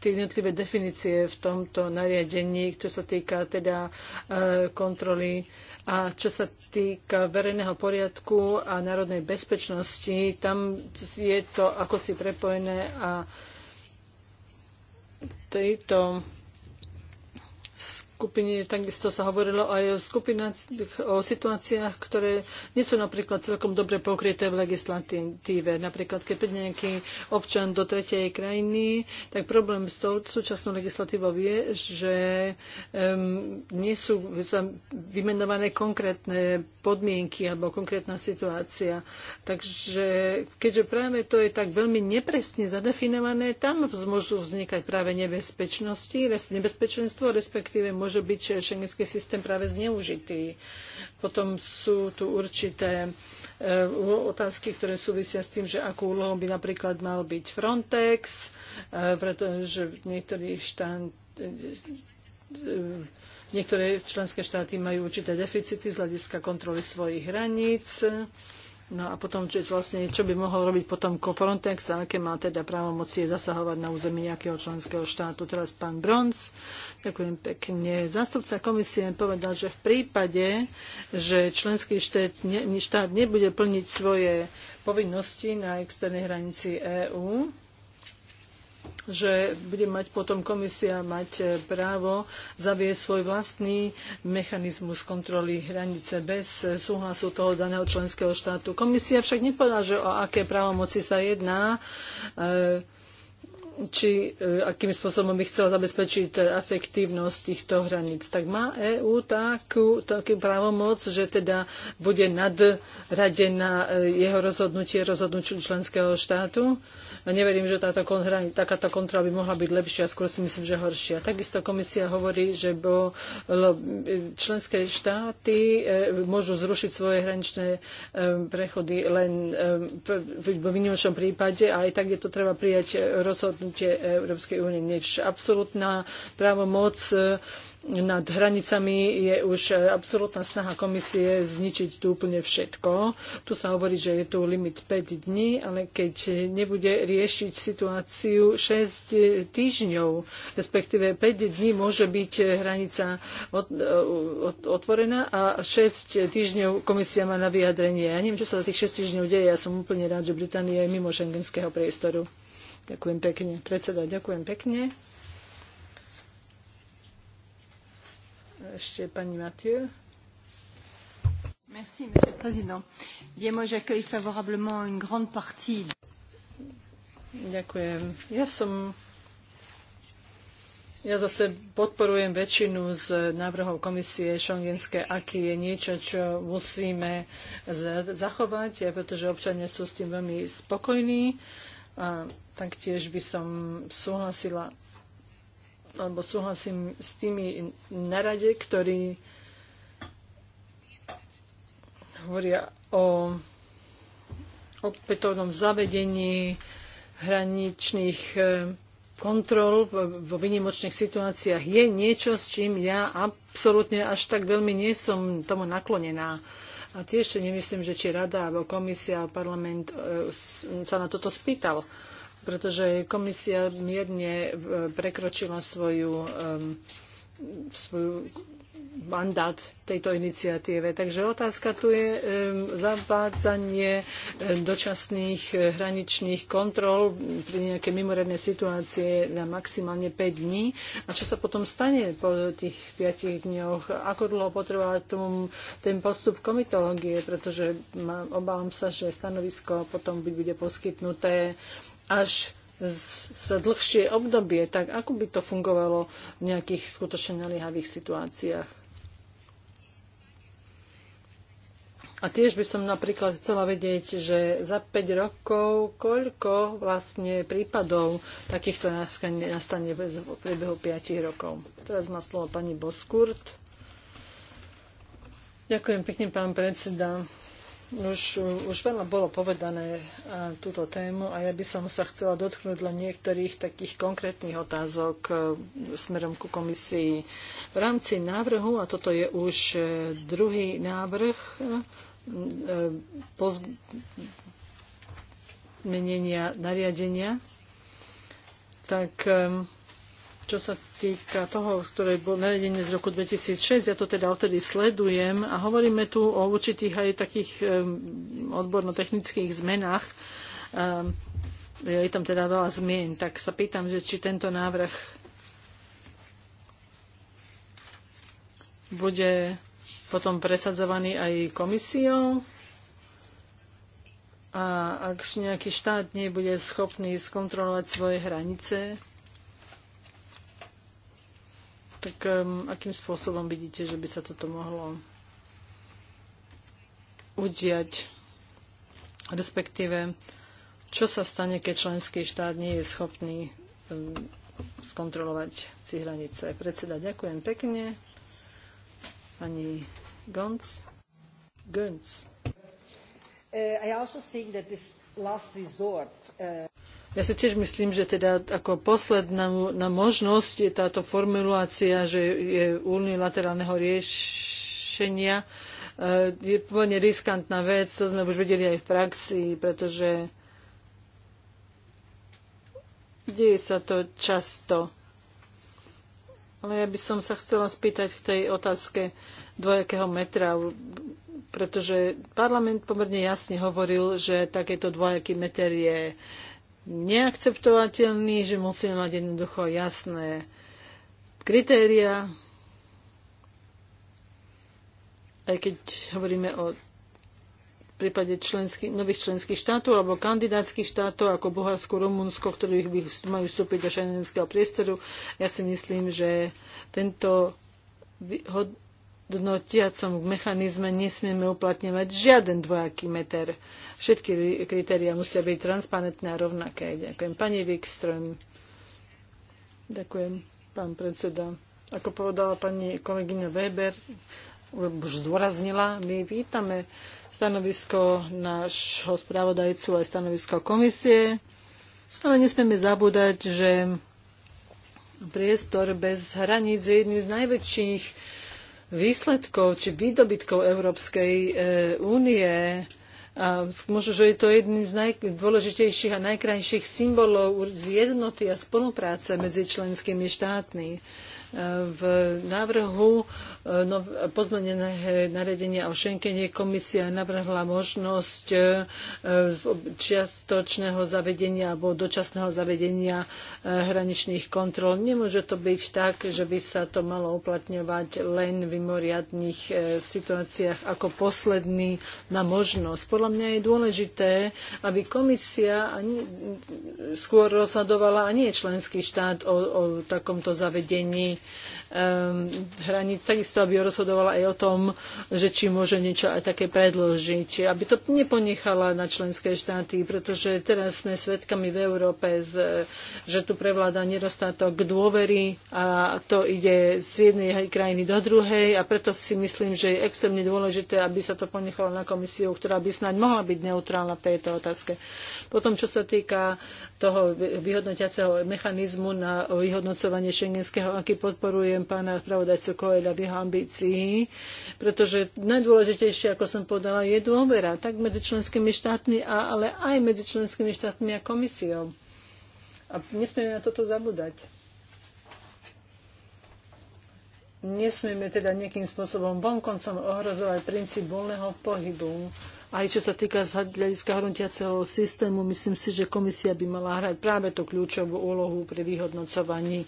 jednotlivé definície v tomto nariadení, čo sa týka teda e, kontroly a čo sa týka verejného poriadku a národnej bezpečnosti, tam je to ako si prepojené a tejto skupine takisto sa hovorilo aj o, o situáciách, ktoré nie sú napríklad celkom dobre pokryté v legislatíve. Napríklad, keď príde nejaký občan do tretej krajiny, tak problém s tou súčasnou legislatívou je, že um, nie sú vymenované konkrétne podmienky alebo konkrétna situácia. Takže keďže práve to je tak veľmi nepresne zadefinované, tam môžu vznikať práve nebezpečnosti, nebezpečenstvo, respektíve môžu môže byť šengenský systém práve zneužitý. Potom sú tu určité e, otázky, ktoré súvisia s tým, že akú úlohou by napríklad mal byť Frontex, e, pretože v niektorých štát e, Niektoré členské štáty majú určité deficity z hľadiska kontroly svojich hraníc. No a potom, čo, vlastne, čo by mohol robiť potom Frontex a aké má teda právomoci zasahovať na území nejakého členského štátu. Teraz pán Bronc, ďakujem pekne. Zástupca komisie povedal, že v prípade, že členský štát, ne, štát nebude plniť svoje povinnosti na externej hranici EÚ, že bude mať potom komisia mať e, právo zaviesť svoj vlastný mechanizmus kontroly hranice bez e, súhlasu toho daného členského štátu. Komisia však nepovedala, že o aké právomoci sa jedná. E, či akým spôsobom by chcela zabezpečiť efektívnosť týchto hraníc. Tak má EÚ takú, takú právomoc, že teda bude nadradená jeho rozhodnutie rozhodnutiu členského štátu? a neverím, že táto kontra, takáto kontrola by mohla byť lepšia, skôr si myslím, že horšia. Takisto komisia hovorí, že bo členské štáty e, môžu zrušiť svoje hraničné e, prechody len e, v výnimočnom prípade a aj tak je to treba prijať rozhodnutie Európskej únie. Než absolútna právomoc nad hranicami je už absolútna snaha komisie zničiť tu úplne všetko. Tu sa hovorí, že je tu limit 5 dní, ale keď nebude riešiť situáciu 6 týždňov, respektíve 5 dní môže byť hranica otvorená a 6 týždňov komisia má na vyjadrenie. Ja neviem, čo sa za tých 6 týždňov deje. Ja som úplne rád, že Británia je mimo šengenského priestoru. Ďakujem pekne. Predseda, ďakujem pekne. ešte pani Mathieu. Merci, Monsieur le Président. Bien, moi, j'accueille favorablement une grande partie. Ďakujem. Ja som ja zase podporujem väčšinu z návrhov komisie šongenské, aký je niečo, čo musíme zachovať, eh, pretože občania sú s tým veľmi spokojní. A taktiež by som súhlasila alebo súhlasím s tými na rade, ktorí hovoria o opätovnom zavedení hraničných e, kontrol vo vynimočných situáciách je niečo, s čím ja absolútne až tak veľmi nie som tomu naklonená. A tiež si nemyslím, že či rada alebo komisia a parlament e, sa na toto spýtal pretože komisia mierne e, prekročila svoju, svoju mandát tejto iniciatíve. Takže otázka tu je um, zavádzanie dočasných e, hraničných kontrol pri nejaké mimoriadnej situácie na maximálne 5 dní. A čo sa potom stane po tých 5 dňoch? Ako dlho potrvá tom, ten postup komitológie? Pretože mám, obávam sa, že stanovisko potom bude poskytnuté až za dlhšie obdobie, tak ako by to fungovalo v nejakých skutočne naliehavých situáciách? A tiež by som napríklad chcela vedieť, že za 5 rokov koľko vlastne prípadov takýchto nastane v priebehu 5 rokov. Teraz má slovo pani Boskurt. Ďakujem pekne, pán predseda. Už, už veľa bolo povedané na e, túto tému a ja by som sa chcela dotknúť len niektorých takých konkrétnych otázok e, smerom ku komisii. V rámci návrhu, a toto je už e, druhý návrh, pozmenenia nariadenia, tak čo sa týka toho, ktoré bol nariadenie z roku 2006, ja to teda odtedy sledujem a hovoríme tu o určitých aj takých odborno-technických zmenách. Je tam teda veľa zmien, tak sa pýtam, že či tento návrh bude potom presadzovaný aj komisiou. A ak nejaký štát nebude schopný skontrolovať svoje hranice, tak um, akým spôsobom vidíte, že by sa toto mohlo udiať? Respektíve, čo sa stane, keď členský štát nie je schopný um, skontrolovať si hranice? Predseda, ďakujem pekne. Pani Gonc. Gonc. Uh, I also think that this last resort uh... Ja si tiež myslím, že teda ako posledná na možnosť je táto formulácia, že je unilaterálneho riešenia, e, je pomerne riskantná vec, to sme už videli aj v praxi, pretože deje sa to často. Ale ja by som sa chcela spýtať k tej otázke dvojakého metra, pretože parlament pomerne jasne hovoril, že takéto dvojaký meter je neakceptovateľný, že musíme mať jednoducho jasné kritéria, aj keď hovoríme o v prípade členský, nových členských štátov alebo kandidátskych štátov ako Bulharsko, Rumunsko, ktorých by mali vstúpiť do šengenského priestoru. Ja si myslím, že tento hodnotiacom mechanizme nesmieme uplatňovať žiaden dvojaký meter. Všetky kritéria musia byť transparentné a rovnaké. Ďakujem. Pani Wikström. Ďakujem, pán predseda. Ako povedala pani kolegyňa Weber, už zdôraznila, my vítame stanovisko nášho správodajcu aj stanovisko komisie, ale nesmieme zabúdať, že priestor bez hraníc je jedným z najväčších výsledkov či výdobytkov Európskej e, únie. A možno, že je to jedným z najdôležitejších a najkrajších symbolov jednoty a spolupráce medzi členskými štátmi. E, v návrhu pozmenené naredenie o Schengene komisia navrhla možnosť e, čiastočného zavedenia alebo dočasného zavedenia e, hraničných kontrol. Nemôže to byť tak, že by sa to malo uplatňovať len v mimoriadných e, situáciách ako posledný na možnosť. Podľa mňa je dôležité, aby komisia skôr rozhodovala a nie členský štát o, o takomto zavedení Ehm, hraníc, takisto aby rozhodovala aj o tom, že či môže niečo aj také predložiť, aby to neponechala na členské štáty, pretože teraz sme svedkami v Európe, z, že tu prevláda nedostatok dôvery a to ide z jednej krajiny do druhej a preto si myslím, že je extrémne dôležité, aby sa to ponechalo na komisiu, ktorá by snáď mohla byť neutrálna v tejto otázke. Potom, čo sa týka toho vyhodnotiaceho mechanizmu na vyhodnocovanie šengenského, aký podporujem pána pravodajcu Koela v jeho ambícii, pretože najdôležitejšie, ako som podala, je dôvera tak medzi členskými štátmi, ale aj medzi členskými štátmi a komisiou. A nesmieme na toto zabúdať nesmieme teda nejakým spôsobom vonkoncom ohrozovať princíp voľného pohybu. Aj čo sa týka hľadiska hodnotiaceho systému, myslím si, že komisia by mala hrať práve tú kľúčovú úlohu pri vyhodnocovaní e,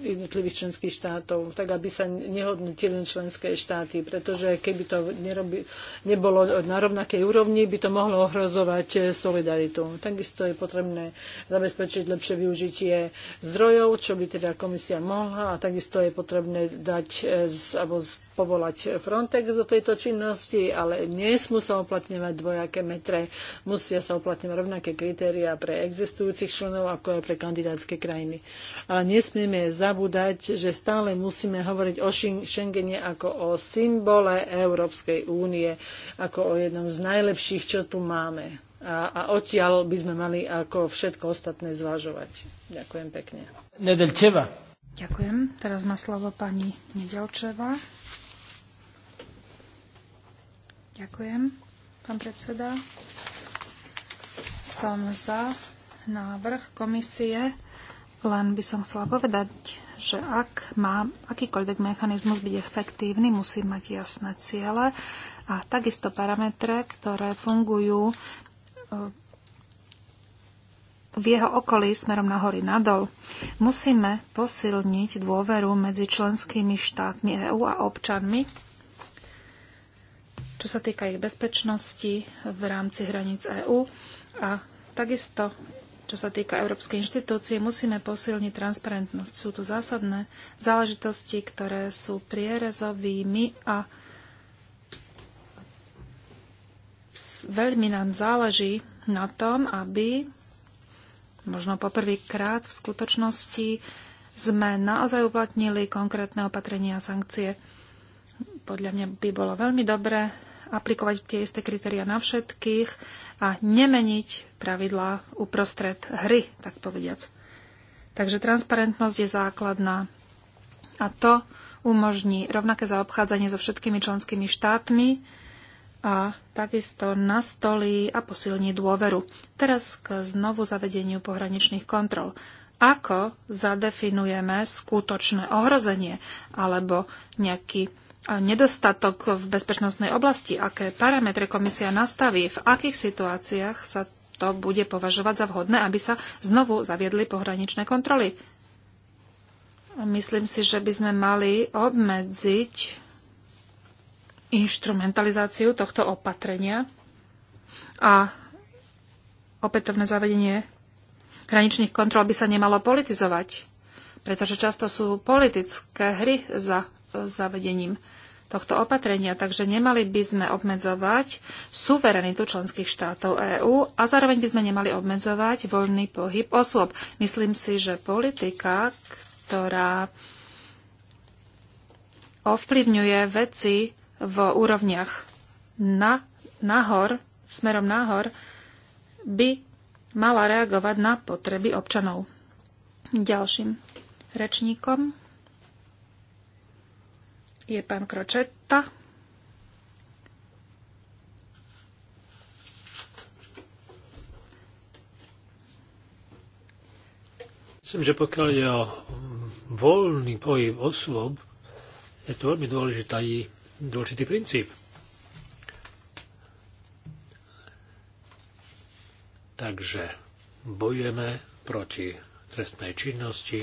jednotlivých členských štátov, tak aby sa nehodnotili len členské štáty, pretože keby to nerobi, nebolo na rovnakej úrovni, by to mohlo ohrozovať solidaritu. Takisto je potrebné zabezpečiť lepšie využitie zdrojov, čo by teda komisia mohla a takisto je potrebné dať e, alebo povolať Frontex do tejto činnosti, ale nesmú sa uplatňovať dvojaké metre. Musia sa uplatňovať rovnaké kritéria pre existujúcich členov, ako aj pre kandidátske krajiny. Ale nesmieme zabúdať, že stále musíme hovoriť o Schengene ako o symbole Európskej únie, ako o jednom z najlepších, čo tu máme. A, a odtiaľ by sme mali ako všetko ostatné zvažovať. Ďakujem pekne. Nedelčeva. Ďakujem. Teraz má slovo pani Nedelčeva. Ďakujem, pán predseda. Som za návrh komisie, len by som chcela povedať, že ak má akýkoľvek mechanizmus byť efektívny, musí mať jasné ciele a takisto parametre, ktoré fungujú eh, v jeho okolí smerom nahor nadol. Musíme posilniť dôveru medzi členskými štátmi EÚ a občanmi čo sa týka ich bezpečnosti v rámci hraníc EÚ a takisto, čo sa týka Európskej inštitúcie, musíme posilniť transparentnosť. Sú tu zásadné záležitosti, ktoré sú prierezovými a veľmi nám záleží na tom, aby možno poprvýkrát v skutočnosti sme naozaj uplatnili konkrétne opatrenia a sankcie podľa mňa by bolo veľmi dobré aplikovať tie isté kritéria na všetkých a nemeniť pravidlá uprostred hry, tak povediac. Takže transparentnosť je základná a to umožní rovnaké zaobchádzanie so všetkými členskými štátmi a takisto nastolí a posilní dôveru. Teraz k znovu zavedeniu pohraničných kontrol. Ako zadefinujeme skutočné ohrozenie alebo nejaký nedostatok v bezpečnostnej oblasti, aké parametre komisia nastaví, v akých situáciách sa to bude považovať za vhodné, aby sa znovu zaviedli pohraničné kontroly. Myslím si, že by sme mali obmedziť instrumentalizáciu tohto opatrenia a opätovné zavedenie hraničných kontrol by sa nemalo politizovať, pretože často sú politické hry za zavedením tohto opatrenia, takže nemali by sme obmedzovať suverenitu členských štátov EÚ a zároveň by sme nemali obmedzovať voľný pohyb osôb. Myslím si, že politika, ktorá ovplyvňuje veci v úrovniach na, nahor, smerom nahor, by mala reagovať na potreby občanov. Ďalším rečníkom je pán Kročeta. Myslím, že pokiaľ je o voľný pohyb osôb, je to veľmi dôležitý, dôležitý princíp. Takže bojujeme proti trestnej činnosti,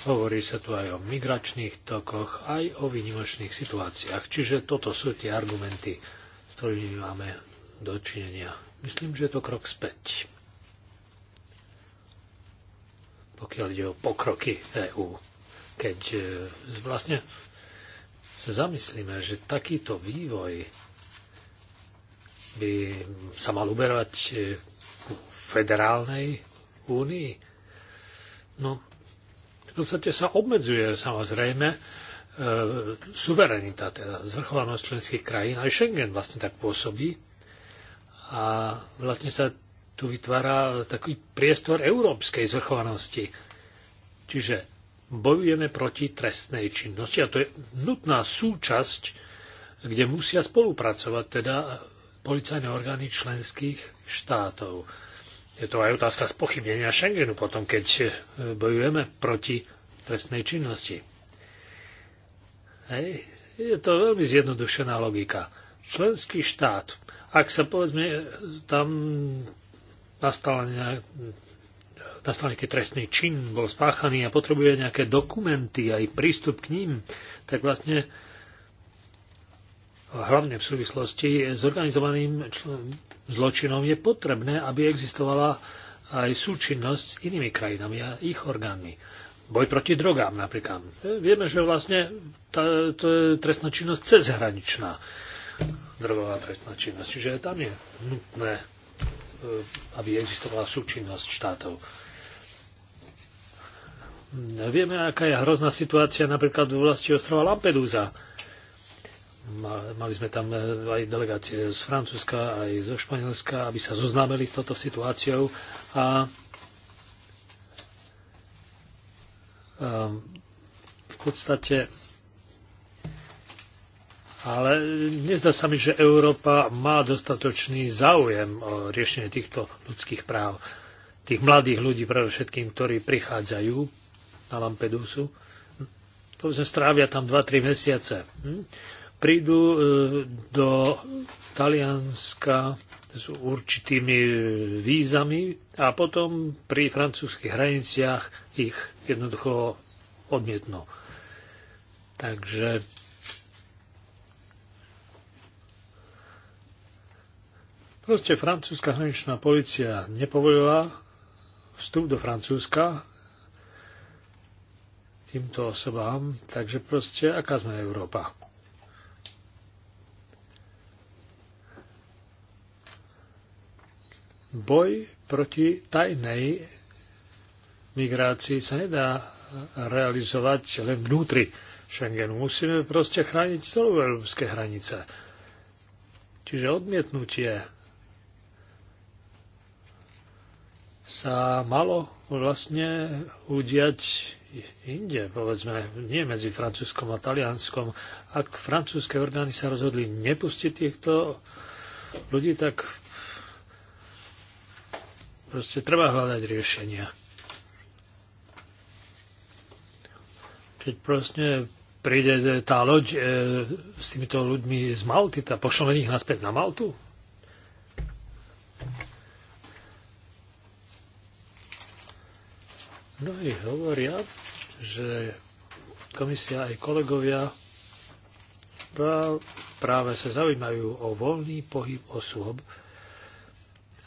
Hovorí sa tu aj o migračných tokoch, aj o výnimočných situáciách. Čiže toto sú tie argumenty, s ktorými máme dočinenia. Myslím, že je to krok späť. Pokiaľ ide o pokroky EÚ. Keď e, vlastne sa zamyslíme, že takýto vývoj by sa mal uberať ku e, federálnej únii, no podstate sa obmedzuje samozrejme e, suverenita, teda zvrchovanosť členských krajín. Aj Schengen vlastne tak pôsobí. A vlastne sa tu vytvára taký priestor európskej zvrchovanosti. Čiže bojujeme proti trestnej činnosti a to je nutná súčasť, kde musia spolupracovať teda policajné orgány členských štátov je to aj otázka spochybnenia Schengenu potom, keď e, bojujeme proti trestnej činnosti. Hej. Je to veľmi zjednodušená logika. Členský štát, ak sa povedzme, tam nastala nejak, nastal nejaký trestný čin, bol spáchaný a potrebuje nejaké dokumenty aj prístup k ním, tak vlastne hlavne v súvislosti s organizovaným člen, zločinom, je potrebné, aby existovala aj súčinnosť s inými krajinami a ich orgánmi. Boj proti drogám napríklad. Vieme, že vlastne tá, to je trestná činnosť cezhraničná. Drogová trestná činnosť. Čiže tam je nutné, e, aby existovala súčinnosť štátov. Vieme, aká je hrozná situácia napríklad v oblasti ostrova Lampedusa Mali sme tam eh, aj delegácie z Francúzska, aj zo Španielska, aby sa zoznámili s touto situáciou a ehm, v podstate ale nezdá sa mi, že Európa má dostatočný záujem o riešenie týchto ľudských práv. Tých mladých ľudí, všetkým, ktorí prichádzajú na Lampedusu. Hm? Povedzme, strávia tam 2-3 mesiace. Hm? prídu e, do Talianska s určitými e, vízami a potom pri francúzských hraniciach ich jednoducho odmietnú. Takže proste francúzska hraničná policia nepovolila vstup do Francúzska týmto osobám, takže proste aká sme Európa? Boj proti tajnej migrácii sa nedá realizovať len vnútri Schengenu. Musíme proste chrániť celú európske hranice. Čiže odmietnutie sa malo vlastne udiať inde, povedzme, nie medzi Francúzskom a Talianskom. Ak francúzske orgány sa rozhodli nepustiť týchto ľudí, tak Proste treba hľadať riešenia. Keď proste príde tá loď e, s týmito ľuďmi z Malty, tá pošleme ich naspäť na Maltu? No i hovoria, že komisia aj kolegovia práve sa zaujímajú o voľný pohyb osôb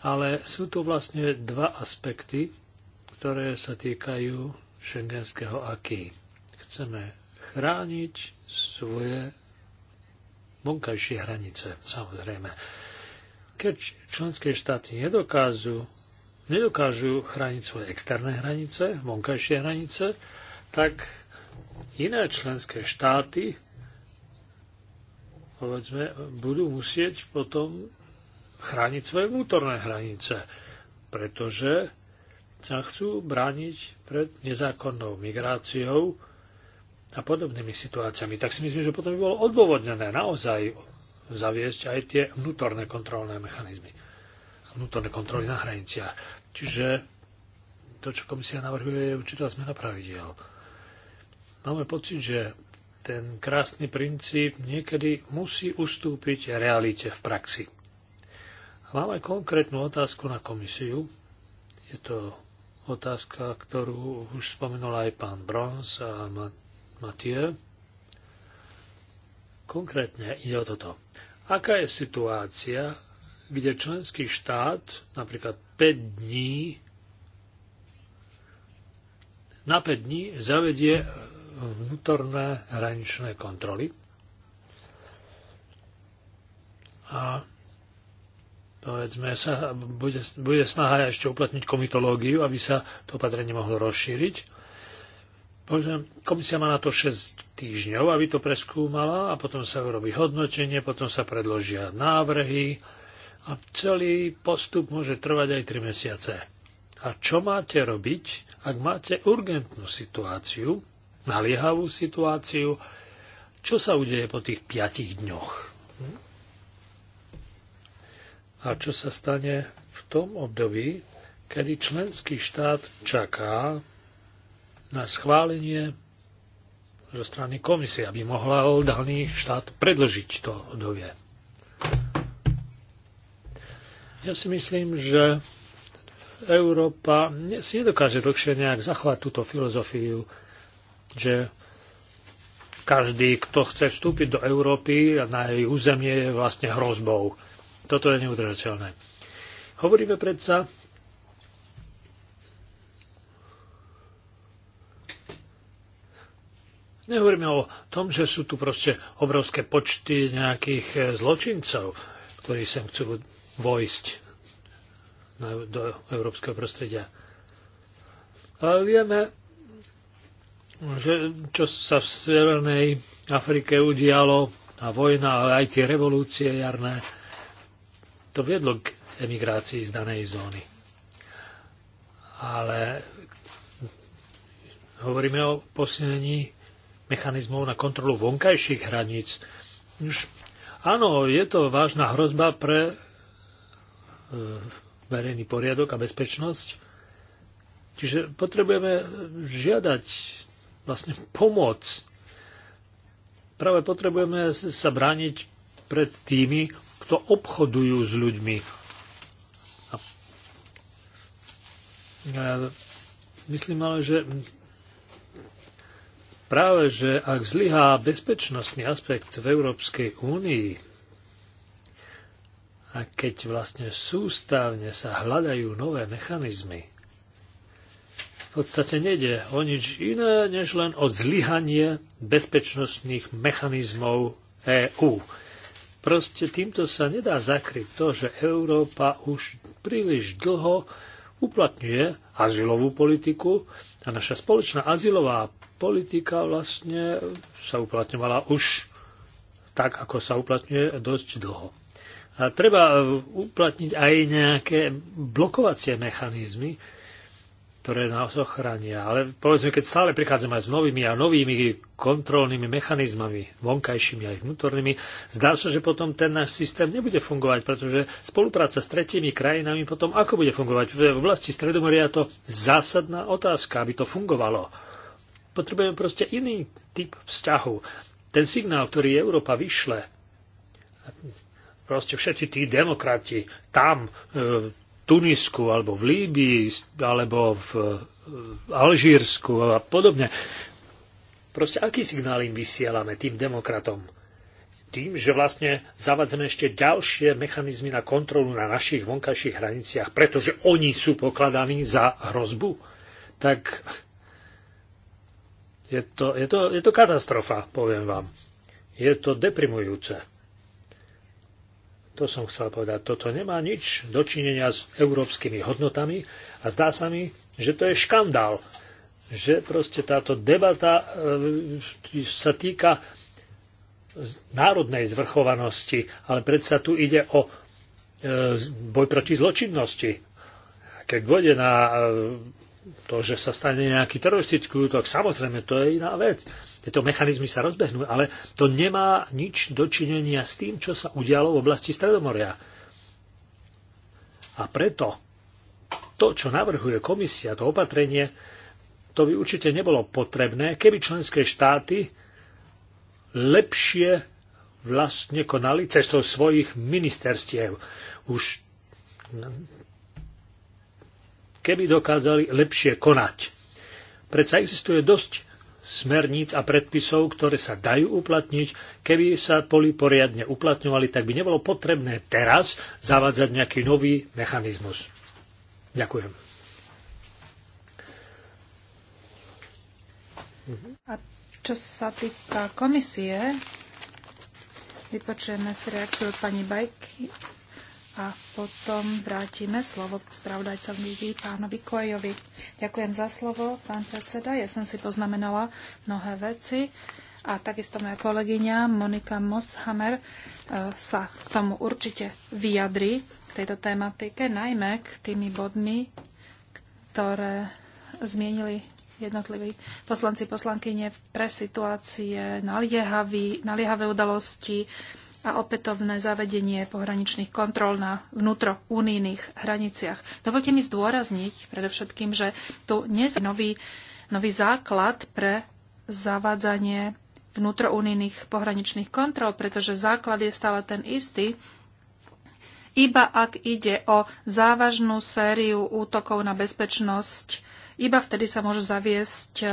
ale sú tu vlastne dva aspekty, ktoré sa týkajú šengenského aký. Chceme chrániť svoje vonkajšie hranice, samozrejme. Keď členské štáty nedokážu, nedokážu chrániť svoje externé hranice, vonkajšie hranice, tak iné členské štáty povedzme, budú musieť potom chrániť svoje vnútorné hranice, pretože sa chcú brániť pred nezákonnou migráciou a podobnými situáciami. Tak si myslím, že potom by bolo odôvodnené naozaj zaviesť aj tie vnútorné kontrolné mechanizmy. Vnútorné kontroly na hraniciach. Čiže to, čo komisia navrhuje, je určitá zmena pravidiel. Máme pocit, že ten krásny princíp niekedy musí ustúpiť realite v praxi. Máme konkrétnu otázku na komisiu. Je to otázka, ktorú už spomenul aj pán Brons a Matie. Konkrétne ide o toto. Aká je situácia, kde členský štát napríklad 5 dní na 5 dní zavedie vnútorné hraničné kontroly a povedzme, sa, bude, bude snaha ešte uplatniť komitológiu, aby sa to opatrenie mohlo rozšíriť. Povedzme, komisia má na to 6 týždňov, aby to preskúmala a potom sa urobí hodnotenie, potom sa predložia návrhy a celý postup môže trvať aj 3 mesiace. A čo máte robiť, ak máte urgentnú situáciu, naliehavú situáciu, čo sa udeje po tých 5 dňoch? Hm? A čo sa stane v tom období, kedy členský štát čaká na schválenie zo strany komisie, aby mohla daný štát predlžiť to obdobie. Ja si myslím, že Európa si nedokáže dlhšie nejak zachovať túto filozofiu, že každý, kto chce vstúpiť do Európy a na jej územie je vlastne hrozbou. Toto je neudržateľné. Hovoríme predsa Nehovoríme o tom, že sú tu proste obrovské počty nejakých eh, zločincov, ktorí sem chcú vojsť do európskeho prostredia. Ale vieme, že čo sa v Severnej Afrike udialo, a vojna, ale aj tie revolúcie jarné, to viedlo k emigrácii z danej zóny. Ale hovoríme o posilnení mechanizmov na kontrolu vonkajších hraníc. Už, áno, je to vážna hrozba pre e, verejný poriadok a bezpečnosť. Čiže potrebujeme žiadať vlastne pomoc. Práve potrebujeme sa brániť pred tými, kto obchodujú s ľuďmi. Ja myslím ale, že práve, že ak zlyhá bezpečnostný aspekt v Európskej únii a keď vlastne sústavne sa hľadajú nové mechanizmy, v podstate nejde o nič iné, než len o zlyhanie bezpečnostných mechanizmov EÚ. Proste týmto sa nedá zakryť to, že Európa už príliš dlho uplatňuje azylovú politiku a naša spoločná azylová politika vlastne sa uplatňovala už tak, ako sa uplatňuje dosť dlho. A treba uplatniť aj nejaké blokovacie mechanizmy, ktoré nás ochránia. Ale povedzme, keď stále prichádzame aj s novými a novými kontrolnými mechanizmami, vonkajšími aj vnútornými, zdá sa, že potom ten náš systém nebude fungovať, pretože spolupráca s tretími krajinami potom ako bude fungovať? V oblasti Stredomoria je to zásadná otázka, aby to fungovalo. Potrebujeme proste iný typ vzťahu. Ten signál, ktorý Európa vyšle, proste všetci tí demokrati tam, e, Tunisku alebo v Líbii alebo v e, Alžírsku a podobne. Proste aký signál im vysielame tým demokratom? Tým, že vlastne zavadzame ešte ďalšie mechanizmy na kontrolu na našich vonkajších hraniciach, pretože oni sú pokladaní za hrozbu, tak je to, je to, je to katastrofa, poviem vám. Je to deprimujúce. To som chcel povedať. Toto nemá nič dočinenia s európskymi hodnotami a zdá sa mi, že to je škandál. Že proste táto debata e, sa týka národnej zvrchovanosti, ale predsa tu ide o e, boj proti zločinnosti. Keď bude na e, to, že sa stane nejaký teroristický útok, samozrejme to je iná vec tieto mechanizmy sa rozbehnú, ale to nemá nič dočinenia s tým, čo sa udialo v oblasti Stredomoria. A preto to, čo navrhuje komisia, to opatrenie, to by určite nebolo potrebné, keby členské štáty lepšie vlastne konali cestou svojich ministerstiev. Už keby dokázali lepšie konať. Predsa existuje dosť smerníc a predpisov, ktoré sa dajú uplatniť. Keby sa boli poriadne uplatňovali, tak by nebolo potrebné teraz zavádzať nejaký nový mechanizmus. Ďakujem. A čo sa týka komisie, vypočujeme si reakciu od pani Bajky a potom vrátime slovo spravodajcovi pánovi Kojovi. Ďakujem za slovo, pán predseda. Ja som si poznamenala mnohé veci a takisto moja kolegyňa Monika Moshammer e, sa k tomu určite vyjadri k tejto tematike, najmä k tými bodmi, ktoré zmienili jednotliví poslanci, poslankyne pre situácie, naliehavé udalosti, a opätovné zavedenie pohraničných kontrol na vnútrounijných hraniciach. Dovolte mi zdôrazniť predovšetkým, že tu nie je nový, nový základ pre zavádzanie vnútrounijných pohraničných kontrol, pretože základ je stále ten istý, iba ak ide o závažnú sériu útokov na bezpečnosť, iba vtedy sa môže zaviesť eh,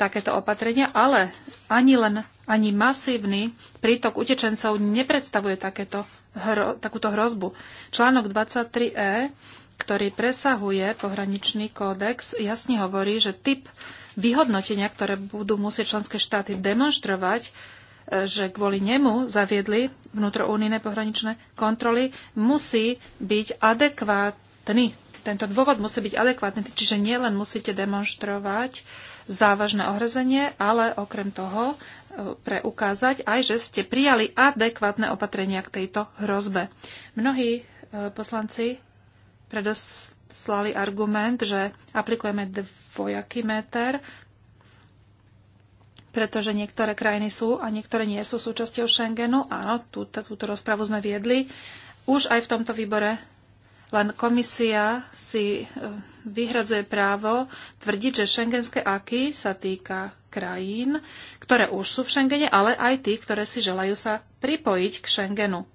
takéto opatrenia, ale ani len ani masívny prítok utečencov nepredstavuje takéto, hro, takúto hrozbu. Článok 23e, ktorý presahuje pohraničný kódex, jasne hovorí, že typ vyhodnotenia, ktoré budú musieť členské štáty demonstrovať, e, že kvôli nemu zaviedli vnútrounijné pohraničné kontroly, musí byť adekvátny. Tento dôvod musí byť adekvátny, čiže nielen musíte demonstrovať závažné ohrozenie, ale okrem toho preukázať aj, že ste prijali adekvátne opatrenia k tejto hrozbe. Mnohí e, poslanci predoslali argument, že aplikujeme dvojaký meter, pretože niektoré krajiny sú a niektoré nie sú súčasťou Schengenu. Áno, túto, túto rozpravu sme viedli už aj v tomto výbore len komisia si e, vyhradzuje právo tvrdiť, že šengenské aky sa týka krajín, ktoré už sú v Schengene, ale aj tých, ktoré si želajú sa pripojiť k Schengenu.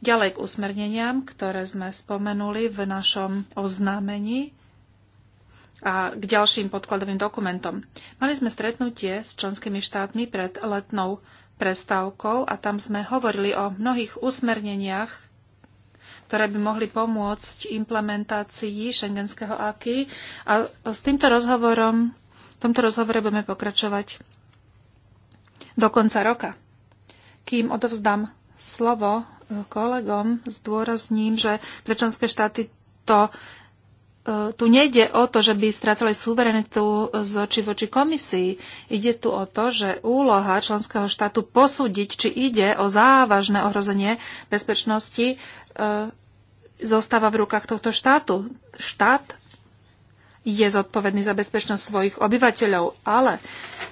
Ďalej k usmerneniam, ktoré sme spomenuli v našom oznámení a k ďalším podkladovým dokumentom. Mali sme stretnutie s členskými štátmi pred letnou prestávkou a tam sme hovorili o mnohých usmerneniach, ktoré by mohli pomôcť implementácii šengenského AKI. A s týmto rozhovorom, v tomto rozhovore budeme pokračovať do konca roka. Kým odovzdám slovo eh, kolegom, zdôrazním, že pre členské štáty to eh, tu nejde o to, že by strácali suverenitu z oči voči komisii. Ide tu o to, že úloha členského štátu posúdiť, či ide o závažné ohrozenie bezpečnosti E, zostáva v rukách tohto štátu. Štát je zodpovedný za bezpečnosť svojich obyvateľov, ale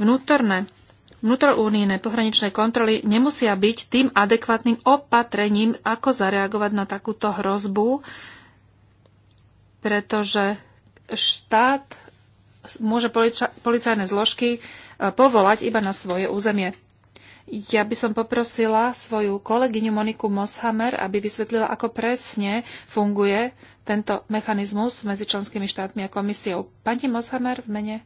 vnútorné Vnútroúnijné pohraničné kontroly nemusia byť tým adekvátnym opatrením, ako zareagovať na takúto hrozbu, pretože štát môže policajné zložky e, povolať iba na svoje územie. Ja by som poprosila svoju kolegyňu Moniku Moshammer, aby vysvetlila, ako presne funguje tento mechanizmus medzi členskými štátmi a komisiou. Pani Moshammer v mene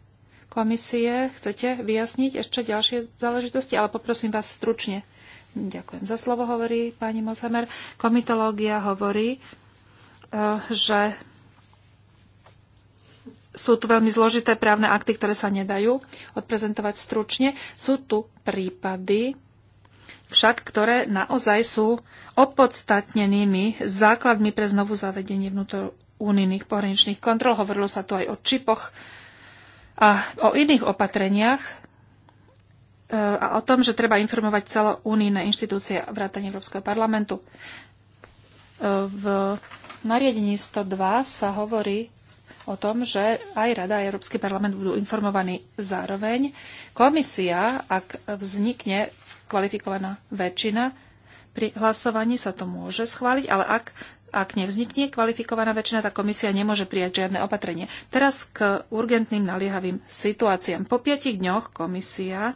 komisie, chcete vyjasniť ešte ďalšie záležitosti, ale poprosím vás stručne. Ďakujem za slovo, hovorí pani Moshammer. Komitológia hovorí, eh, že sú tu veľmi zložité právne akty, ktoré sa nedajú odprezentovať stručne. Sú tu prípady, však ktoré naozaj sú opodstatnenými základmi pre znovu zavedenie vnútorúnijných pohraničných kontrol. Hovorilo sa tu aj o čipoch a o iných opatreniach e, a o tom, že treba informovať celounijné inštitúcie vrátane Európskeho parlamentu. E, v nariadení 102 sa hovorí o tom, že aj Rada a Európsky parlament budú informovaní zároveň. Komisia, ak vznikne kvalifikovaná väčšina, pri hlasovaní sa to môže schváliť, ale ak, ak nevznikne kvalifikovaná väčšina, tá komisia nemôže prijať žiadne opatrenie. Teraz k urgentným naliehavým situáciám. Po piatich dňoch komisia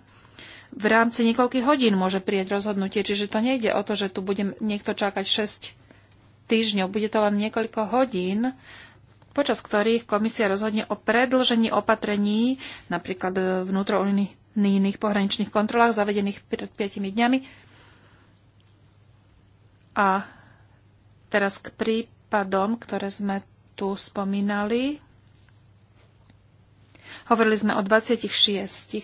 v rámci niekoľkých hodín môže prijať rozhodnutie, čiže to nejde o to, že tu bude niekto čakať 6 týždňov, bude to len niekoľko hodín počas ktorých komisia rozhodne o predlžení opatrení, napríklad e, vnútrounijných pohraničných kontrolách zavedených pred 5 dňami. A teraz k prípadom, ktoré sme tu spomínali. Hovorili sme o 26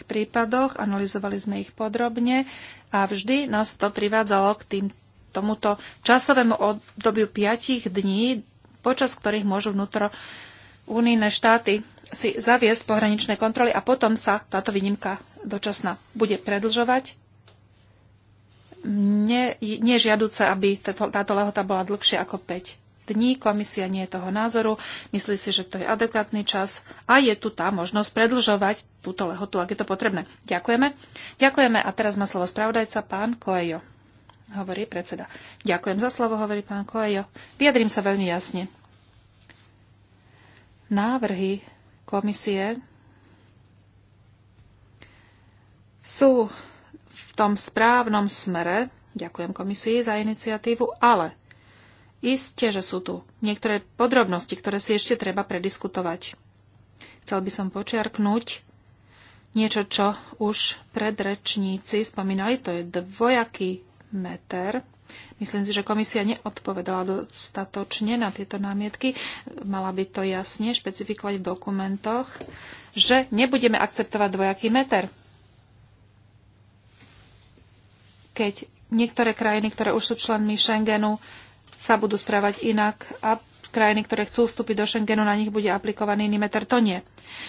prípadoch, analyzovali sme ich podrobne a vždy nás to privádzalo k tým, tomuto časovému obdobiu 5 dní počas ktorých môžu vnútro unijné štáty si zaviesť pohraničné kontroly a potom sa táto výnimka dočasná bude predlžovať. Nie, nie žiaduce, aby táto lehota bola dlhšia ako 5 dní. Komisia nie je toho názoru. Myslí si, že to je adekvátny čas a je tu tá možnosť predlžovať túto lehotu, ak je to potrebné. Ďakujeme. Ďakujeme a teraz má slovo spravodajca pán Koejo hovorí predseda. Ďakujem za slovo, hovorí pán Koejo. Vyjadrím sa veľmi jasne. Návrhy komisie sú v tom správnom smere. Ďakujem komisii za iniciatívu, ale iste, že sú tu niektoré podrobnosti, ktoré si ešte treba prediskutovať. Chcel by som počiarknúť niečo, čo už predrečníci spomínali, to je dvojaký meter. Myslím si, že komisia neodpovedala dostatočne na tieto námietky. Mala by to jasne špecifikovať v dokumentoch, že nebudeme akceptovať dvojaký meter. Keď niektoré krajiny, ktoré už sú členmi Schengenu, sa budú správať inak a krajiny, ktoré chcú vstúpiť do Schengenu, na nich bude aplikovaný iný meter. To nie.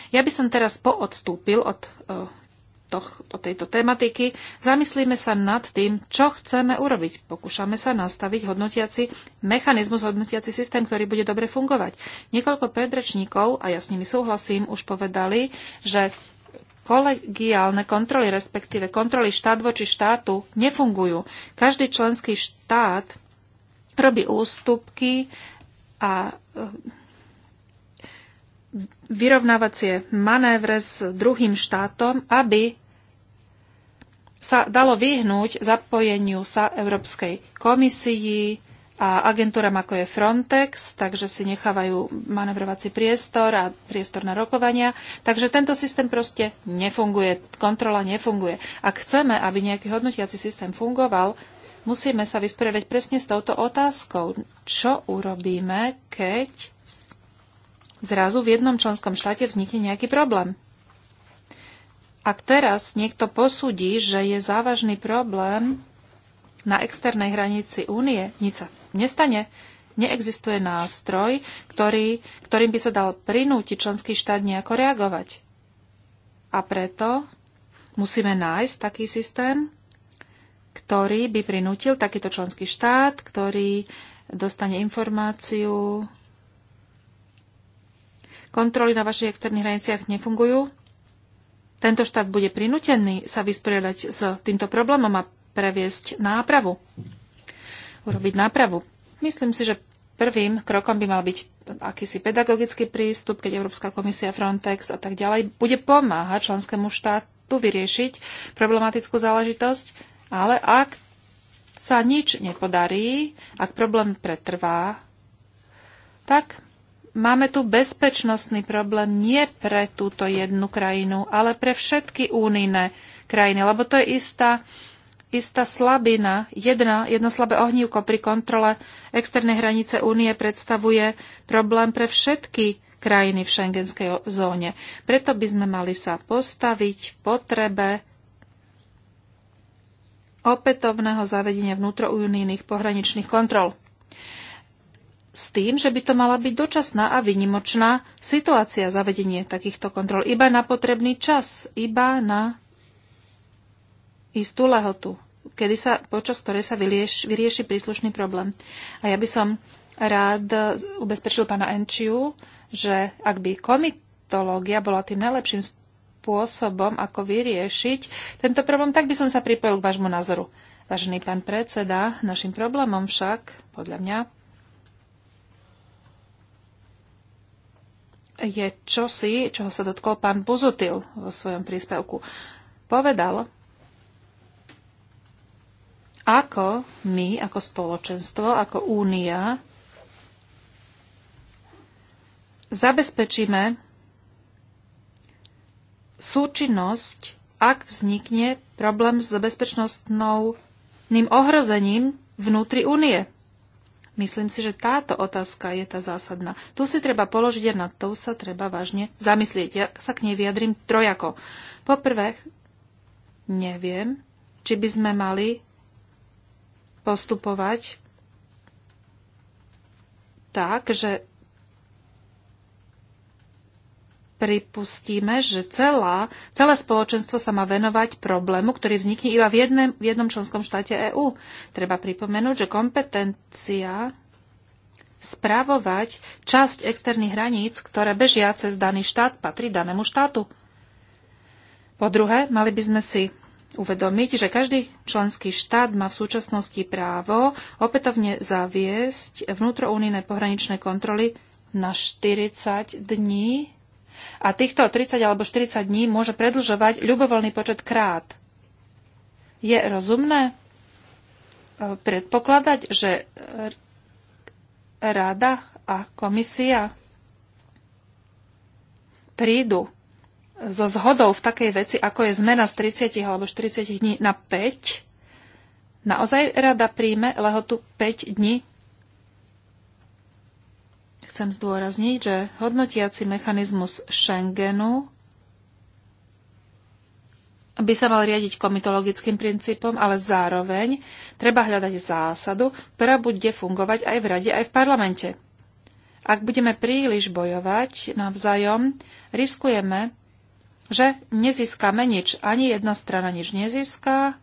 Ja by som teraz poodstúpil od eh, o tejto tematiky, zamyslíme sa nad tým, čo chceme urobiť. Pokúšame sa nastaviť hodnotiaci mechanizmus, hodnotiaci systém, ktorý bude dobre fungovať. Niekoľko predrečníkov, a ja s nimi súhlasím, už povedali, že kolegiálne kontroly, respektíve kontroly štát voči štátu, nefungujú. Každý členský štát robí ústupky a e, vyrovnávacie manévre s druhým štátom, aby sa dalo vyhnúť zapojeniu sa Európskej komisii a agentúram ako je Frontex, takže si nechávajú manevrovací priestor a priestor na rokovania. Takže tento systém proste nefunguje, kontrola nefunguje. Ak chceme, aby nejaký hodnotiaci systém fungoval, musíme sa vysporiadať presne s touto otázkou. Čo urobíme, keď zrazu v jednom členskom štáte vznikne nejaký problém? Ak teraz niekto posúdi, že je závažný problém na externej hranici únie, nič sa nestane. Neexistuje nástroj, ktorý, ktorým by sa dal prinútiť členský štát nejako reagovať. A preto musíme nájsť taký systém, ktorý by prinútil takýto členský štát, ktorý dostane informáciu. Kontroly na vašich externých hraniciach nefungujú, tento štát bude prinútený sa vysporiadať s týmto problémom a previesť nápravu. Urobiť nápravu. Myslím si, že prvým krokom by mal byť akýsi pedagogický prístup, keď Európska komisia, Frontex a tak ďalej bude pomáhať členskému štátu vyriešiť problematickú záležitosť, ale ak sa nič nepodarí, ak problém pretrvá, tak Máme tu bezpečnostný problém nie pre túto jednu krajinu, ale pre všetky únijné krajiny, lebo to je istá, istá slabina. Jedna, jedno slabé ohnívko pri kontrole externej hranice únie predstavuje problém pre všetky krajiny v šengenskej zóne. Preto by sme mali sa postaviť potrebe opätovného zavedenia vnútrounijných pohraničných kontrol s tým, že by to mala byť dočasná a vynimočná situácia zavedenie takýchto kontrol. Iba na potrebný čas, iba na istú lehotu, kedy sa, počas ktorej sa vyrieš, vyrieši príslušný problém. A ja by som rád ubezpečil pána Enčiu, že ak by komitológia bola tým najlepším spôsobom, ako vyriešiť tento problém, tak by som sa pripojil k vášmu názoru. Vážený pán predseda, našim problémom však, podľa mňa, je čosi, čoho sa dotkol pán Buzutil vo svojom príspevku. Povedal, ako my, ako spoločenstvo, ako únia zabezpečíme súčinnosť, ak vznikne problém s bezpečnostným ohrozením vnútri únie. Myslím si, že táto otázka je tá zásadná. Tu si treba položiť a nad tou sa treba vážne zamyslieť. Ja sa k nej vyjadrím trojako. Poprvé, neviem, či by sme mali postupovať tak, že pripustíme, že celá, celé spoločenstvo sa má venovať problému, ktorý vznikne iba v, jedne, v jednom členskom štáte EÚ. Treba pripomenúť, že kompetencia spravovať časť externých hraníc, ktoré bežia cez daný štát, patrí danému štátu. Po druhé, mali by sme si uvedomiť, že každý členský štát má v súčasnosti právo opätovne zaviesť vnútrounijné pohraničné kontroly na 40 dní a týchto 30 alebo 40 dní môže predlžovať ľubovoľný počet krát. Je rozumné e, predpokladať, že rada a komisia prídu so zhodou v takej veci, ako je zmena z 30 alebo 40 dní na 5, naozaj rada príjme lehotu 5 dní chcem zdôrazniť, že hodnotiaci mechanizmus Schengenu by sa mal riadiť komitologickým princípom, ale zároveň treba hľadať zásadu, ktorá bude fungovať aj v rade, aj v parlamente. Ak budeme príliš bojovať navzájom, riskujeme, že nezískame nič. Ani jedna strana nič nezíska,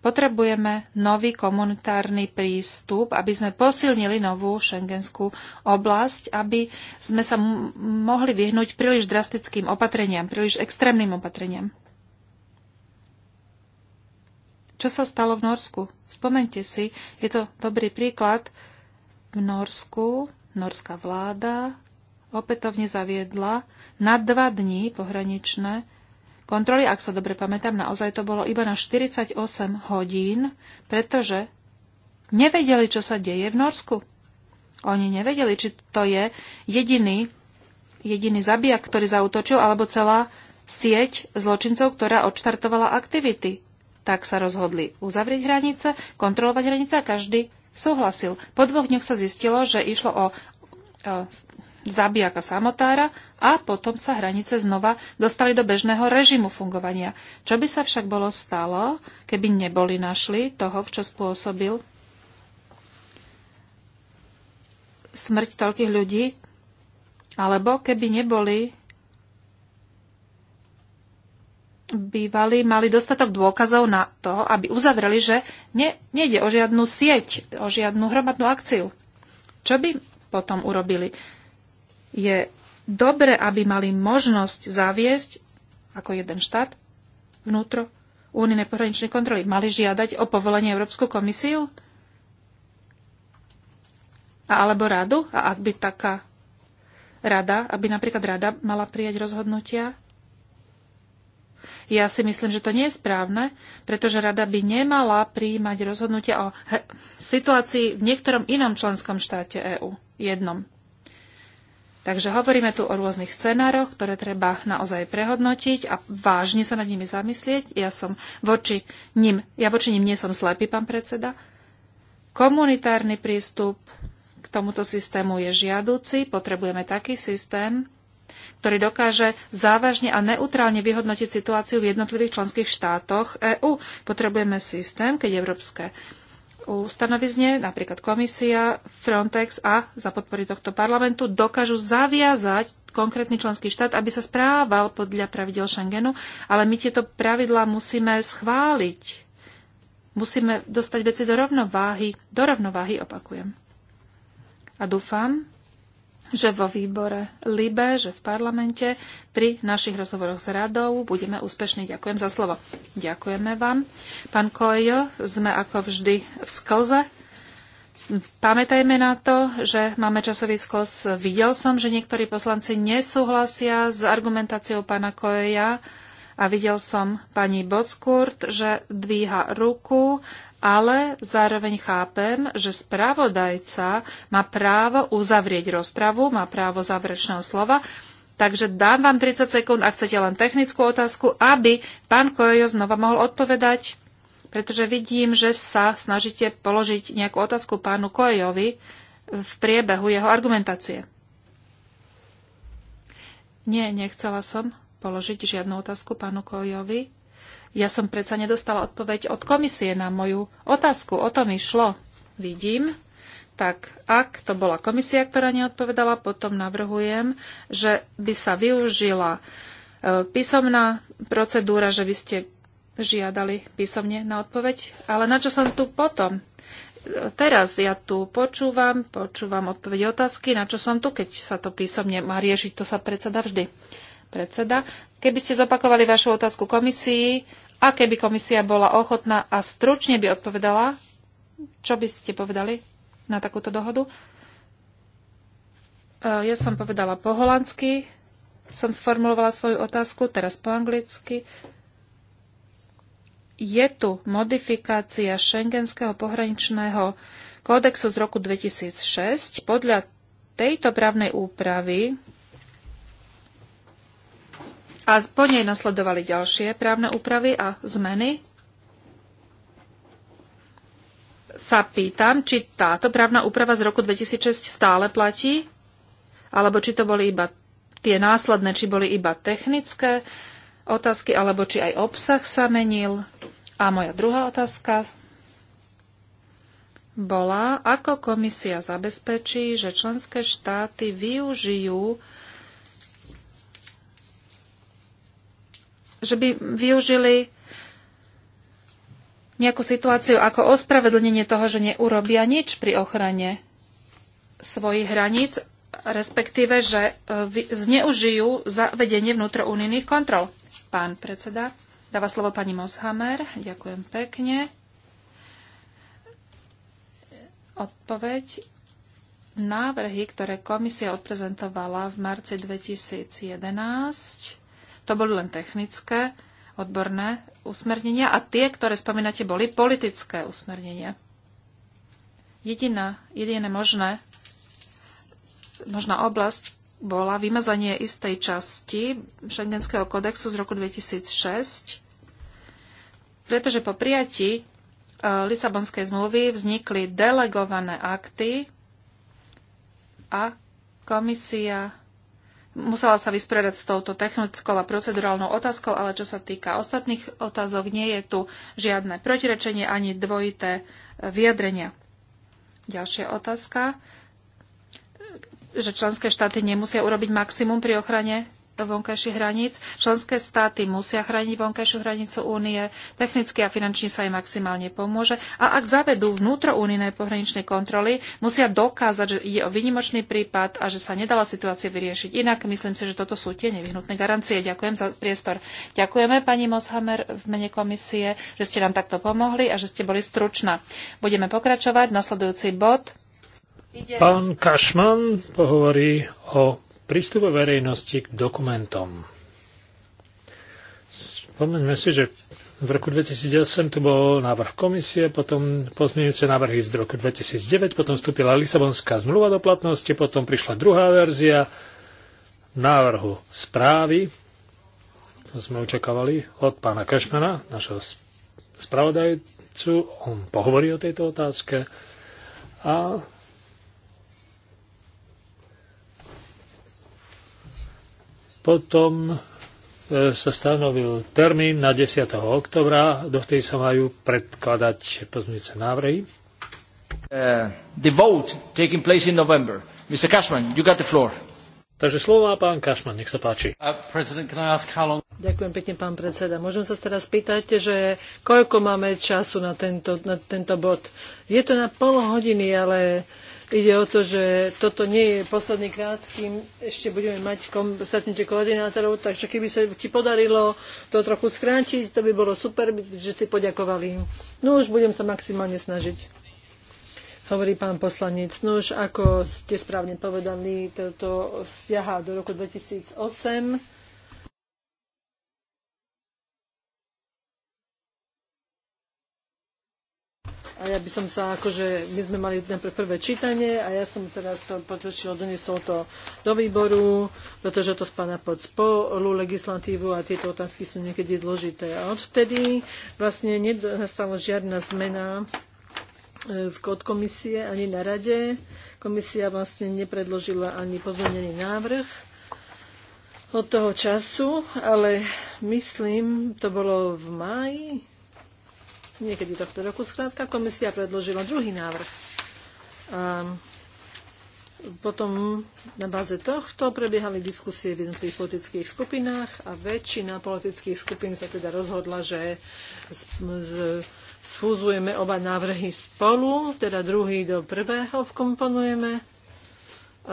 Potrebujeme nový komunitárny prístup, aby sme posilnili novú šengenskú oblasť, aby sme sa mohli vyhnúť príliš drastickým opatreniam, príliš extrémnym opatreniam. Čo sa stalo v Norsku? Spomente si, je to dobrý príklad. V Norsku norská vláda opätovne zaviedla na dva dní pohraničné kontroly, ak sa dobre pamätám, naozaj to bolo iba na 48 hodín, pretože nevedeli, čo sa deje v Norsku. Oni nevedeli, či to je jediný, jediný zabijak, ktorý zautočil, alebo celá sieť zločincov, ktorá odštartovala aktivity. Tak sa rozhodli uzavrieť hranice, kontrolovať hranice a každý súhlasil. Po dvoch dňoch sa zistilo, že išlo o, o zabijaka samotára a potom sa hranice znova dostali do bežného režimu fungovania. Čo by sa však bolo stalo, keby neboli našli toho, čo spôsobil smrť toľkých ľudí, alebo keby neboli bývali, mali dostatok dôkazov na to, aby uzavreli, že ne, nejde o žiadnu sieť, o žiadnu hromadnú akciu. Čo by potom urobili? je dobre, aby mali možnosť zaviesť ako jeden štát vnútro Únie pohraničnej kontroly. Mali žiadať o povolenie Európsku komisiu? A alebo radu? A ak by taká rada, aby napríklad rada mala prijať rozhodnutia? Ja si myslím, že to nie je správne, pretože rada by nemala prijímať rozhodnutia o situácii v niektorom inom členskom štáte EÚ. Jednom. Takže hovoríme tu o rôznych scenároch, ktoré treba naozaj prehodnotiť a vážne sa nad nimi zamyslieť. Ja som voči ním ja voči ním nie som slepý, pán predseda. Komunitárny prístup k tomuto systému je žiaduci. Potrebujeme taký systém, ktorý dokáže závažne a neutrálne vyhodnotiť situáciu v jednotlivých členských štátoch EÚ. Potrebujeme systém, keď európske ustanovizne, napríklad komisia, Frontex a za podpory tohto parlamentu dokážu zaviazať konkrétny členský štát, aby sa správal podľa pravidel Schengenu, ale my tieto pravidlá musíme schváliť. Musíme dostať veci do rovnováhy, do rovnováhy opakujem. A dúfam, že vo výbore LIBE, že v parlamente pri našich rozhovoroch s radou budeme úspešní. Ďakujem za slovo. Ďakujeme vám. Pán Kojo, sme ako vždy v sklze. Pamätajme na to, že máme časový sklos. Videl som, že niektorí poslanci nesúhlasia s argumentáciou pána Koeja a videl som pani Bockurt, že dvíha ruku ale zároveň chápem, že spravodajca má právo uzavrieť rozpravu, má právo záverečného slova, takže dám vám 30 sekúnd, ak chcete len technickú otázku, aby pán Kojo znova mohol odpovedať, pretože vidím, že sa snažíte položiť nejakú otázku pánu Kojovi v priebehu jeho argumentácie. Nie, nechcela som položiť žiadnu otázku pánu Kojovi. Ja som predsa nedostala odpoveď od komisie na moju otázku. O tom išlo. Vidím. Tak ak to bola komisia, ktorá neodpovedala, potom navrhujem, že by sa využila e, písomná procedúra, že by ste žiadali písomne na odpoveď. Ale na čo som tu potom? E, teraz ja tu počúvam, počúvam odpovede otázky, na čo som tu, keď sa to písomne má riešiť, to sa predsa dá vždy. Predseda, keby ste zopakovali vašu otázku komisii a keby komisia bola ochotná a stručne by odpovedala, čo by ste povedali na takúto dohodu? Eh, ja som povedala po holandsky, som sformulovala svoju otázku, teraz po anglicky. Je tu modifikácia šengenského pohraničného kódexu z roku 2006. Podľa tejto právnej úpravy a po nej nasledovali ďalšie právne úpravy a zmeny. Sa pýtam, či táto právna úprava z roku 2006 stále platí, alebo či to boli iba tie následné, či boli iba technické otázky, alebo či aj obsah sa menil. A moja druhá otázka bola, ako komisia zabezpečí, že členské štáty využijú že by využili nejakú situáciu ako ospravedlnenie toho, že neurobia nič pri ochrane svojich hraníc, respektíve, že e, zneužijú zavedenie vnútrounijných kontrol. Pán predseda, dáva slovo pani Moshammer. Ďakujem pekne. Odpoveď. Návrhy, ktoré komisia odprezentovala v marci 2011, to boli len technické, odborné usmernenia a tie, ktoré spomínate, boli politické usmernenia. Jediná, jediné možné, možná oblasť bola vymazanie istej časti Schengenského kodexu z roku 2006, pretože po prijatí e, Lisabonskej zmluvy vznikli delegované akty a komisia musela sa vysporiadať s touto technickou a procedurálnou otázkou, ale čo sa týka ostatných otázok, nie je tu žiadne protirečenie ani dvojité e, vyjadrenia. Ďalšia otázka, že členské štáty nemusia urobiť maximum pri ochrane vonkajších hraníc. Členské štáty musia chrániť vonkajšiu hranicu únie, technicky a finančne sa im maximálne pomôže. A ak zavedú vnútrounijné pohraničné kontroly, musia dokázať, že je o vynimočný prípad a že sa nedala situácia vyriešiť. Inak myslím si, že toto sú tie nevyhnutné garancie. Ďakujem za priestor. Ďakujeme pani Moshammer v mene komisie, že ste nám takto pomohli a že ste boli stručná. Budeme pokračovať. Nasledujúci bod. Ide... Pán Kašman pohovorí o prístupu verejnosti k dokumentom. Spomeňme si, že v roku 2008 tu bol návrh komisie, potom pozmeňujúce návrhy z roku 2009, potom vstúpila Lisabonská zmluva do platnosti, potom prišla druhá verzia návrhu správy, to sme očakávali od pána Kašmana, našho spravodajcu, on pohovorí o tejto otázke a Potom e, sa stanovil termín na 10. oktobra, do ktorej sa majú predkladať pozmeňujúce návrhy. Uh, the vote taking place in November. Mr. Cashman, you got the floor. Takže slovo má pán Kašman, nech sa páči. Uh, Ďakujem pekne, pán predseda. Môžem sa teraz spýtať, že koľko máme času na tento, na tento bod? Je to na pol hodiny, ale uh, Ide o to, že toto nie je posledný krát, kým ešte budeme mať stretnutie koordinátorov, takže keby sa ti podarilo to trochu skrátiť, to by bolo super, že si poďakovali. No už budem sa maximálne snažiť hovorí pán poslanec. No už ako ste správne povedali, toto siaha do roku 2008 A ja by som sa, akože my sme mali najprv prvé čítanie a ja som teraz to potrčil, doniesol to do výboru, pretože to spadá pod spolu legislatívu a tieto otázky sú niekedy zložité. A odtedy vlastne nedostalo žiadna zmena e, od komisie ani na rade. Komisia vlastne nepredložila ani pozmenený návrh od toho času, ale myslím, to bolo v máji, niekedy tohto roku. Skrátka, komisia predložila druhý návrh. A potom na báze tohto prebiehali diskusie v jednotlivých politických skupinách a väčšina politických skupín sa teda rozhodla, že sfúzujeme oba návrhy spolu, teda druhý do prvého vkomponujeme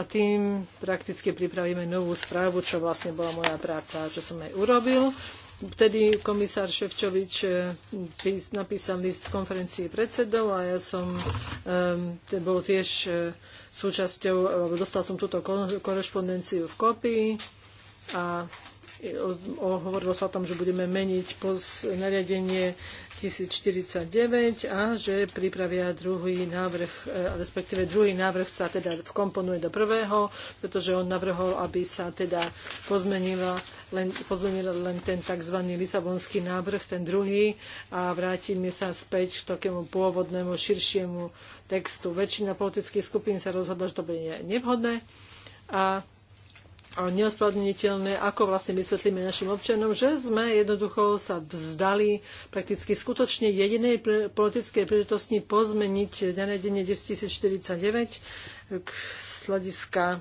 a tým prakticky pripravíme novú správu, čo vlastne bola moja práca, čo som aj urobil. Vtedy komisár Ševčovič eh, napísal list konferencii predsedov a ja som um, bol tiež eh, súčasťou, dostal som túto korešpondenciu v kopii a eh, hovorilo sa o tom, že budeme meniť pos, nariadenie 1049 a že pripravia druhý návrh, e, respektíve druhý návrh sa teda vkomponuje do prvého, pretože on navrhol, aby sa teda pozmenila len, pozmenil len ten tzv. lisabonský návrh, ten druhý a vrátime sa späť k takému pôvodnému širšiemu textu. Väčšina politických skupín sa rozhodla, že to bude nevhodné a a neospravedlniteľné, ako vlastne vysvetlíme našim občanom, že sme jednoducho sa vzdali prakticky skutočne jedinej politickej príležitosti pozmeniť denne 10049 k sladiska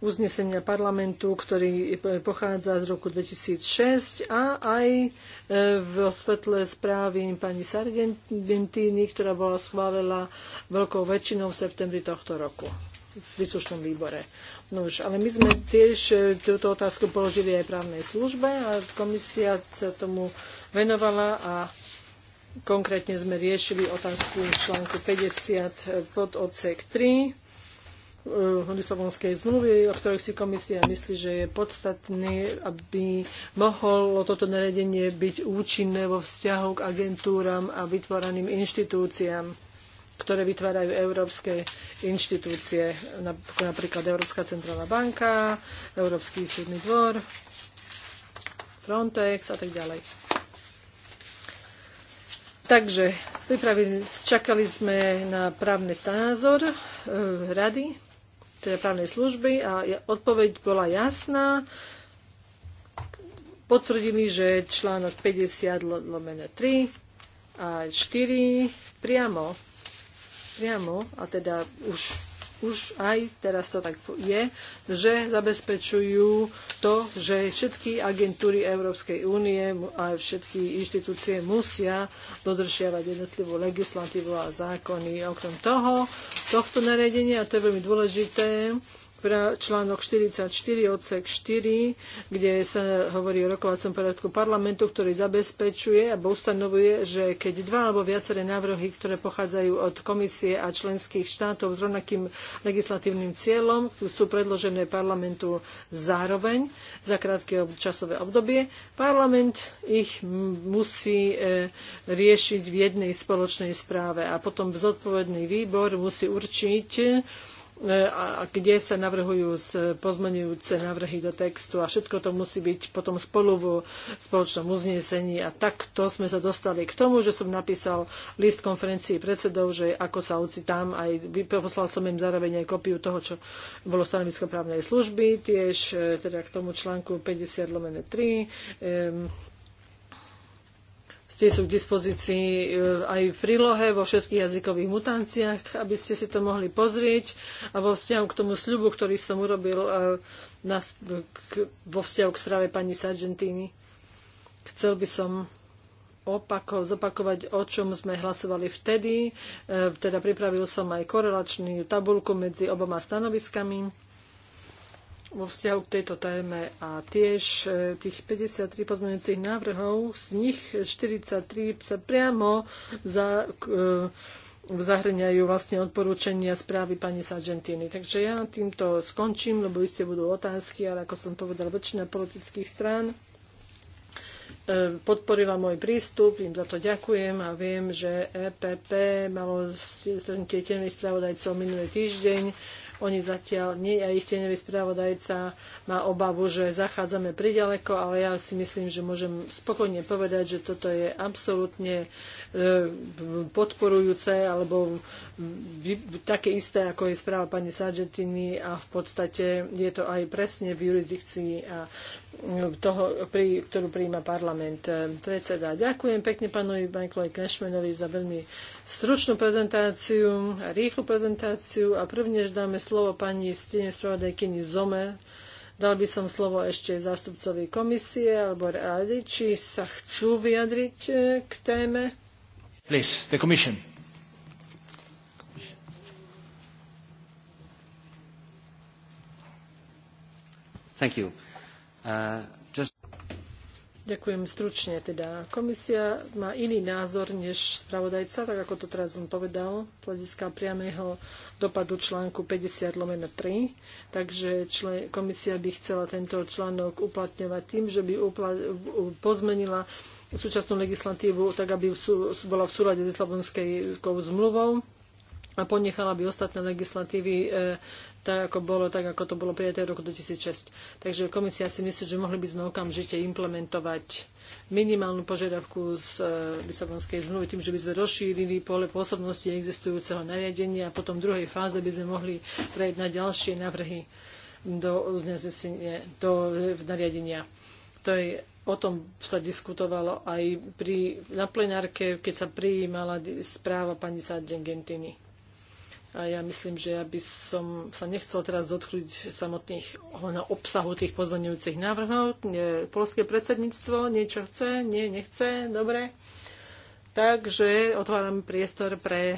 uznesenia parlamentu, ktorý pochádza z roku 2006 a aj e, v svetle správy pani Sargentini, ktorá bola schválila veľkou väčšinou v septembri tohto roku v príslušnom výbore. No už, ale my sme tiež e, túto otázku položili aj právnej službe a komisia sa tomu venovala a konkrétne sme riešili otázku v článku 50 e, pod odsek 3 e, Lisabonskej zmluvy, o ktorých si komisia myslí, že je podstatný, aby mohlo toto naredenie byť účinné vo vzťahu k agentúram a vytvoreným inštitúciám ktoré vytvárajú európske inštitúcie, napríklad Európska centrálna banka, Európsky súdny dvor, Frontex a tak ďalej. Takže pripravili, čakali sme na právny názor e, rady, teda právnej služby a odpoveď bola jasná. Potvrdili, že článok 50 lomeno 3 a 4 priamo priamo, a teda už, už aj teraz to tak je, že zabezpečujú to, že všetky agentúry Európskej únie a všetky inštitúcie musia dodržiavať jednotlivú legislatívu a zákony. Okrem toho, tohto nariadenia, a to je veľmi dôležité, článok 44 odsek 4, kde sa hovorí o rokovacom poriadku parlamentu, ktorý zabezpečuje a ustanovuje, že keď dva alebo viaceré návrhy, ktoré pochádzajú od komisie a členských štátov s rovnakým legislatívnym cieľom, sú predložené parlamentu zároveň za krátke časové obdobie, parlament ich musí e, riešiť v jednej spoločnej správe a potom zodpovedný výbor musí určiť, E, a kde sa navrhujú pozmenujúce návrhy do textu a všetko to musí byť potom spolu v spoločnom uznesení a takto sme sa dostali k tomu, že som napísal list konferencii predsedov, že ako sa ocitám aj poslal som im zároveň aj kopiu toho, čo bolo stanovisko právnej služby, tiež e, teda k tomu článku 50 lomene 3 tie sú k dispozícii e, aj v prílohe vo všetkých jazykových mutanciách, aby ste si to mohli pozrieť a vo vzťahu k tomu sľubu, ktorý som urobil e, na, k, vo vzťahu k správe pani Sargentini. Chcel by som opako, zopakovať, o čom sme hlasovali vtedy. E, teda pripravil som aj korelačnú tabulku medzi oboma stanoviskami vo vzťahu k tejto téme a tiež e, tých 53 pozmeňujúcich návrhov, z nich 43 sa priamo za, e, zahrňajú vlastne odporúčania správy pani Sargentini. Takže ja týmto skončím, lebo iste budú otázky, ale ako som povedal, väčšina politických strán e, podporila môj prístup, im za to ďakujem a viem, že EPP malo stretnutie temných spravodajcov minulý týždeň oni zatiaľ, nie, a ich tieňový správodajca má obavu, že zachádzame priďaleko, ale ja si myslím, že môžem spokojne povedať, že toto je absolútne e, podporujúce alebo také isté, ako je správa pani Sargentini a v podstate je to aj presne v jurisdikcii a toho, pri, ktorú prijíma parlament. Eh, predseda, ďakujem pekne pánovi Michaelovi Cashmanovi za veľmi stručnú prezentáciu, rýchlu prezentáciu a prvnež dáme slovo pani Stine spravodajkyni Zome. Dal by som slovo ešte zástupcovi komisie alebo rady, či sa chcú vyjadriť eh, k téme. Please, the commission. Thank you. Ďakujem stručne. Teda komisia má iný názor než spravodajca, tak ako to teraz som povedal, z hľadiska priamého dopadu článku 50 lomeno 3. Takže komisia by chcela tento článok uplatňovať tým, že by upla, pozmenila súčasnú legislatívu tak, aby sú, bola v súlade s Lisabonskou zmluvou a ponechala by ostatné legislatívy e, tak ako bolo, tak ako to bolo prijaté v roku 2006. Takže komisia si myslí, že mohli by sme okamžite implementovať minimálnu požiadavku z e, Lisabonskej zmluvy tým, že by sme rozšírili pole pôsobnosti existujúceho nariadenia a potom v druhej fáze by sme mohli prejsť na ďalšie návrhy do, do e, nariadenia. To je O tom sa diskutovalo aj pri, na plenárke, keď sa prijímala správa pani Sargentini. A ja myslím, že ja by som sa nechcel teraz dotknúť samotných na obsahu tých pozmeňujúcich návrhov. Polské predsedníctvo niečo chce? Nie, nechce? Dobre. Takže otváram priestor pre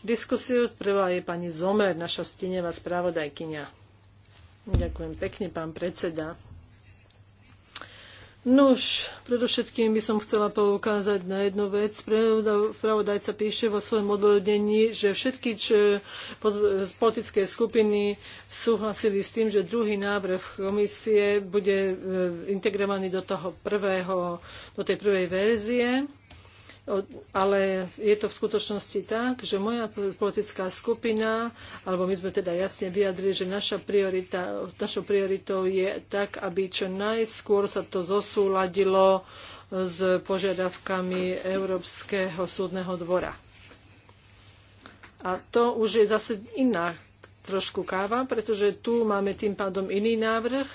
diskusiu. Prvá je pani Zomer, naša stineva spravodajkynia. Ďakujem pekne, pán predseda. Nuž, predovšetkým by som chcela poukázať na jednu vec. Pravodajca píše vo svojom odvodnení, že všetky politické skupiny súhlasili s tým, že druhý návrh komisie bude e, integrovaný do, toho prvého, do tej prvej verzie ale je to v skutočnosti tak, že moja politická skupina, alebo my sme teda jasne vyjadrili, že naša priorita, našou prioritou je tak, aby čo najskôr sa to zosúladilo s požiadavkami Európskeho súdneho dvora. A to už je zase iná trošku káva, pretože tu máme tým pádom iný návrh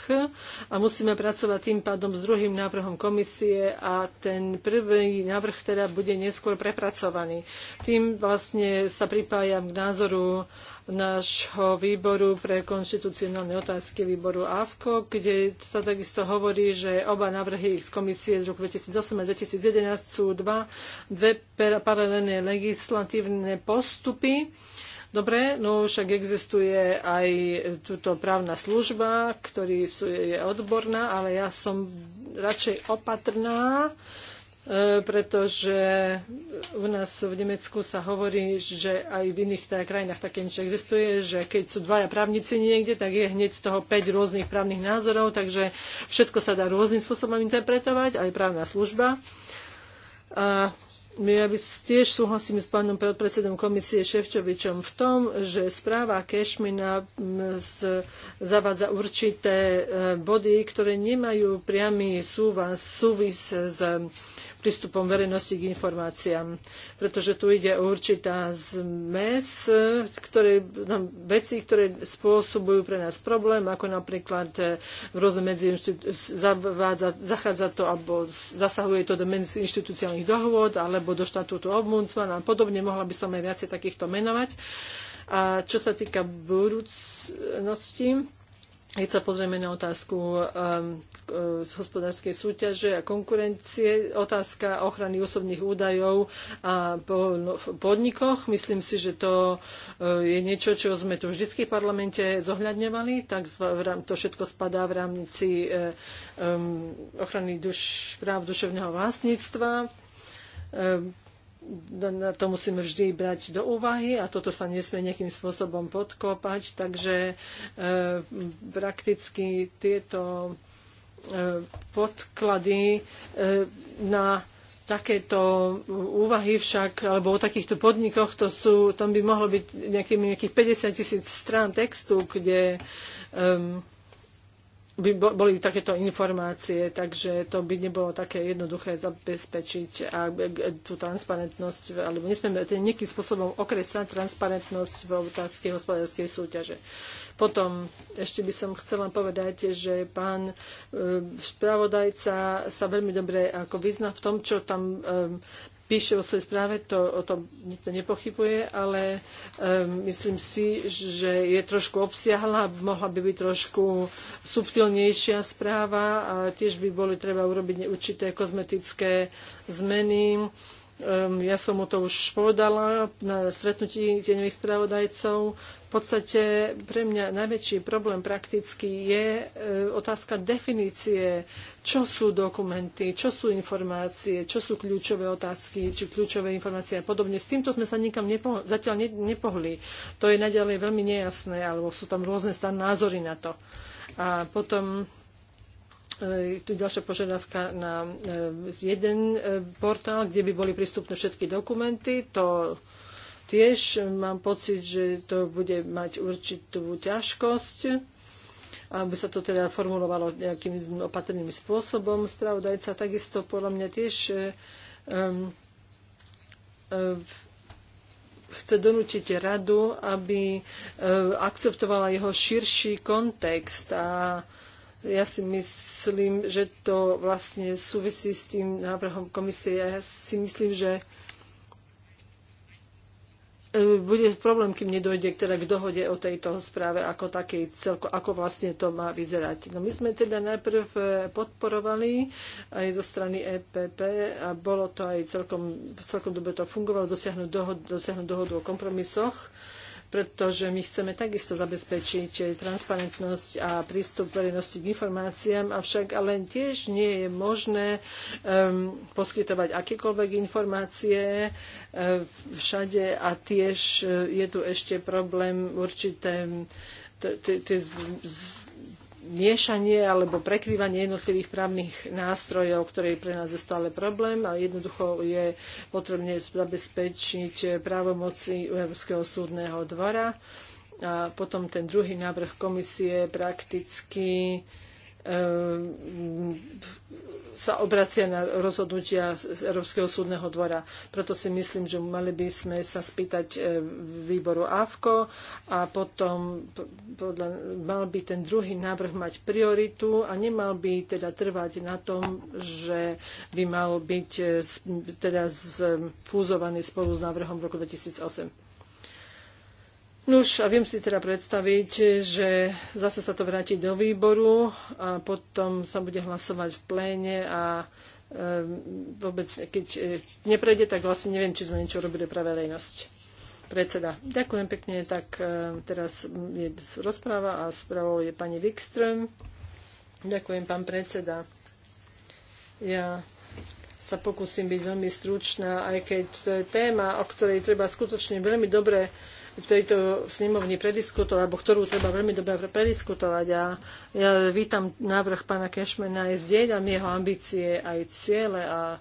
a musíme pracovať tým pádom s druhým návrhom komisie a ten prvý návrh teda bude neskôr prepracovaný. Tým vlastne sa pripájam k názoru nášho výboru pre konštitucionálne otázky výboru AVKO, kde sa takisto hovorí, že oba návrhy z komisie z roku 2008 a 2011 sú dva, dve paralelné legislatívne postupy Dobre, no však existuje aj túto právna služba, ktorý je odborná, ale ja som radšej opatrná, e, pretože u nás v Nemecku sa hovorí, že aj v iných teda krajinách také niečo existuje, že keď sú dvaja právnici niekde, tak je hneď z toho 5 rôznych právnych názorov, takže všetko sa dá rôznym spôsobom interpretovať, aj právna služba. A ja tiež súhlasím s pánom predsedom komisie Ševčovičom v tom, že správa Kešmina zavádza určité e, body, ktoré nemajú priamy súvis s prístupom verejnosti k informáciám. Pretože tu ide o určitá zmes, ktoré, no, veci, ktoré spôsobujú pre nás problém, ako napríklad eh, rôzne medzi zavádza, zachádza to alebo zasahuje to do medziinstitucionálnych dohôd alebo do štatútu obmúcvan a podobne. Mohla by som aj viacej takýchto menovať. A čo sa týka budúcnosti, keď sa pozrieme na otázku um, e, z hospodárskej súťaže a konkurencie, otázka ochrany osobných údajov a po, no, v podnikoch, myslím si, že to e, je niečo, čo sme tu vždycky v parlamente zohľadňovali, tak to všetko spadá v rámci e, um, ochrany duš, práv duševného vlastníctva. Um, na to musíme vždy brať do úvahy a toto sa nesmie nejakým spôsobom podkopať, takže e, prakticky tieto e, podklady e, na takéto úvahy však, alebo o takýchto podnikoch, to sú, tam by mohlo byť nejakých, nejakých 50 tisíc strán textu, kde um, e, by boli takéto informácie, takže to by nebolo také jednoduché zabezpečiť a e, e, tú transparentnosť, alebo nesmieme nejakým spôsobom okresať transparentnosť v otázke hospodárskej súťaže. Potom ešte by som chcela povedať, že pán e, spravodajca sa veľmi dobre ako vyzna v tom, čo tam píše vo svojej správe, to o tom nikto nepochybuje, ale um, myslím si, že je trošku obsiahla, mohla by byť trošku subtilnejšia správa a tiež by boli treba urobiť určité kozmetické zmeny. Um, ja som mu to už povedala na stretnutí tieňových spravodajcov. V podstate pre mňa najväčší problém prakticky je e, otázka definície, čo sú dokumenty, čo sú informácie, čo sú kľúčové otázky, či kľúčové informácie a podobne. S týmto sme sa nikam nepo, zatiaľ ne, nepohli. To je naďalej veľmi nejasné, alebo sú tam rôzne stan názory na to. A potom e, tu ďalšia požiadavka na e, jeden portál, kde by boli prístupné všetky dokumenty. To Tiež mám pocit, že to bude mať určitú ťažkosť, aby sa to teda formulovalo nejakým opatrným spôsobom. Spravodajca takisto podľa mňa tiež um, um, chce donútiť radu, aby eh, akceptovala jeho širší kontext. A ja si myslím, že to vlastne súvisí s tým návrhom komisie. Ja si myslím, že E, bude problém, kým nedojde teda k dohode o tejto správe ako takej celko, ako vlastne to má vyzerať. No my sme teda najprv e, podporovali aj zo strany EPP a bolo to aj celkom, celkom dobre to fungovalo dosiahnuť dohodu, dosiahnuť dohodu o kompromisoch pretože my chceme takisto zabezpečiť transparentnosť a prístup verejnosti k informáciám, avšak ale tiež nie je možné um, poskytovať akékoľvek informácie um, všade a tiež e, je tu ešte problém určité tie miešanie alebo prekrývanie jednotlivých právnych nástrojov, ktoré pre nás je stále problém a jednoducho je potrebné zabezpečiť právomoci Európskeho súdneho dvora. A potom ten druhý návrh komisie prakticky um, sa obracia na rozhodnutia z Európskeho súdneho dvora. Preto si myslím, že mali by sme sa spýtať e, výboru AVKO a potom podľa, mal by ten druhý návrh mať prioritu a nemal by teda trvať na tom, že by mal byť e, teda fúzovaný spolu s návrhom v roku 2008. Nuž, a viem si teda predstaviť, že zase sa to vráti do výboru a potom sa bude hlasovať v pléne a e, vôbec, keď e, neprejde, tak vlastne neviem, či sme niečo robili pre verejnosť. Predseda, ďakujem pekne. Tak e, teraz je rozpráva a správou je pani Wikström. Ďakujem, pán predseda. Ja sa pokúsim byť veľmi stručná, aj keď to je téma, o ktorej treba skutočne veľmi dobre v tejto snemovni prediskutovať, alebo ktorú treba veľmi dobre prediskutovať. A ja vítam návrh pána Kešmena aj zdieľam jeho ambície, aj ciele a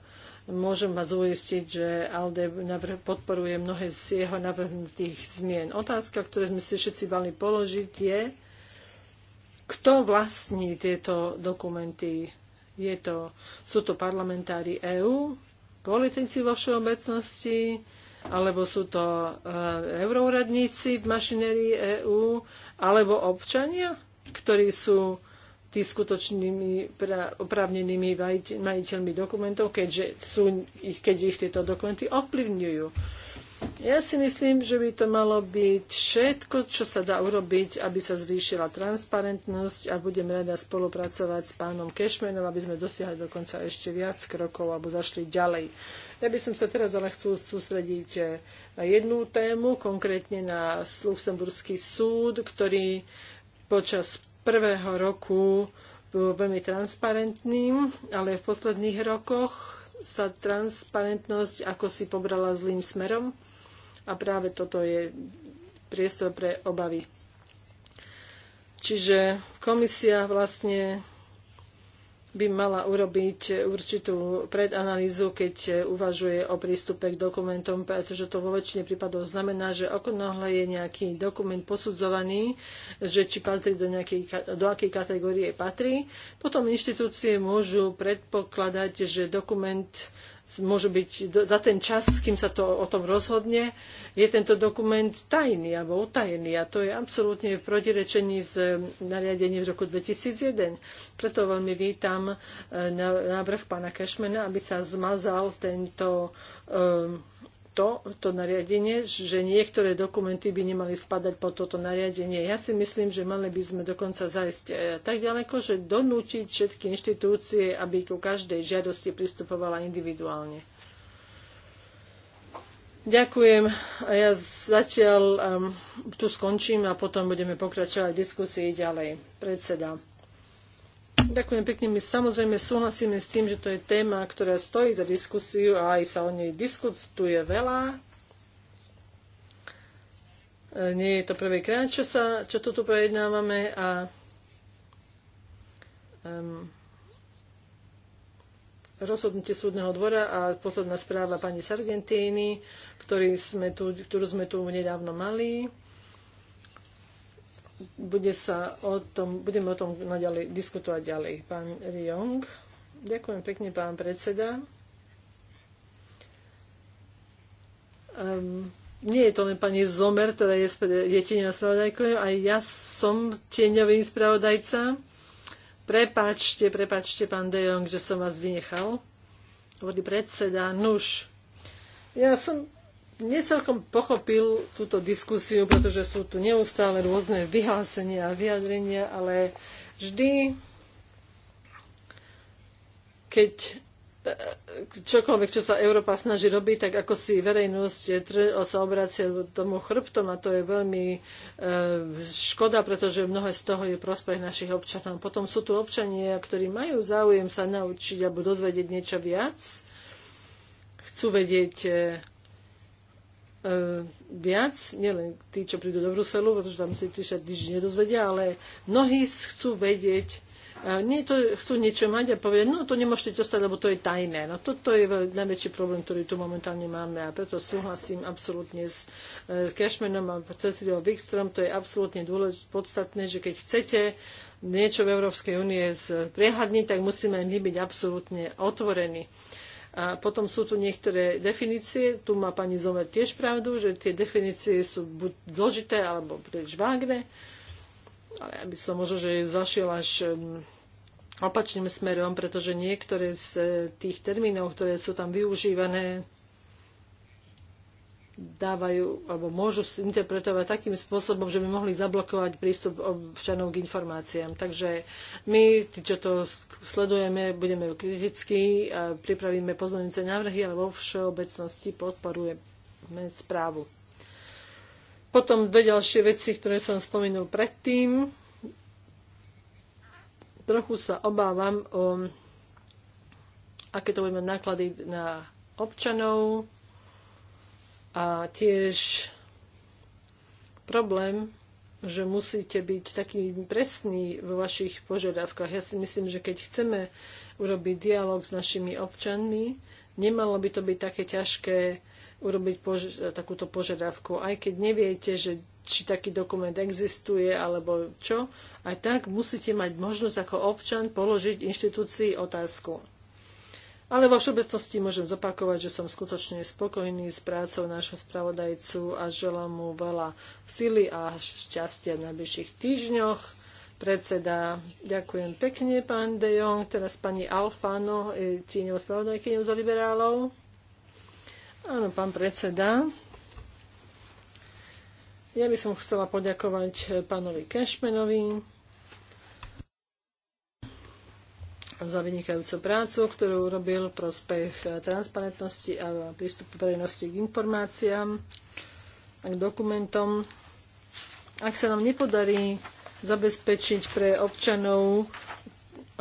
môžem vás uistiť, že ALDE podporuje mnohé z jeho navrhnutých zmien. Otázka, ktorú sme si všetci mali položiť, je, kto vlastní tieto dokumenty. Je to, sú to parlamentári EÚ, politici vo všeobecnosti, alebo sú to eh, euroúradníci v mašinérii EÚ, alebo občania, ktorí sú tí skutočnými oprávnenými majiteľmi dokumentov, keďže, sú ich, keď ich tieto dokumenty ovplyvňujú. Ja si myslím, že by to malo byť všetko, čo sa dá urobiť, aby sa zvýšila transparentnosť a budem rada spolupracovať s pánom Kešmenom, aby sme dosiahli dokonca ešte viac krokov alebo zašli ďalej ja by som sa teraz ale chcel sústrediť eh, na jednu tému, konkrétne na Luxemburský súd, ktorý počas prvého roku bol veľmi transparentným, ale v posledných rokoch sa transparentnosť ako si pobrala zlým smerom a práve toto je priestor pre obavy. Čiže komisia vlastne by mala urobiť určitú predanalýzu, keď uvažuje o prístupe k dokumentom, pretože to vo väčšine prípadov znamená, že okonohle je nejaký dokument posudzovaný, že či patrí do, nejakej, do akej kategórie patrí. Potom inštitúcie môžu predpokladať, že dokument môžu byť za ten čas, s kým sa to o tom rozhodne, je tento dokument tajný alebo utajený a to je absolútne v protirečení s e, nariadením z roku 2001. Preto veľmi vítam e, návrh pána Kešmena, aby sa zmazal tento um, to, to nariadenie, že niektoré dokumenty by nemali spadať pod toto nariadenie. Ja si myslím, že mali by sme dokonca zajsť e, tak ďaleko, že donútiť všetky inštitúcie, aby ku každej žiadosti pristupovala individuálne. Ďakujem. A ja zatiaľ um, tu skončím a potom budeme pokračovať v diskusii ďalej. Predseda. Ďakujem pekne. My samozrejme súhlasíme s tým, že to je téma, ktorá stojí za diskusiu a aj sa o nej diskutuje veľa. E, nie je to prvýkrát, čo, sa, čo tu prejednávame a um, rozhodnutie súdneho dvora a posledná správa pani Sargentini, ktorý sme tu, ktorú sme tu nedávno mali bude sa o tom, budeme o tom naďalej diskutovať ďalej. Pán Riong. Ďakujem pekne, pán predseda. Um, nie je to len pani Zomer, ktorá je, je tieňovým spravodajkou, aj ja som tieňovým spravodajca. Prepačte, prepačte, pán De Jong, že som vás vynechal. Hovorí predseda, nuž. Ja som necelkom pochopil túto diskusiu, pretože sú tu neustále rôzne vyhlásenia a vyjadrenia, ale vždy, keď eh, čokoľvek, čo sa Európa snaží robiť, tak ako si verejnosť sa obracia tomu chrbtom a to je veľmi eh, škoda, pretože mnohé z toho je prospech našich občanov. Potom sú tu občania, ktorí majú záujem sa naučiť alebo dozvedieť niečo viac, chcú vedieť eh, E, viac, nielen tí, čo prídu do Bruselu, pretože tam si tí sa nič nedozvedia, ale mnohí chcú vedieť, e, nie to chcú niečo mať a povedať, no to nemôžete dostať, lebo to je tajné. No toto je najväčší problém, ktorý tu momentálne máme a preto súhlasím absolútne s e, Cashmanom a Cecilio Wikstrom. To je absolútne dôležité, podstatné, že keď chcete niečo v Európskej únie zpriehľadniť, tak musíme my byť absolútne otvorení. A potom sú tu niektoré definície, tu má pani Zomer tiež pravdu, že tie definície sú buď zložité alebo príliš vágne, ale ja by som možno, že zašiel až opačným smerom, pretože niektoré z tých termínov, ktoré sú tam využívané, dávajú alebo môžu interpretovať takým spôsobom, že by mohli zablokovať prístup občanov k informáciám. Takže my, tí, čo to sledujeme, budeme kritickí a pripravíme pozmeňujúce návrhy, ale vo všeobecnosti podporujeme správu. Potom dve ďalšie veci, ktoré som spomenul predtým. Trochu sa obávam o aké to bude mať náklady na občanov, a tiež problém, že musíte byť taký presný vo vašich požiadavkách. Ja si myslím, že keď chceme urobiť dialog s našimi občanmi, nemalo by to byť také ťažké urobiť pož- takúto požiadavku. Aj keď neviete, že či taký dokument existuje alebo čo, aj tak musíte mať možnosť ako občan položiť inštitúcii otázku. Ale vo všeobecnosti môžem zopakovať, že som skutočne spokojný s prácou nášho spravodajcu a želám mu veľa sily a šťastia v najbližších týždňoch. Predseda, ďakujem pekne, pán De Jong, teraz pani Alfano, e, tieňovou spravodajkyňou za liberálov. Áno, pán predseda. Ja by som chcela poďakovať e, pánovi Kešmenovi, za vynikajúcu prácu, ktorú urobil prospech transparentnosti a prístupu verejnosti k informáciám a k dokumentom. Ak sa nám nepodarí zabezpečiť pre občanov,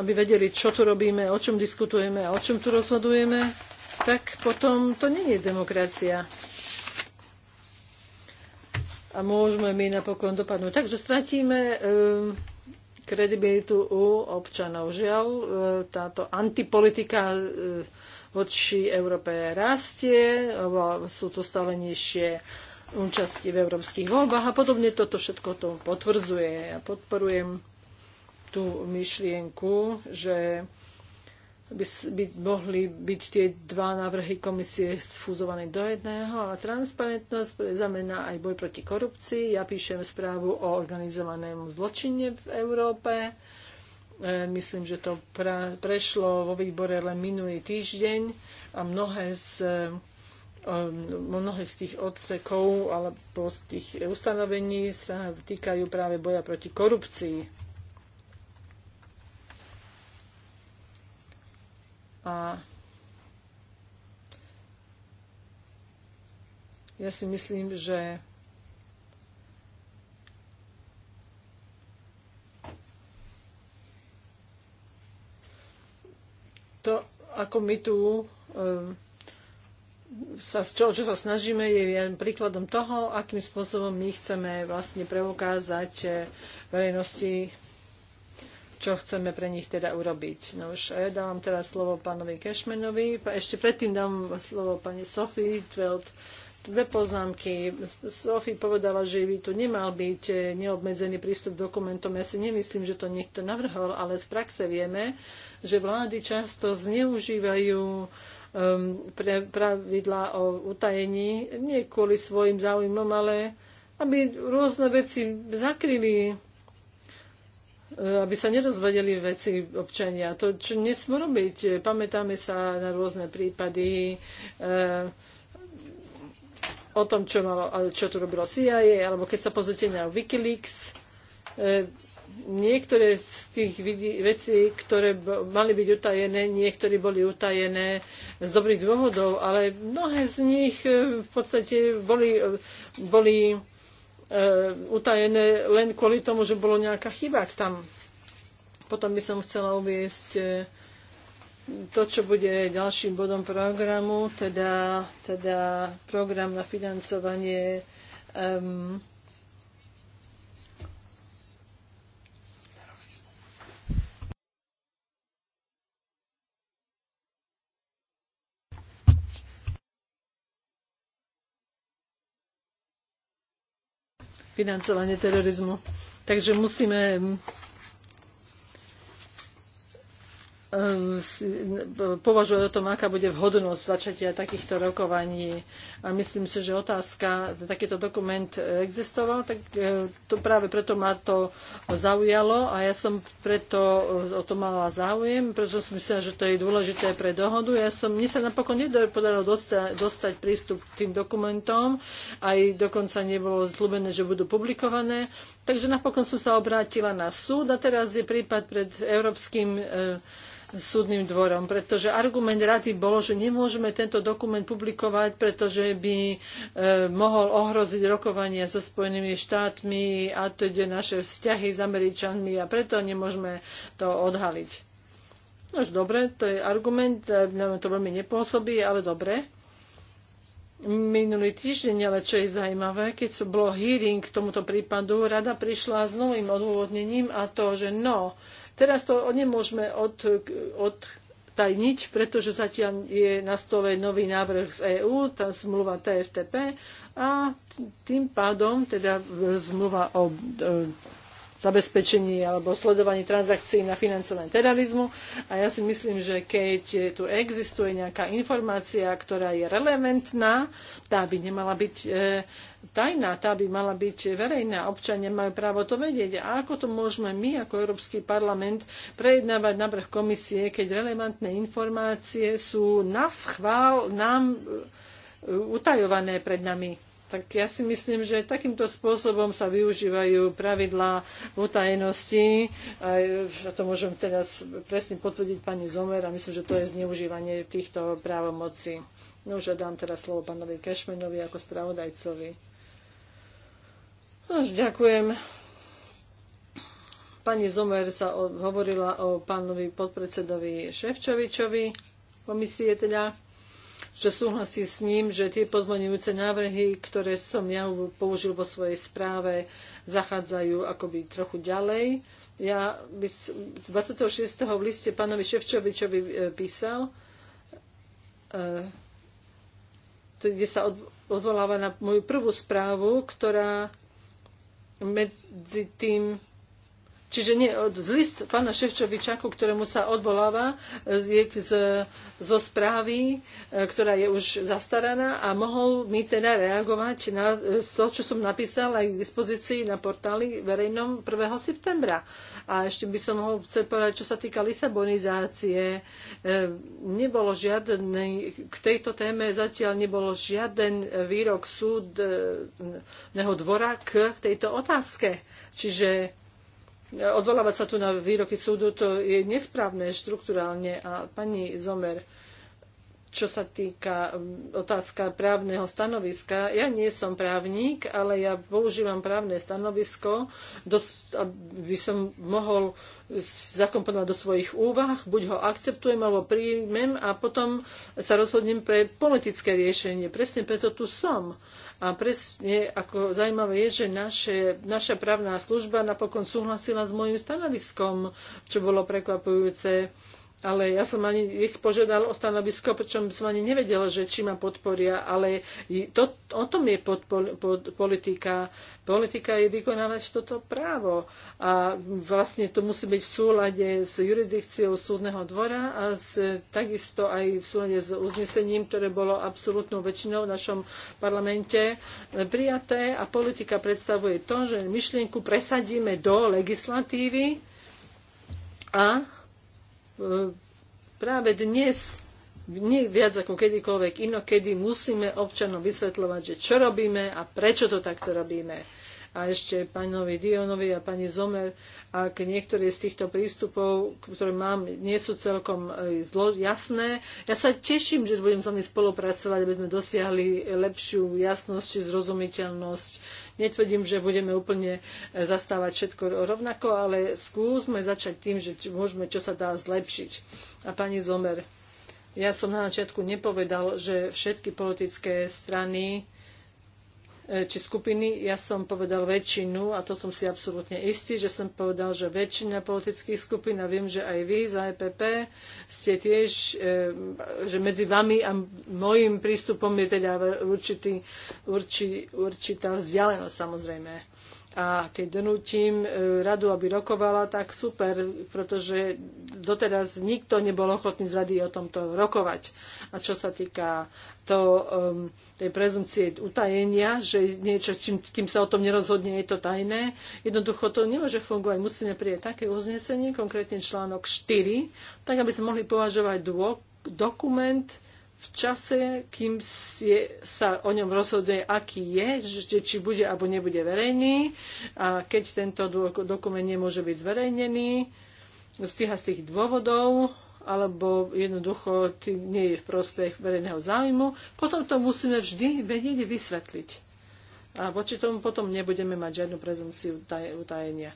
aby vedeli, čo tu robíme, o čom diskutujeme a o čom tu rozhodujeme, tak potom to nie je demokracia. A môžeme my napokon dopadnúť tak, že stratíme e, kredibilitu u občanov. Žiaľ, e, táto antipolitika e, voči Európe rastie, sú to stále nižšie účasti v európskych voľbách a podobne toto všetko to potvrdzuje. Ja podporujem tú myšlienku, že by, by mohli byť tie dva návrhy komisie sfúzované do jedného. A transparentnosť znamená aj boj proti korupcii. Ja píšem správu o organizovanému zločine v Európe. E, myslím, že to pra, prešlo vo výbore len minulý týždeň a mnohé z, e, mnohé z tých odsekov alebo z tých ustanovení sa týkajú práve boja proti korupcii A ja si myslím, že to, ako my tu um, sa, čo, čo sa snažíme, je len príkladom toho, akým spôsobom my chceme vlastne preukázať eh, verejnosti čo chceme pre nich teda urobiť. No už ja dávam teraz slovo pánovi Kešmenovi. Ešte predtým dám slovo pani Sofii Tveld. Dve poznámky. Sofie povedala, že by tu nemal byť eh, neobmedzený prístup k dokumentom. Ja si nemyslím, že to niekto navrhol, ale z praxe vieme, že vlády často zneužívajú ehm, pre pravidla o utajení, nie kvôli svojim záujmom, ale aby rôzne veci zakryli E, aby sa nerozvedeli veci občania. To, čo nesmú robiť, e, pamätáme sa na rôzne prípady e, o tom, čo, malo, čo tu robilo CIA, alebo keď sa pozrite na Wikileaks, e, niektoré z tých vecí, ktoré mali byť utajené, niektorí boli utajené z dobrých dôvodov, ale mnohé z nich e, v podstate boli, boli e, utajené len kvôli tomu, že bolo nejaká chyba tam. Potom by som chcela uviesť e, to, čo bude ďalším bodom programu, teda, teda program na financovanie um, financovanie terorizmu. Takže musíme Ehm, považuje o tom, aká bude vhodnosť začatia takýchto rokovaní. A myslím si, že otázka, takýto dokument existoval, tak e, to práve preto ma to zaujalo a ja som preto e, o to mala záujem, pretože som myslela, že to je dôležité pre dohodu. Ja som, mne sa napokon nepodarilo dostať, dostať prístup k tým dokumentom, aj dokonca nebolo slúbené, že budú publikované, Takže napokon som sa obrátila na súd a teraz je prípad pred Európskym e, súdnym dvorom, pretože argument rady bolo, že nemôžeme tento dokument publikovať, pretože by e, mohol ohroziť rokovania so Spojenými štátmi a to ide naše vzťahy s Američanmi a preto nemôžeme to odhaliť. Nož dobre, to je argument, e, nám to veľmi nepôsobí, ale dobre minulý týždeň, ale čo je zaujímavé, keď sa bolo hearing k tomuto prípadu, rada prišla s novým odôvodnením a to, že no, teraz to nemôžeme od, od tajniť, pretože zatiaľ je na stole nový návrh z EÚ, tá zmluva TFTP a tým pádom teda e, zmluva o e, zabezpečení alebo sledovaní transakcií na financovanie terorizmu. A ja si myslím, že keď tu existuje nejaká informácia, ktorá je relevantná, tá by nemala byť e, tajná, tá by mala byť verejná. Občania majú právo to vedieť. A ako to môžeme my ako Európsky parlament prejednávať návrh komisie, keď relevantné informácie sú na schvál nám e, utajované pred nami? Tak ja si myslím, že takýmto spôsobom sa využívajú pravidlá utajenosti. A ja to môžem teraz presne potvrdiť pani Zomer a myslím, že to je zneužívanie týchto právomocí. No už dám teraz slovo pánovi Kešmenovi ako spravodajcovi. Až ďakujem. Pani Zomer sa o, hovorila o pánovi podpredsedovi Ševčovičovi, komisie teda že súhlasí s ním, že tie pozmeňujúce návrhy, ktoré som ja použil vo svojej správe, zachádzajú akoby trochu ďalej. Ja by z 26. v liste pánovi Ševčovičovi e, písal, e, kde sa odvoláva na moju prvú správu, ktorá medzi tým Čiže nie, od, z list pána Ševčoviča, ku ktorému sa odvoláva, e, je z, zo správy, e, ktorá je už zastaraná a mohol mi teda reagovať na e, to, čo som napísal aj k dispozícii na portáli verejnom 1. septembra. A ešte by som mohol chcel povedať, čo sa týka Lisabonizácie. Nebolo žiadne, k tejto téme zatiaľ nebolo žiaden výrok súdneho dvora k tejto otázke. Čiže odvolávať sa tu na výroky súdu, to je nesprávne štruktúrálne. A pani Zomer, čo sa týka otázka právneho stanoviska, ja nie som právnik, ale ja používam právne stanovisko, aby som mohol zakomponovať do svojich úvah, buď ho akceptujem alebo príjmem a potom sa rozhodnem pre politické riešenie. Presne preto tu som a presne ako zaujímavé je, že naše, naša právna služba napokon súhlasila s môjim stanoviskom, čo bolo prekvapujúce ale ja som ani ich požiadal o stanovisko, pričom som ani nevedela, že či ma podporia, ale to, o tom je pod, pod, politika. Politika je vykonávať toto právo a vlastne to musí byť v súlade s jurisdikciou súdneho dvora a s, takisto aj v súlade s uznesením, ktoré bolo absolútnou väčšinou v našom parlamente e, prijaté a politika predstavuje to, že myšlienku presadíme do legislatívy a E, práve dnes nie viac ako kedykoľvek inokedy musíme občanom vysvetľovať, že čo robíme a prečo to takto robíme a ešte pánovi Dionovi a pani Zomer, ak niektoré z týchto prístupov, ktoré mám, nie sú celkom e, zlo, jasné. Ja sa teším, že budem s vami spolupracovať, aby sme dosiahli lepšiu jasnosť či zrozumiteľnosť. Netvrdím, že budeme úplne e, zastávať všetko rovnako, ale skúsme začať tým, že môžeme, čo sa dá zlepšiť. A pani Zomer, ja som na začiatku nepovedal, že všetky politické strany E, či skupiny. Ja som povedal väčšinu a to som si absolútne istý, že som povedal, že väčšina politických skupín a viem, že aj vy za EPP ste tiež, e, že medzi vami a môjim prístupom je teda určitý, určitá vzdialenosť samozrejme a keď donútim e, radu, aby rokovala, tak super, pretože doteraz nikto nebol ochotný z rady o tomto rokovať. A čo sa týka to, um, tej prezumcie utajenia, že niečo, čím, kým sa o tom nerozhodne, je to tajné, jednoducho to nemôže fungovať. Musíme prijať také uznesenie, konkrétne článok 4, tak aby sme mohli považovať dô, dokument v čase, kým je, sa o ňom rozhoduje, aký je, že, či bude alebo nebude verejný. A keď tento dokument nemôže byť zverejnený z tých, z tých dôvodov, alebo jednoducho nie je v prospech verejného záujmu, potom to musíme vždy vedieť vysvetliť. A voči tomu potom nebudeme mať žiadnu prezumciu utajenia.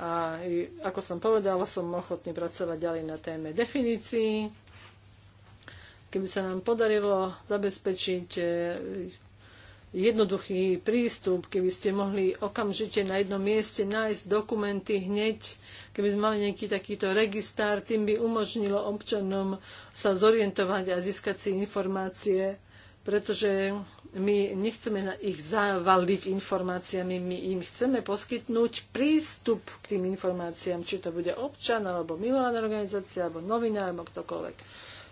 A ako som povedala, som ochotný pracovať ďalej na téme definícií, keby sa nám podarilo zabezpečiť e, jednoduchý prístup, keby ste mohli okamžite na jednom mieste nájsť dokumenty hneď, keby sme mali nejaký takýto registár, tým by umožnilo občanom sa zorientovať a získať si informácie, pretože my nechceme ich zavaliť informáciami, my im chceme poskytnúť prístup k tým informáciám, či to bude občan, alebo mimovládna organizácia, alebo novinár, alebo ktokoľvek.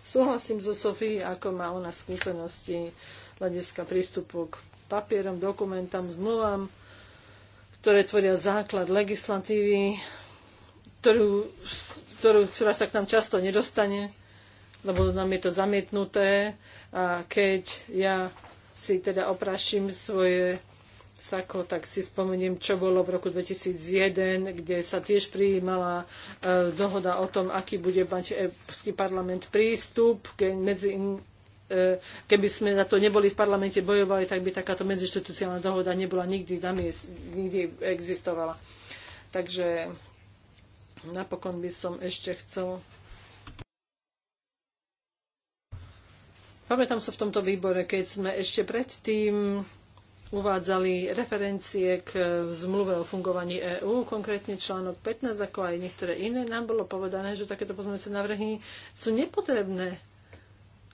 Súhlasím so Sofii, ako má ona skúsenosti hľadiska prístupu k papierom, dokumentám, zmluvám, ktoré tvoria základ legislatívy, ktorú, ktorú, ktorá sa k nám často nedostane, lebo nám je to zamietnuté. A keď ja si teda opraším svoje Sako, tak si spomeniem, čo bolo v roku 2001, kde sa tiež prijímala e, dohoda o tom, aký bude mať Európsky parlament prístup ke, medzi e, keby sme na to neboli v parlamente bojovali, tak by takáto medzištitúciálna dohoda nebola nikdy, na miest, nikdy existovala. Takže napokon by som ešte chcel Pamätám sa v tomto výbore, keď sme ešte predtým uvádzali referencie k e, zmluve o fungovaní EÚ, konkrétne článok 15, ako aj niektoré iné, nám bolo povedané, že takéto pozmeňujúce návrhy sú nepotrebné.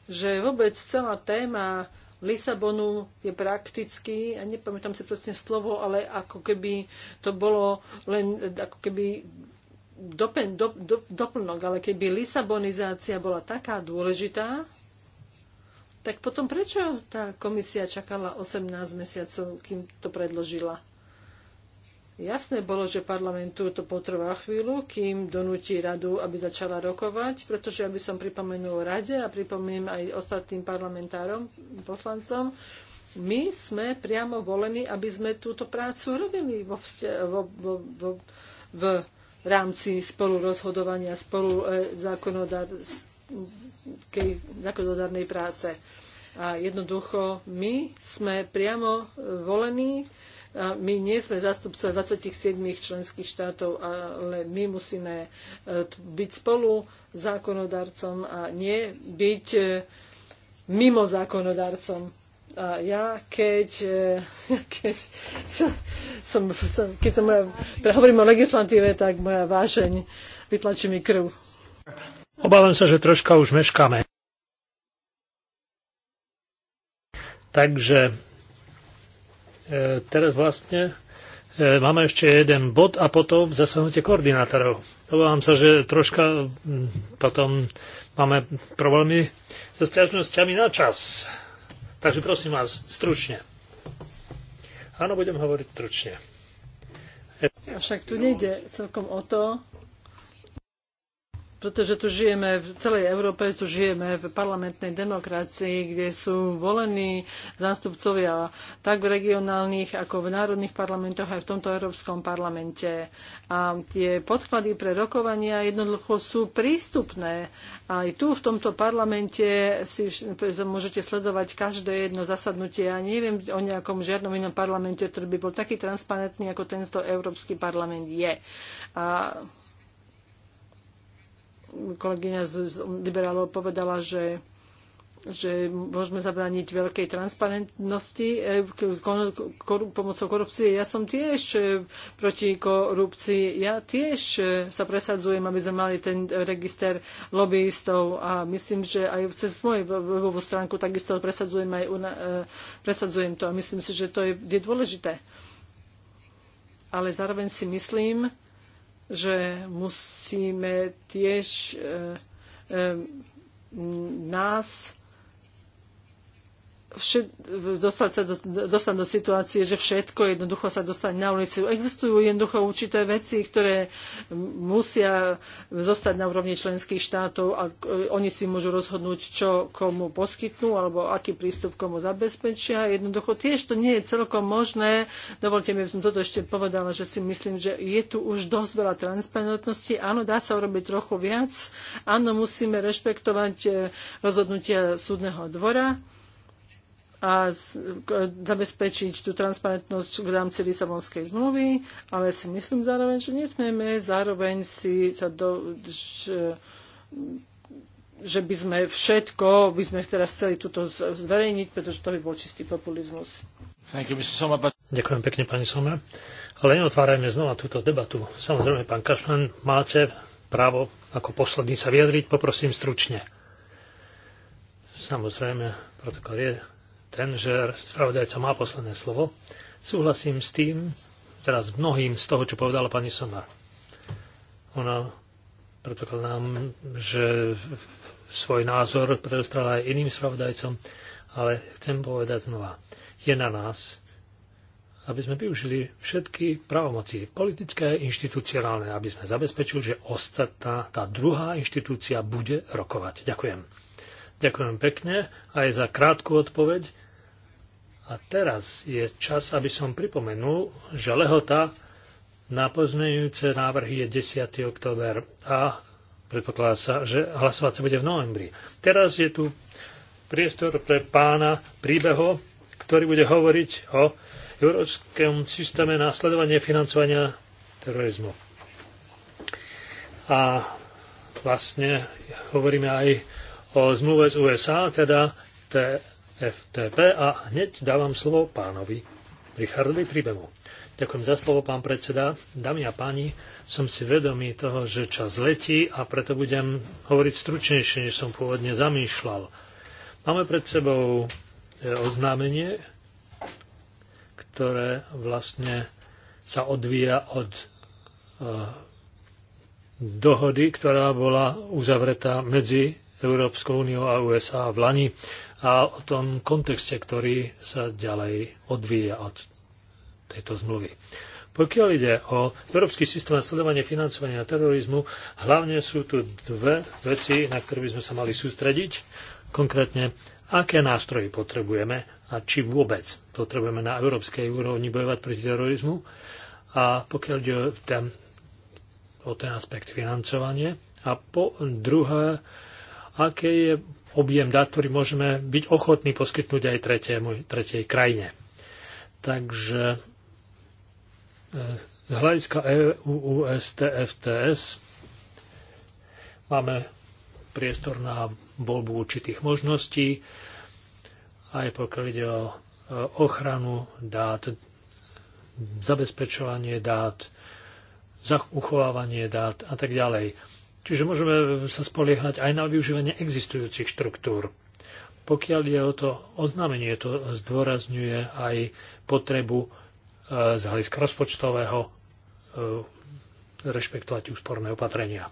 Že vôbec celá téma Lisabonu je prakticky, a nepamätám si presne slovo, ale ako keby to bolo len e, ako keby doplnok, ale keby Lisabonizácia bola taká dôležitá, tak potom prečo tá komisia čakala 18 mesiacov, kým to predložila? Jasné bolo, že parlamentu to potrvá chvíľu, kým donúti radu, aby začala rokovať, pretože aby som pripomenul rade a pripomínam aj ostatným parlamentárom, poslancom, my sme priamo volení, aby sme túto prácu robili vo, vo, vo, vo, v rámci spolurozhodovania, spolu e, zákonodárnej práce. A jednoducho my sme priamo volení, a my nie sme zastupcov 27 členských štátov, ale my musíme e, byť spolu zákonodarcom a nie byť e, mimo zákonodarcom. A ja keď, e, keď, som, som, keď som moja, teda hovorím o legislatíve, tak moja vášeň vytlačí mi krv. Obávam sa, že troška už meškáme. Takže e, teraz vlastne e, máme ešte jeden bod a potom zasadnutie koordinátorov. Obávam sa, že troška potom máme problémy so stiažnosťami na čas. Takže prosím vás, stručne. Áno, budem hovoriť stručne. Avšak tu nejde celkom o to, pretože tu žijeme, v celej Európe tu žijeme v parlamentnej demokracii, kde sú volení zástupcovia tak v regionálnych, ako v národných parlamentoch, aj v tomto Európskom parlamente. A tie podklady pre rokovania jednoducho sú prístupné. Aj tu v tomto parlamente si môžete sledovať každé jedno zasadnutie. Ja neviem o nejakom žiadnom inom parlamente, ktorý by bol taký transparentný, ako tento Európsky parlament je. A kolegyňa z, z liberálov povedala, že že môžeme zabrániť veľkej transparentnosti eh, pomocou korupcie. Ja som tiež eh, proti korupcii. Ja tiež eh, sa presadzujem, aby sme mali ten register lobbyistov a myslím, že aj cez moju webovú stránku takisto presadzujem, aj una, presadzujem to a myslím si, že to je, je dôležité. Ale zároveň si myslím, že musíme tiež eh, eh, nás všet, dostať sa do, dostať do situácie, že všetko jednoducho sa dostane na ulicu. Existujú jednoducho určité veci, ktoré musia zostať na úrovni členských štátov a oni si môžu rozhodnúť, čo komu poskytnú alebo aký prístup komu zabezpečia. Jednoducho tiež to nie je celkom možné. Dovolte mi, aby som toto ešte povedala, že si myslím, že je tu už dosť veľa transparentnosti. Áno, dá sa urobiť trochu viac. Áno, musíme rešpektovať eh, rozhodnutia súdneho dvora a zabezpečiť tú transparentnosť v rámci Lisabonskej zmluvy, ale si myslím zároveň, že nesmieme zároveň si sa do, že, že by sme všetko, by sme teraz chceli túto zverejniť, pretože to by bol čistý populizmus. Ďakujem pekne, pani Soma. Ale neotvárajme znova túto debatu. Samozrejme, pán Kašman, máte právo ako posledný sa vyjadriť, poprosím stručne. Samozrejme, protokol je ten, že spravodajca má posledné slovo. Súhlasím s tým, teraz mnohým z toho, čo povedala pani Sonar. Ona predpokladám, že svoj názor predostala aj iným spravodajcom, ale chcem povedať znova. Je na nás, aby sme využili všetky pravomoci, politické a inštitucionálne, aby sme zabezpečili, že ostatná, tá druhá inštitúcia bude rokovať. Ďakujem. Ďakujem pekne aj za krátku odpoveď. A teraz je čas, aby som pripomenul, že lehota na pozmeňujúce návrhy je 10. október a predpokladá sa, že hlasovať sa bude v novembri. Teraz je tu priestor pre pána príbeho, ktorý bude hovoriť o európskom systéme následovania financovania terorizmu. A vlastne hovoríme aj o zmluve z USA, teda TFTP a hneď dávam slovo pánovi Richardovi Tribemu. Ďakujem za slovo, pán predseda. Dámy a páni, som si vedomý toho, že čas letí a preto budem hovoriť stručnejšie, než som pôvodne zamýšľal. Máme pred sebou e, oznámenie, ktoré vlastne sa odvíja od e, dohody, ktorá bola uzavretá medzi Európskou úniou a USA v Lani a o tom kontexte, ktorý sa ďalej odvíja od tejto zmluvy. Pokiaľ ide o Európsky systém na sledovanie financovania terorizmu, hlavne sú tu dve veci, na ktoré by sme sa mali sústrediť. Konkrétne, aké nástroje potrebujeme a či vôbec potrebujeme na európskej úrovni bojovať proti terorizmu. A pokiaľ ide o ten, o ten aspekt financovanie. A po druhé, aké je objem dát, ktorý môžeme byť ochotní poskytnúť aj tretiemu, tretej krajine. Takže eh, z hľadiska EU-USTFTS máme priestor na voľbu určitých možností, aj pokiaľ ide o eh, ochranu dát, zabezpečovanie dát, uchovávanie dát a tak ďalej. Čiže môžeme sa spoliehať aj na využívanie existujúcich štruktúr. Pokiaľ je o to oznámenie, to zdôrazňuje aj potrebu e, z hľadiska rozpočtového e, rešpektovať úsporné opatrenia.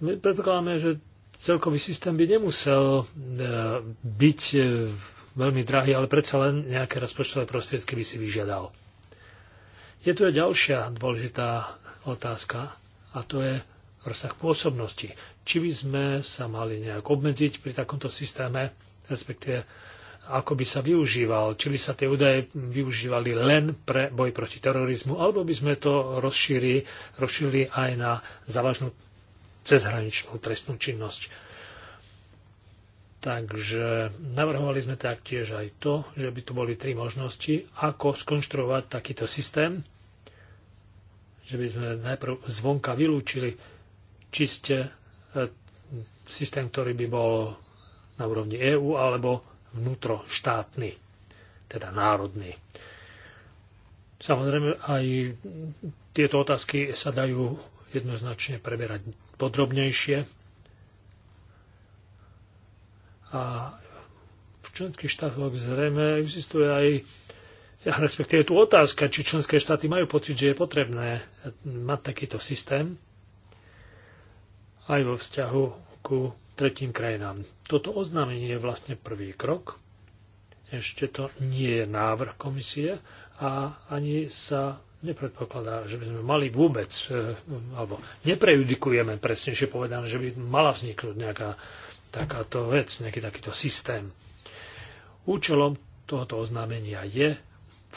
My predpokladáme, že celkový systém by nemusel e, byť veľmi drahý, ale predsa len nejaké rozpočtové prostriedky by si vyžiadal. Je tu aj ďalšia dôležitá otázka a to je rozsah pôsobnosti. Či by sme sa mali nejak obmedziť pri takomto systéme, respektíve ako by sa využíval, či by sa tie údaje využívali len pre boj proti terorizmu, alebo by sme to rozšírili, rozšírili aj na závažnú cezhraničnú trestnú činnosť. Takže navrhovali sme taktiež aj to, že by tu boli tri možnosti, ako skonštruovať takýto systém že by sme najprv zvonka vylúčili čiste e, systém, ktorý by bol na úrovni EÚ alebo vnútroštátny, teda národný. Samozrejme, aj tieto otázky sa dajú jednoznačne preberať podrobnejšie. A v členských štátoch zrejme existuje aj respektíve je tu otázka, či členské štáty majú pocit, že je potrebné mať takýto systém aj vo vzťahu ku tretím krajinám. Toto oznámenie je vlastne prvý krok. Ešte to nie je návrh komisie a ani sa nepredpokladá, že by sme mali vôbec, e, alebo neprejudikujeme presnejšie povedané, že by mala vzniknúť nejaká takáto vec, nejaký takýto systém. Účelom tohoto oznámenia je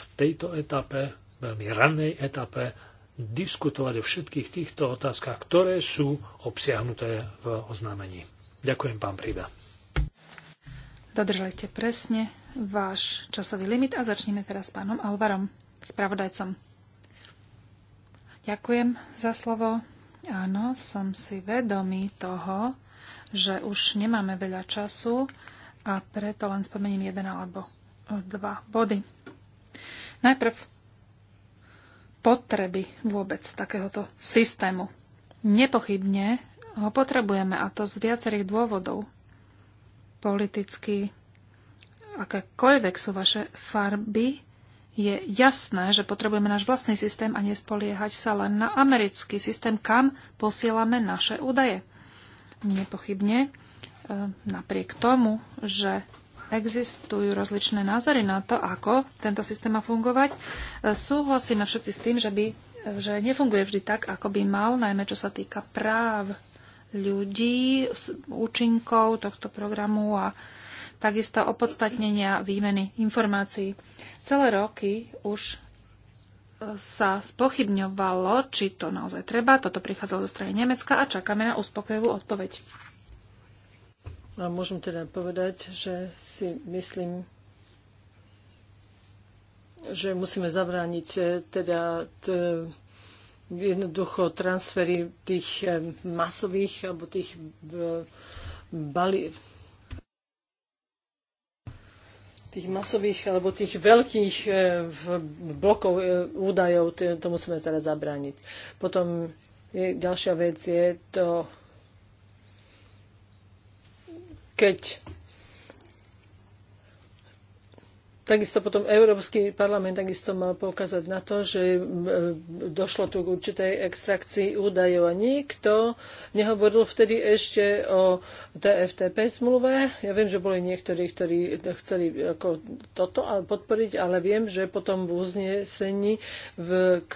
v tejto etape, veľmi ranej etape, diskutovať o všetkých týchto otázkach, ktoré sú obsiahnuté v oznámení. Ďakujem, pán Prída. Dodržali ste presne váš časový limit a začneme teraz s pánom Alvarom, spravodajcom. Ďakujem za slovo. Áno, som si vedomý toho, že už nemáme veľa času a preto len spomením jeden alebo dva body. Najprv potreby vôbec takéhoto systému. Nepochybne ho potrebujeme a to z viacerých dôvodov. Politicky, akékoľvek sú vaše farby, je jasné, že potrebujeme náš vlastný systém a nespoliehať sa len na americký systém, kam posielame naše údaje. Nepochybne, e, napriek tomu, že existujú rozličné názory na to, ako tento systém má fungovať. E, súhlasíme všetci s tým, že, by, že nefunguje vždy tak, ako by mal, najmä čo sa týka práv ľudí, účinkov tohto programu a takisto opodstatnenia výmeny informácií. Celé roky už e, sa spochybňovalo, či to naozaj treba. Toto prichádzalo zo strany Nemecka a čakáme na uspokojivú odpoveď. A môžem teda povedať, že si myslím, že musíme zabrániť e, teda jednoducho transfery tých e, masových alebo tých bali, tých masových alebo tých veľkých e, blokov údajov, to musíme teda zabrániť. Potom je, ďalšia vec je to keď Takisto potom Európsky parlament takisto mal poukázať na to, že e, došlo tu k určitej extrakcii údajov a nikto nehovoril vtedy ešte o TFTP zmluve. Ja viem, že boli niektorí, ktorí chceli ako toto podporiť, ale viem, že potom v uznesení v, k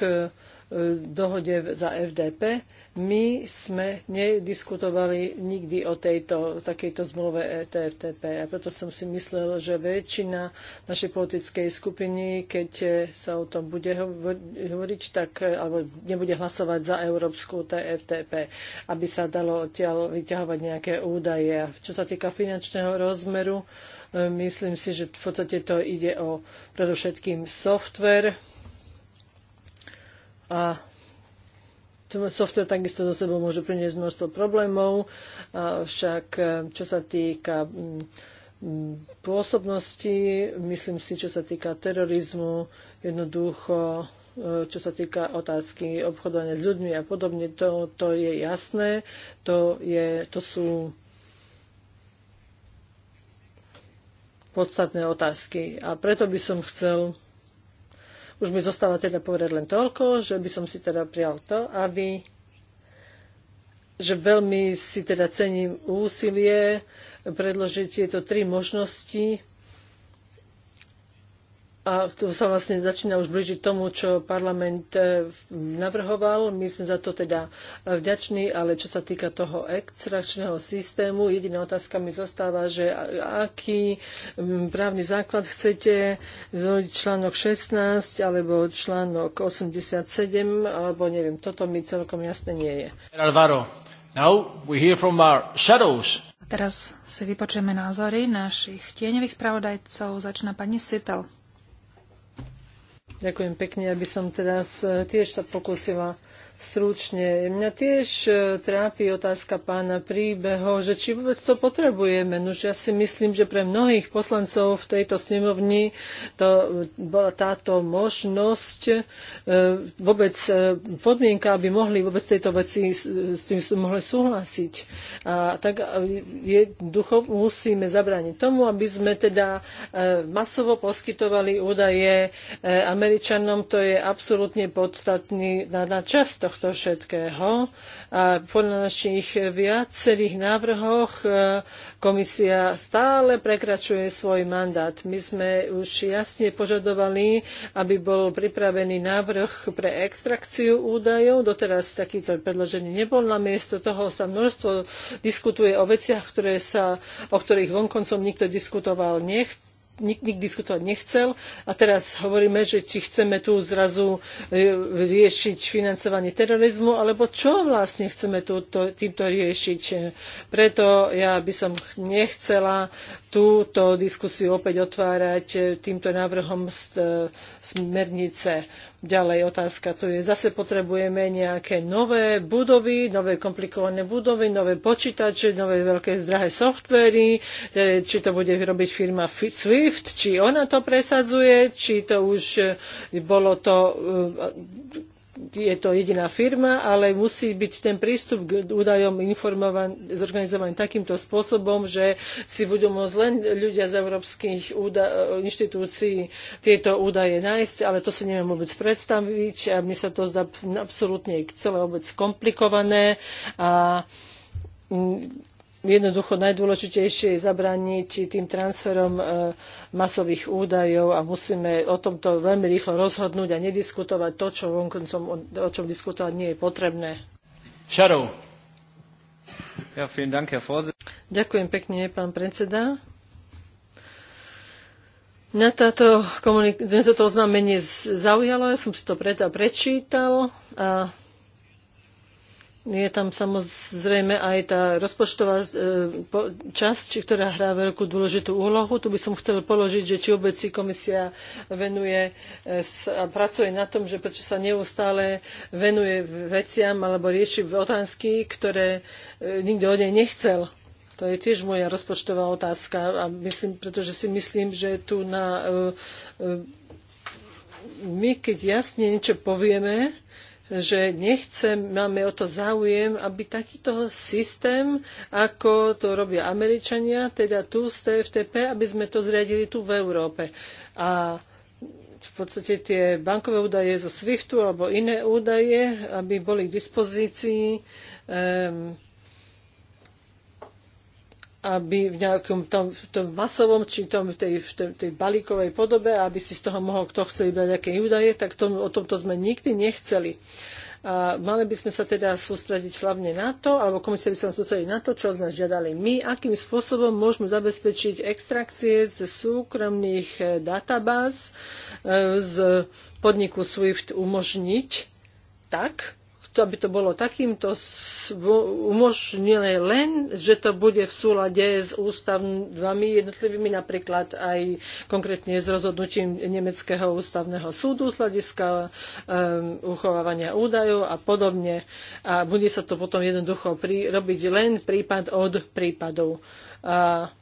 dohode za FDP. My sme nediskutovali nikdy o tejto, takejto zmluve ETFTP a preto som si myslel, že väčšina našej politickej skupiny, keď sa o tom bude hovoriť, tak alebo nebude hlasovať za európsku TFTP, aby sa dalo odtiaľ vyťahovať nejaké údaje. Čo sa týka finančného rozmeru, e, myslím si, že v podstate to ide o predovšetkým software, a software takisto za sebou môže priniesť množstvo problémov, však e, čo sa týka mm, mm, pôsobnosti, myslím si, čo sa týka terorizmu, jednoducho, e, čo sa týka otázky obchodovania s ľuďmi a podobne, to, to je jasné, to, je, to sú podstatné otázky. A preto by som chcel už mi zostáva teda povedať len toľko, že by som si teda prijal to, aby že veľmi si teda cením úsilie predložiť tieto tri možnosti a tu sa vlastne začína už blížiť tomu, čo parlament e, navrhoval. My sme za to teda e, vďační, ale čo sa týka toho extrakčného systému, jediná otázka mi zostáva, že aký právny základ chcete, článok 16 alebo článok 87, alebo neviem, toto mi celkom jasne nie je. Alvaro, now we hear from our shadows. A teraz si vypočujeme názory našich tieňových spravodajcov. Začína pani Sipel. Ďakujem pekne, aby som teraz eh, tiež sa pokúsila stručne. Mňa tiež e, trápi otázka pána príbeho, že či vôbec to potrebujeme. No, ja si myslím, že pre mnohých poslancov v tejto snemovni to e, bola táto možnosť e, vôbec podmienka, aby mohli vôbec tejto veci s tým mohli súhlasiť. A tak ducho musíme zabrániť tomu, aby sme teda masovo poskytovali údaje Američanom. To je absolútne podstatný na, na čas tohto všetkého. A podľa našich viacerých návrhoch e, komisia stále prekračuje svoj mandát. My sme už jasne požadovali, aby bol pripravený návrh pre extrakciu údajov. Doteraz takýto predložený nebol. Namiesto toho sa množstvo diskutuje o veciach, ktoré sa, o ktorých vonkoncom nikto diskutoval nechce nikdy diskutovať nechcel a teraz hovoríme, že či chceme tu zrazu e, riešiť financovanie terorizmu, alebo čo vlastne chceme tu, to, týmto riešiť. Preto ja by som nechcela túto diskusiu opäť otvárať e, týmto návrhom e, smernice. Ďalej otázka, tu je, zase potrebujeme nejaké nové budovy, nové komplikované budovy, nové počítače, nové veľké zdrahé softvery, e, či to bude robiť firma Swift, či ona to presadzuje, či to už bolo to je to jediná firma, ale musí byť ten prístup k údajom informovan, zorganizovaný takýmto spôsobom, že si budú môcť len ľudia z európskych úda- inštitúcií tieto údaje nájsť, ale to si neviem vôbec predstaviť a mi sa to zdá absolútne celé vôbec komplikované a mm, jednoducho najdôležitejšie je zabrániť tým transferom e, masových údajov a musíme o tomto veľmi rýchlo rozhodnúť a nediskutovať to, čo vonkoncom, o čom diskutovať nie je potrebné. Ja, Dank, Ďakujem pekne, pán predseda. Mňa táto komunik- toto oznámenie zaujalo, ja som si to preto prečítal a je tam samozrejme aj tá rozpočtová e, časť, ktorá hrá veľkú dôležitú úlohu. Tu by som chcel položiť, že či vôbec si komisia venuje e, a pracuje na tom, že prečo sa neustále venuje veciam alebo rieši otázky, ktoré e, nikto o nej nechcel. To je tiež moja rozpočtová otázka, a myslím, pretože si myslím, že tu na, my, keď jasne niečo povieme, že nechcem, máme o to záujem, aby takýto systém, ako to robia Američania, teda tu z TFTP, aby sme to zriadili tu v Európe. A v podstate tie bankové údaje zo SWIFTu alebo iné údaje, aby boli k dispozícii um, aby v nejakom tom, v tom masovom, či tom, v, tej, v tej, tej balíkovej podobe, aby si z toho mohol kto chce vybrať nejaké údaje, tak tom, o tomto sme nikdy nechceli. A mali by sme sa teda sústrediť hlavne na to, alebo komisia by sa sústrediť na to, čo sme žiadali my, akým spôsobom môžeme zabezpečiť extrakcie z súkromných e, databáz e, z podniku SWIFT umožniť tak, to, aby to bolo takýmto umožnené len, že to bude v súlade s ústavami jednotlivými, napríklad aj konkrétne s rozhodnutím Nemeckého ústavného súdu z hľadiska um, uchovávania údajov a podobne. A bude sa to potom jednoducho pri, robiť len prípad od prípadov. A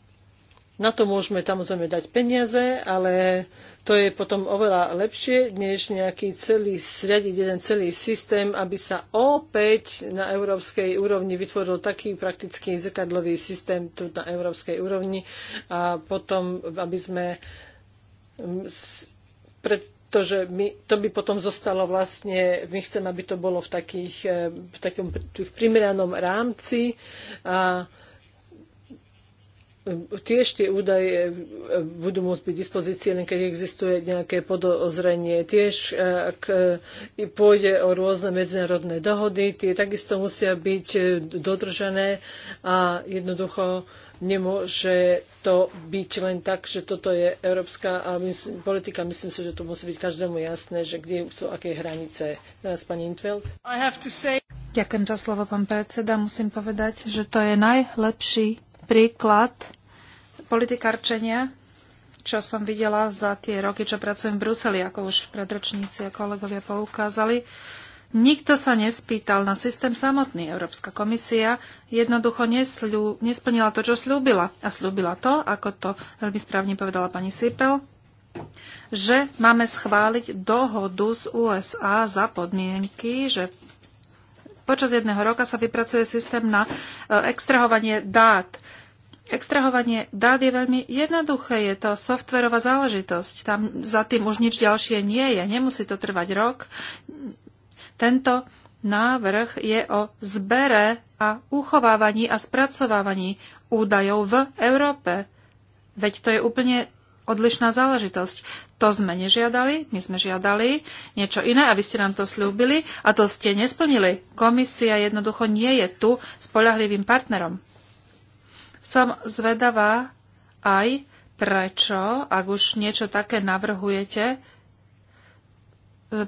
na to môžeme samozrejme dať peniaze, ale to je potom oveľa lepšie, než nejaký celý, zriadiť jeden celý systém, aby sa opäť na európskej úrovni vytvoril taký praktický zrkadlový systém tu na európskej úrovni a potom, aby sme pretože my, to by potom zostalo vlastne, my chceme, aby to bolo v, takých, e, v takom v primeranom rámci a tiež tie údaje e, budú môcť byť dispozície, len keď existuje nejaké podozrenie. Tiež e, ak e, pôjde o rôzne medzinárodné dohody, tie takisto musia byť dodržané a jednoducho nemôže to byť len tak, že toto je európska a myslím, politika. Myslím si, že to musí byť každému jasné, že kde sú aké hranice. Teraz pani Intveld. Ďakujem za slovo, pán predseda. Musím povedať, že to je najlepší príklad politikárčenia, čo som videla za tie roky, čo pracujem v Bruseli, ako už predrečníci a kolegovia poukázali. Nikto sa nespýtal na systém samotný. Európska komisia jednoducho nesľú, nesplnila to, čo slúbila. A slúbila to, ako to veľmi správne povedala pani Sipel, že máme schváliť dohodu z USA za podmienky, že Počas jedného roka sa vypracuje systém na e, extrahovanie dát. Extrahovanie dát je veľmi jednoduché, je to softverová záležitosť. Tam za tým už nič ďalšie nie je, nemusí to trvať rok. Tento návrh je o zbere a uchovávaní a spracovávaní údajov v Európe. Veď to je úplne odlišná záležitosť. To sme nežiadali, my sme žiadali niečo iné a vy ste nám to slúbili a to ste nesplnili. Komisia jednoducho nie je tu spolahlivým partnerom. Som zvedavá aj, prečo, ak už niečo také navrhujete,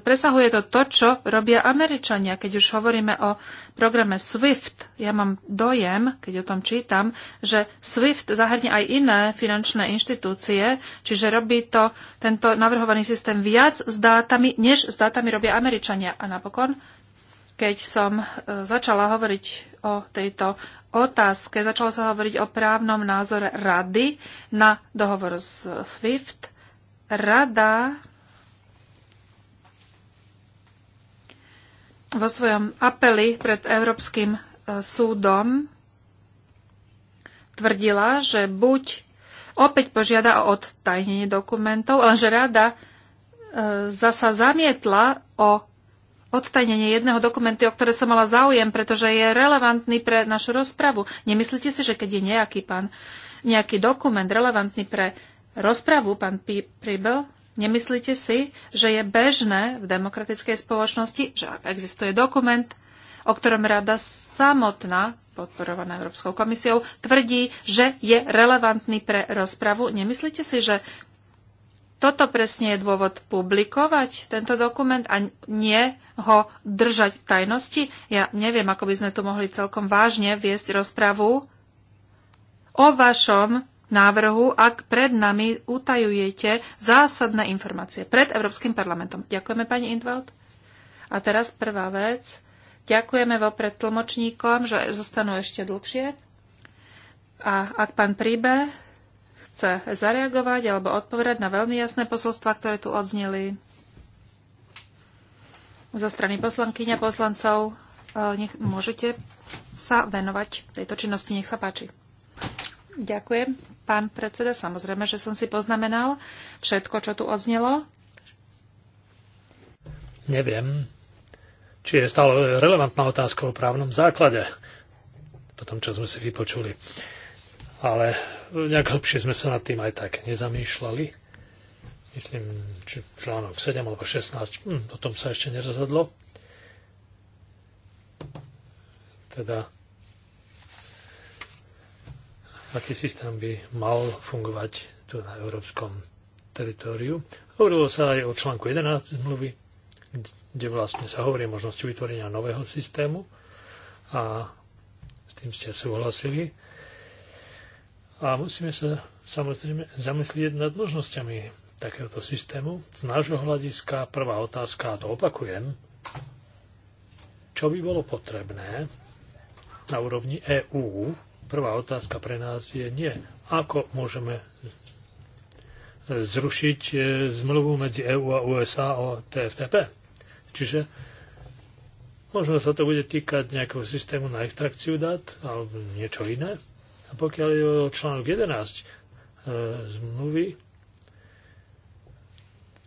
presahuje to to, čo robia Američania. Keď už hovoríme o programe SWIFT, ja mám dojem, keď o tom čítam, že SWIFT zahrňa aj iné finančné inštitúcie, čiže robí to tento navrhovaný systém viac s dátami, než s dátami robia Američania. A napokon, keď som e, začala hovoriť o tejto otázke, začalo sa hovoriť o právnom názore rady na dohovor SWIFT. Rada vo svojom apeli pred Európskym e, súdom tvrdila, že buď opäť požiada o odtajnenie dokumentov, lenže rada e, zasa zamietla o odtajnenie jedného dokumentu, o ktoré som mala záujem, pretože je relevantný pre našu rozpravu. Nemyslíte si, že keď je nejaký, pán, nejaký dokument relevantný pre rozpravu, pán Pribel, Nemyslíte si, že je bežné v demokratickej spoločnosti, že existuje dokument, o ktorom rada samotná, podporovaná Európskou komisiou, tvrdí, že je relevantný pre rozpravu. Nemyslíte si, že toto presne je dôvod publikovať tento dokument a nie ho držať v tajnosti? Ja neviem, ako by sme tu mohli celkom vážne viesť rozpravu o vašom návrhu, ak pred nami utajujete zásadné informácie pred Európskym parlamentom. Ďakujeme, pani Indveld. A teraz prvá vec. Ďakujeme vopred tlmočníkom, že zostanú ešte dlhšie. A ak pán Príbe chce zareagovať alebo odpovedať na veľmi jasné posolstva, ktoré tu odzneli zo strany poslankyň a poslancov, e, nech môžete sa venovať tejto činnosti. Nech sa páči. Ďakujem pán predseda. Samozrejme, že som si poznamenal všetko, čo tu odznelo. Neviem, či je stále relevantná otázka o právnom základe, po tom, čo sme si vypočuli. Ale nejak hlbšie sme sa nad tým aj tak nezamýšľali. Myslím, či článok 7 alebo 16, hm, o tom sa ešte nerozhodlo. Teda aký systém by mal fungovať tu na európskom teritóriu. Hovorilo sa aj o článku 11 zmluvy, kde vlastne sa hovorí o možnosti vytvorenia nového systému a s tým ste súhlasili. A musíme sa samozrejme zamyslieť nad možnosťami takéhoto systému. Z nášho hľadiska prvá otázka, a to opakujem, čo by bolo potrebné na úrovni EÚ, prvá otázka pre nás je nie, ako môžeme zrušiť e, zmluvu medzi EU a USA o TFTP. Čiže možno sa to bude týkať nejakého systému na extrakciu dát alebo niečo iné. A pokiaľ je o článok 11 e, zmluvy,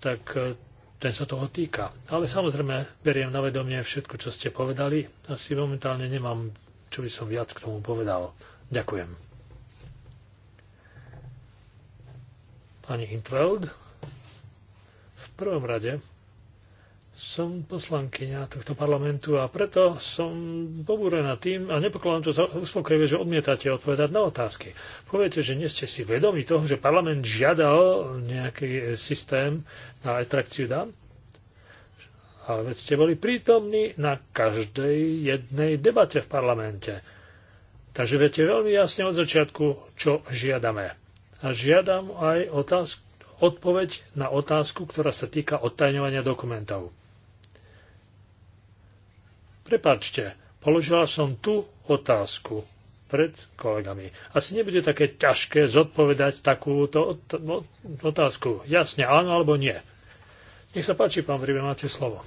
tak e, ten sa toho týka. Ale samozrejme, beriem na vedomie všetko, čo ste povedali. Asi momentálne nemám, čo by som viac k tomu povedal. Ďakujem. Pani Intveld, v prvom rade som poslankyňa tohto parlamentu a preto som pobúrená tým a nepokladám to za uspokojivé, že odmietate odpovedať na otázky. Poviete, že nie ste si vedomi toho, že parlament žiadal nejaký systém na atrakciu dám? Ale veď ste boli prítomní na každej jednej debate v parlamente. Takže viete veľmi jasne od začiatku, čo žiadame. A žiadam aj otázku, odpoveď na otázku, ktorá sa týka odtajňovania dokumentov. Prepačte, položila som tú otázku pred kolegami. Asi nebude také ťažké zodpovedať takúto no, otázku. Jasne, áno alebo nie. Nech sa páči, pán Vrybe, máte slovo.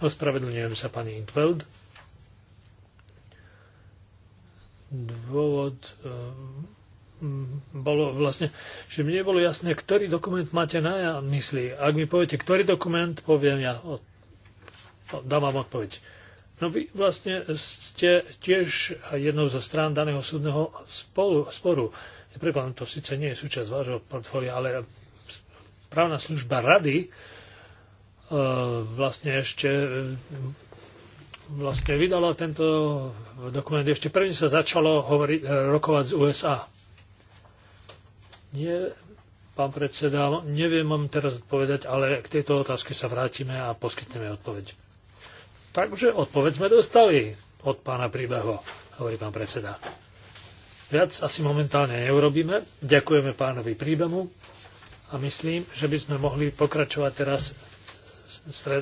Ospravedlňujem sa, pani Intveld dôvod eh, bolo vlastne, že mi nebolo jasné, ktorý dokument máte na mysli. Ak mi poviete, ktorý dokument, poviem ja, o, dám vám odpoveď. No vy vlastne ste tiež jednou zo strán daného súdneho spolu, sporu. Neprekladám, to síce nie je súčasť vášho portfólia, ale právna služba rady e, vlastne ešte vlastne vydala tento dokument ešte prvne sa začalo hovoriť, e, rokovať z USA. Nie, pán predseda, neviem vám teraz odpovedať, ale k tejto otázke sa vrátime a poskytneme odpoveď. Takže odpoveď sme dostali od pána príbeho, hovorí pán predseda. Viac asi momentálne neurobíme. Ďakujeme pánovi príbemu a myslím, že by sme mohli pokračovať teraz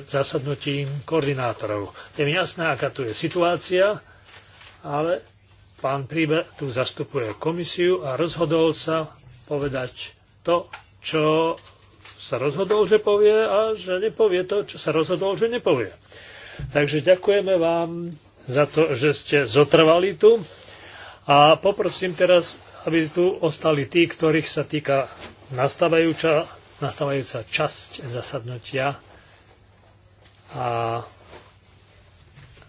zasadnutím koordinátorov. Je mi jasné, aká tu je situácia, ale pán Príbe tu zastupuje komisiu a rozhodol sa povedať to, čo sa rozhodol, že povie a že nepovie to, čo sa rozhodol, že nepovie. Takže ďakujeme vám za to, že ste zotrvali tu a poprosím teraz, aby tu ostali tí, ktorých sa týka nastávajúca, nastávajúca časť zasadnutia a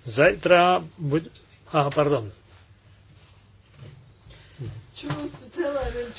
zajtra... Buď... Aha, pardon. Čo vás tu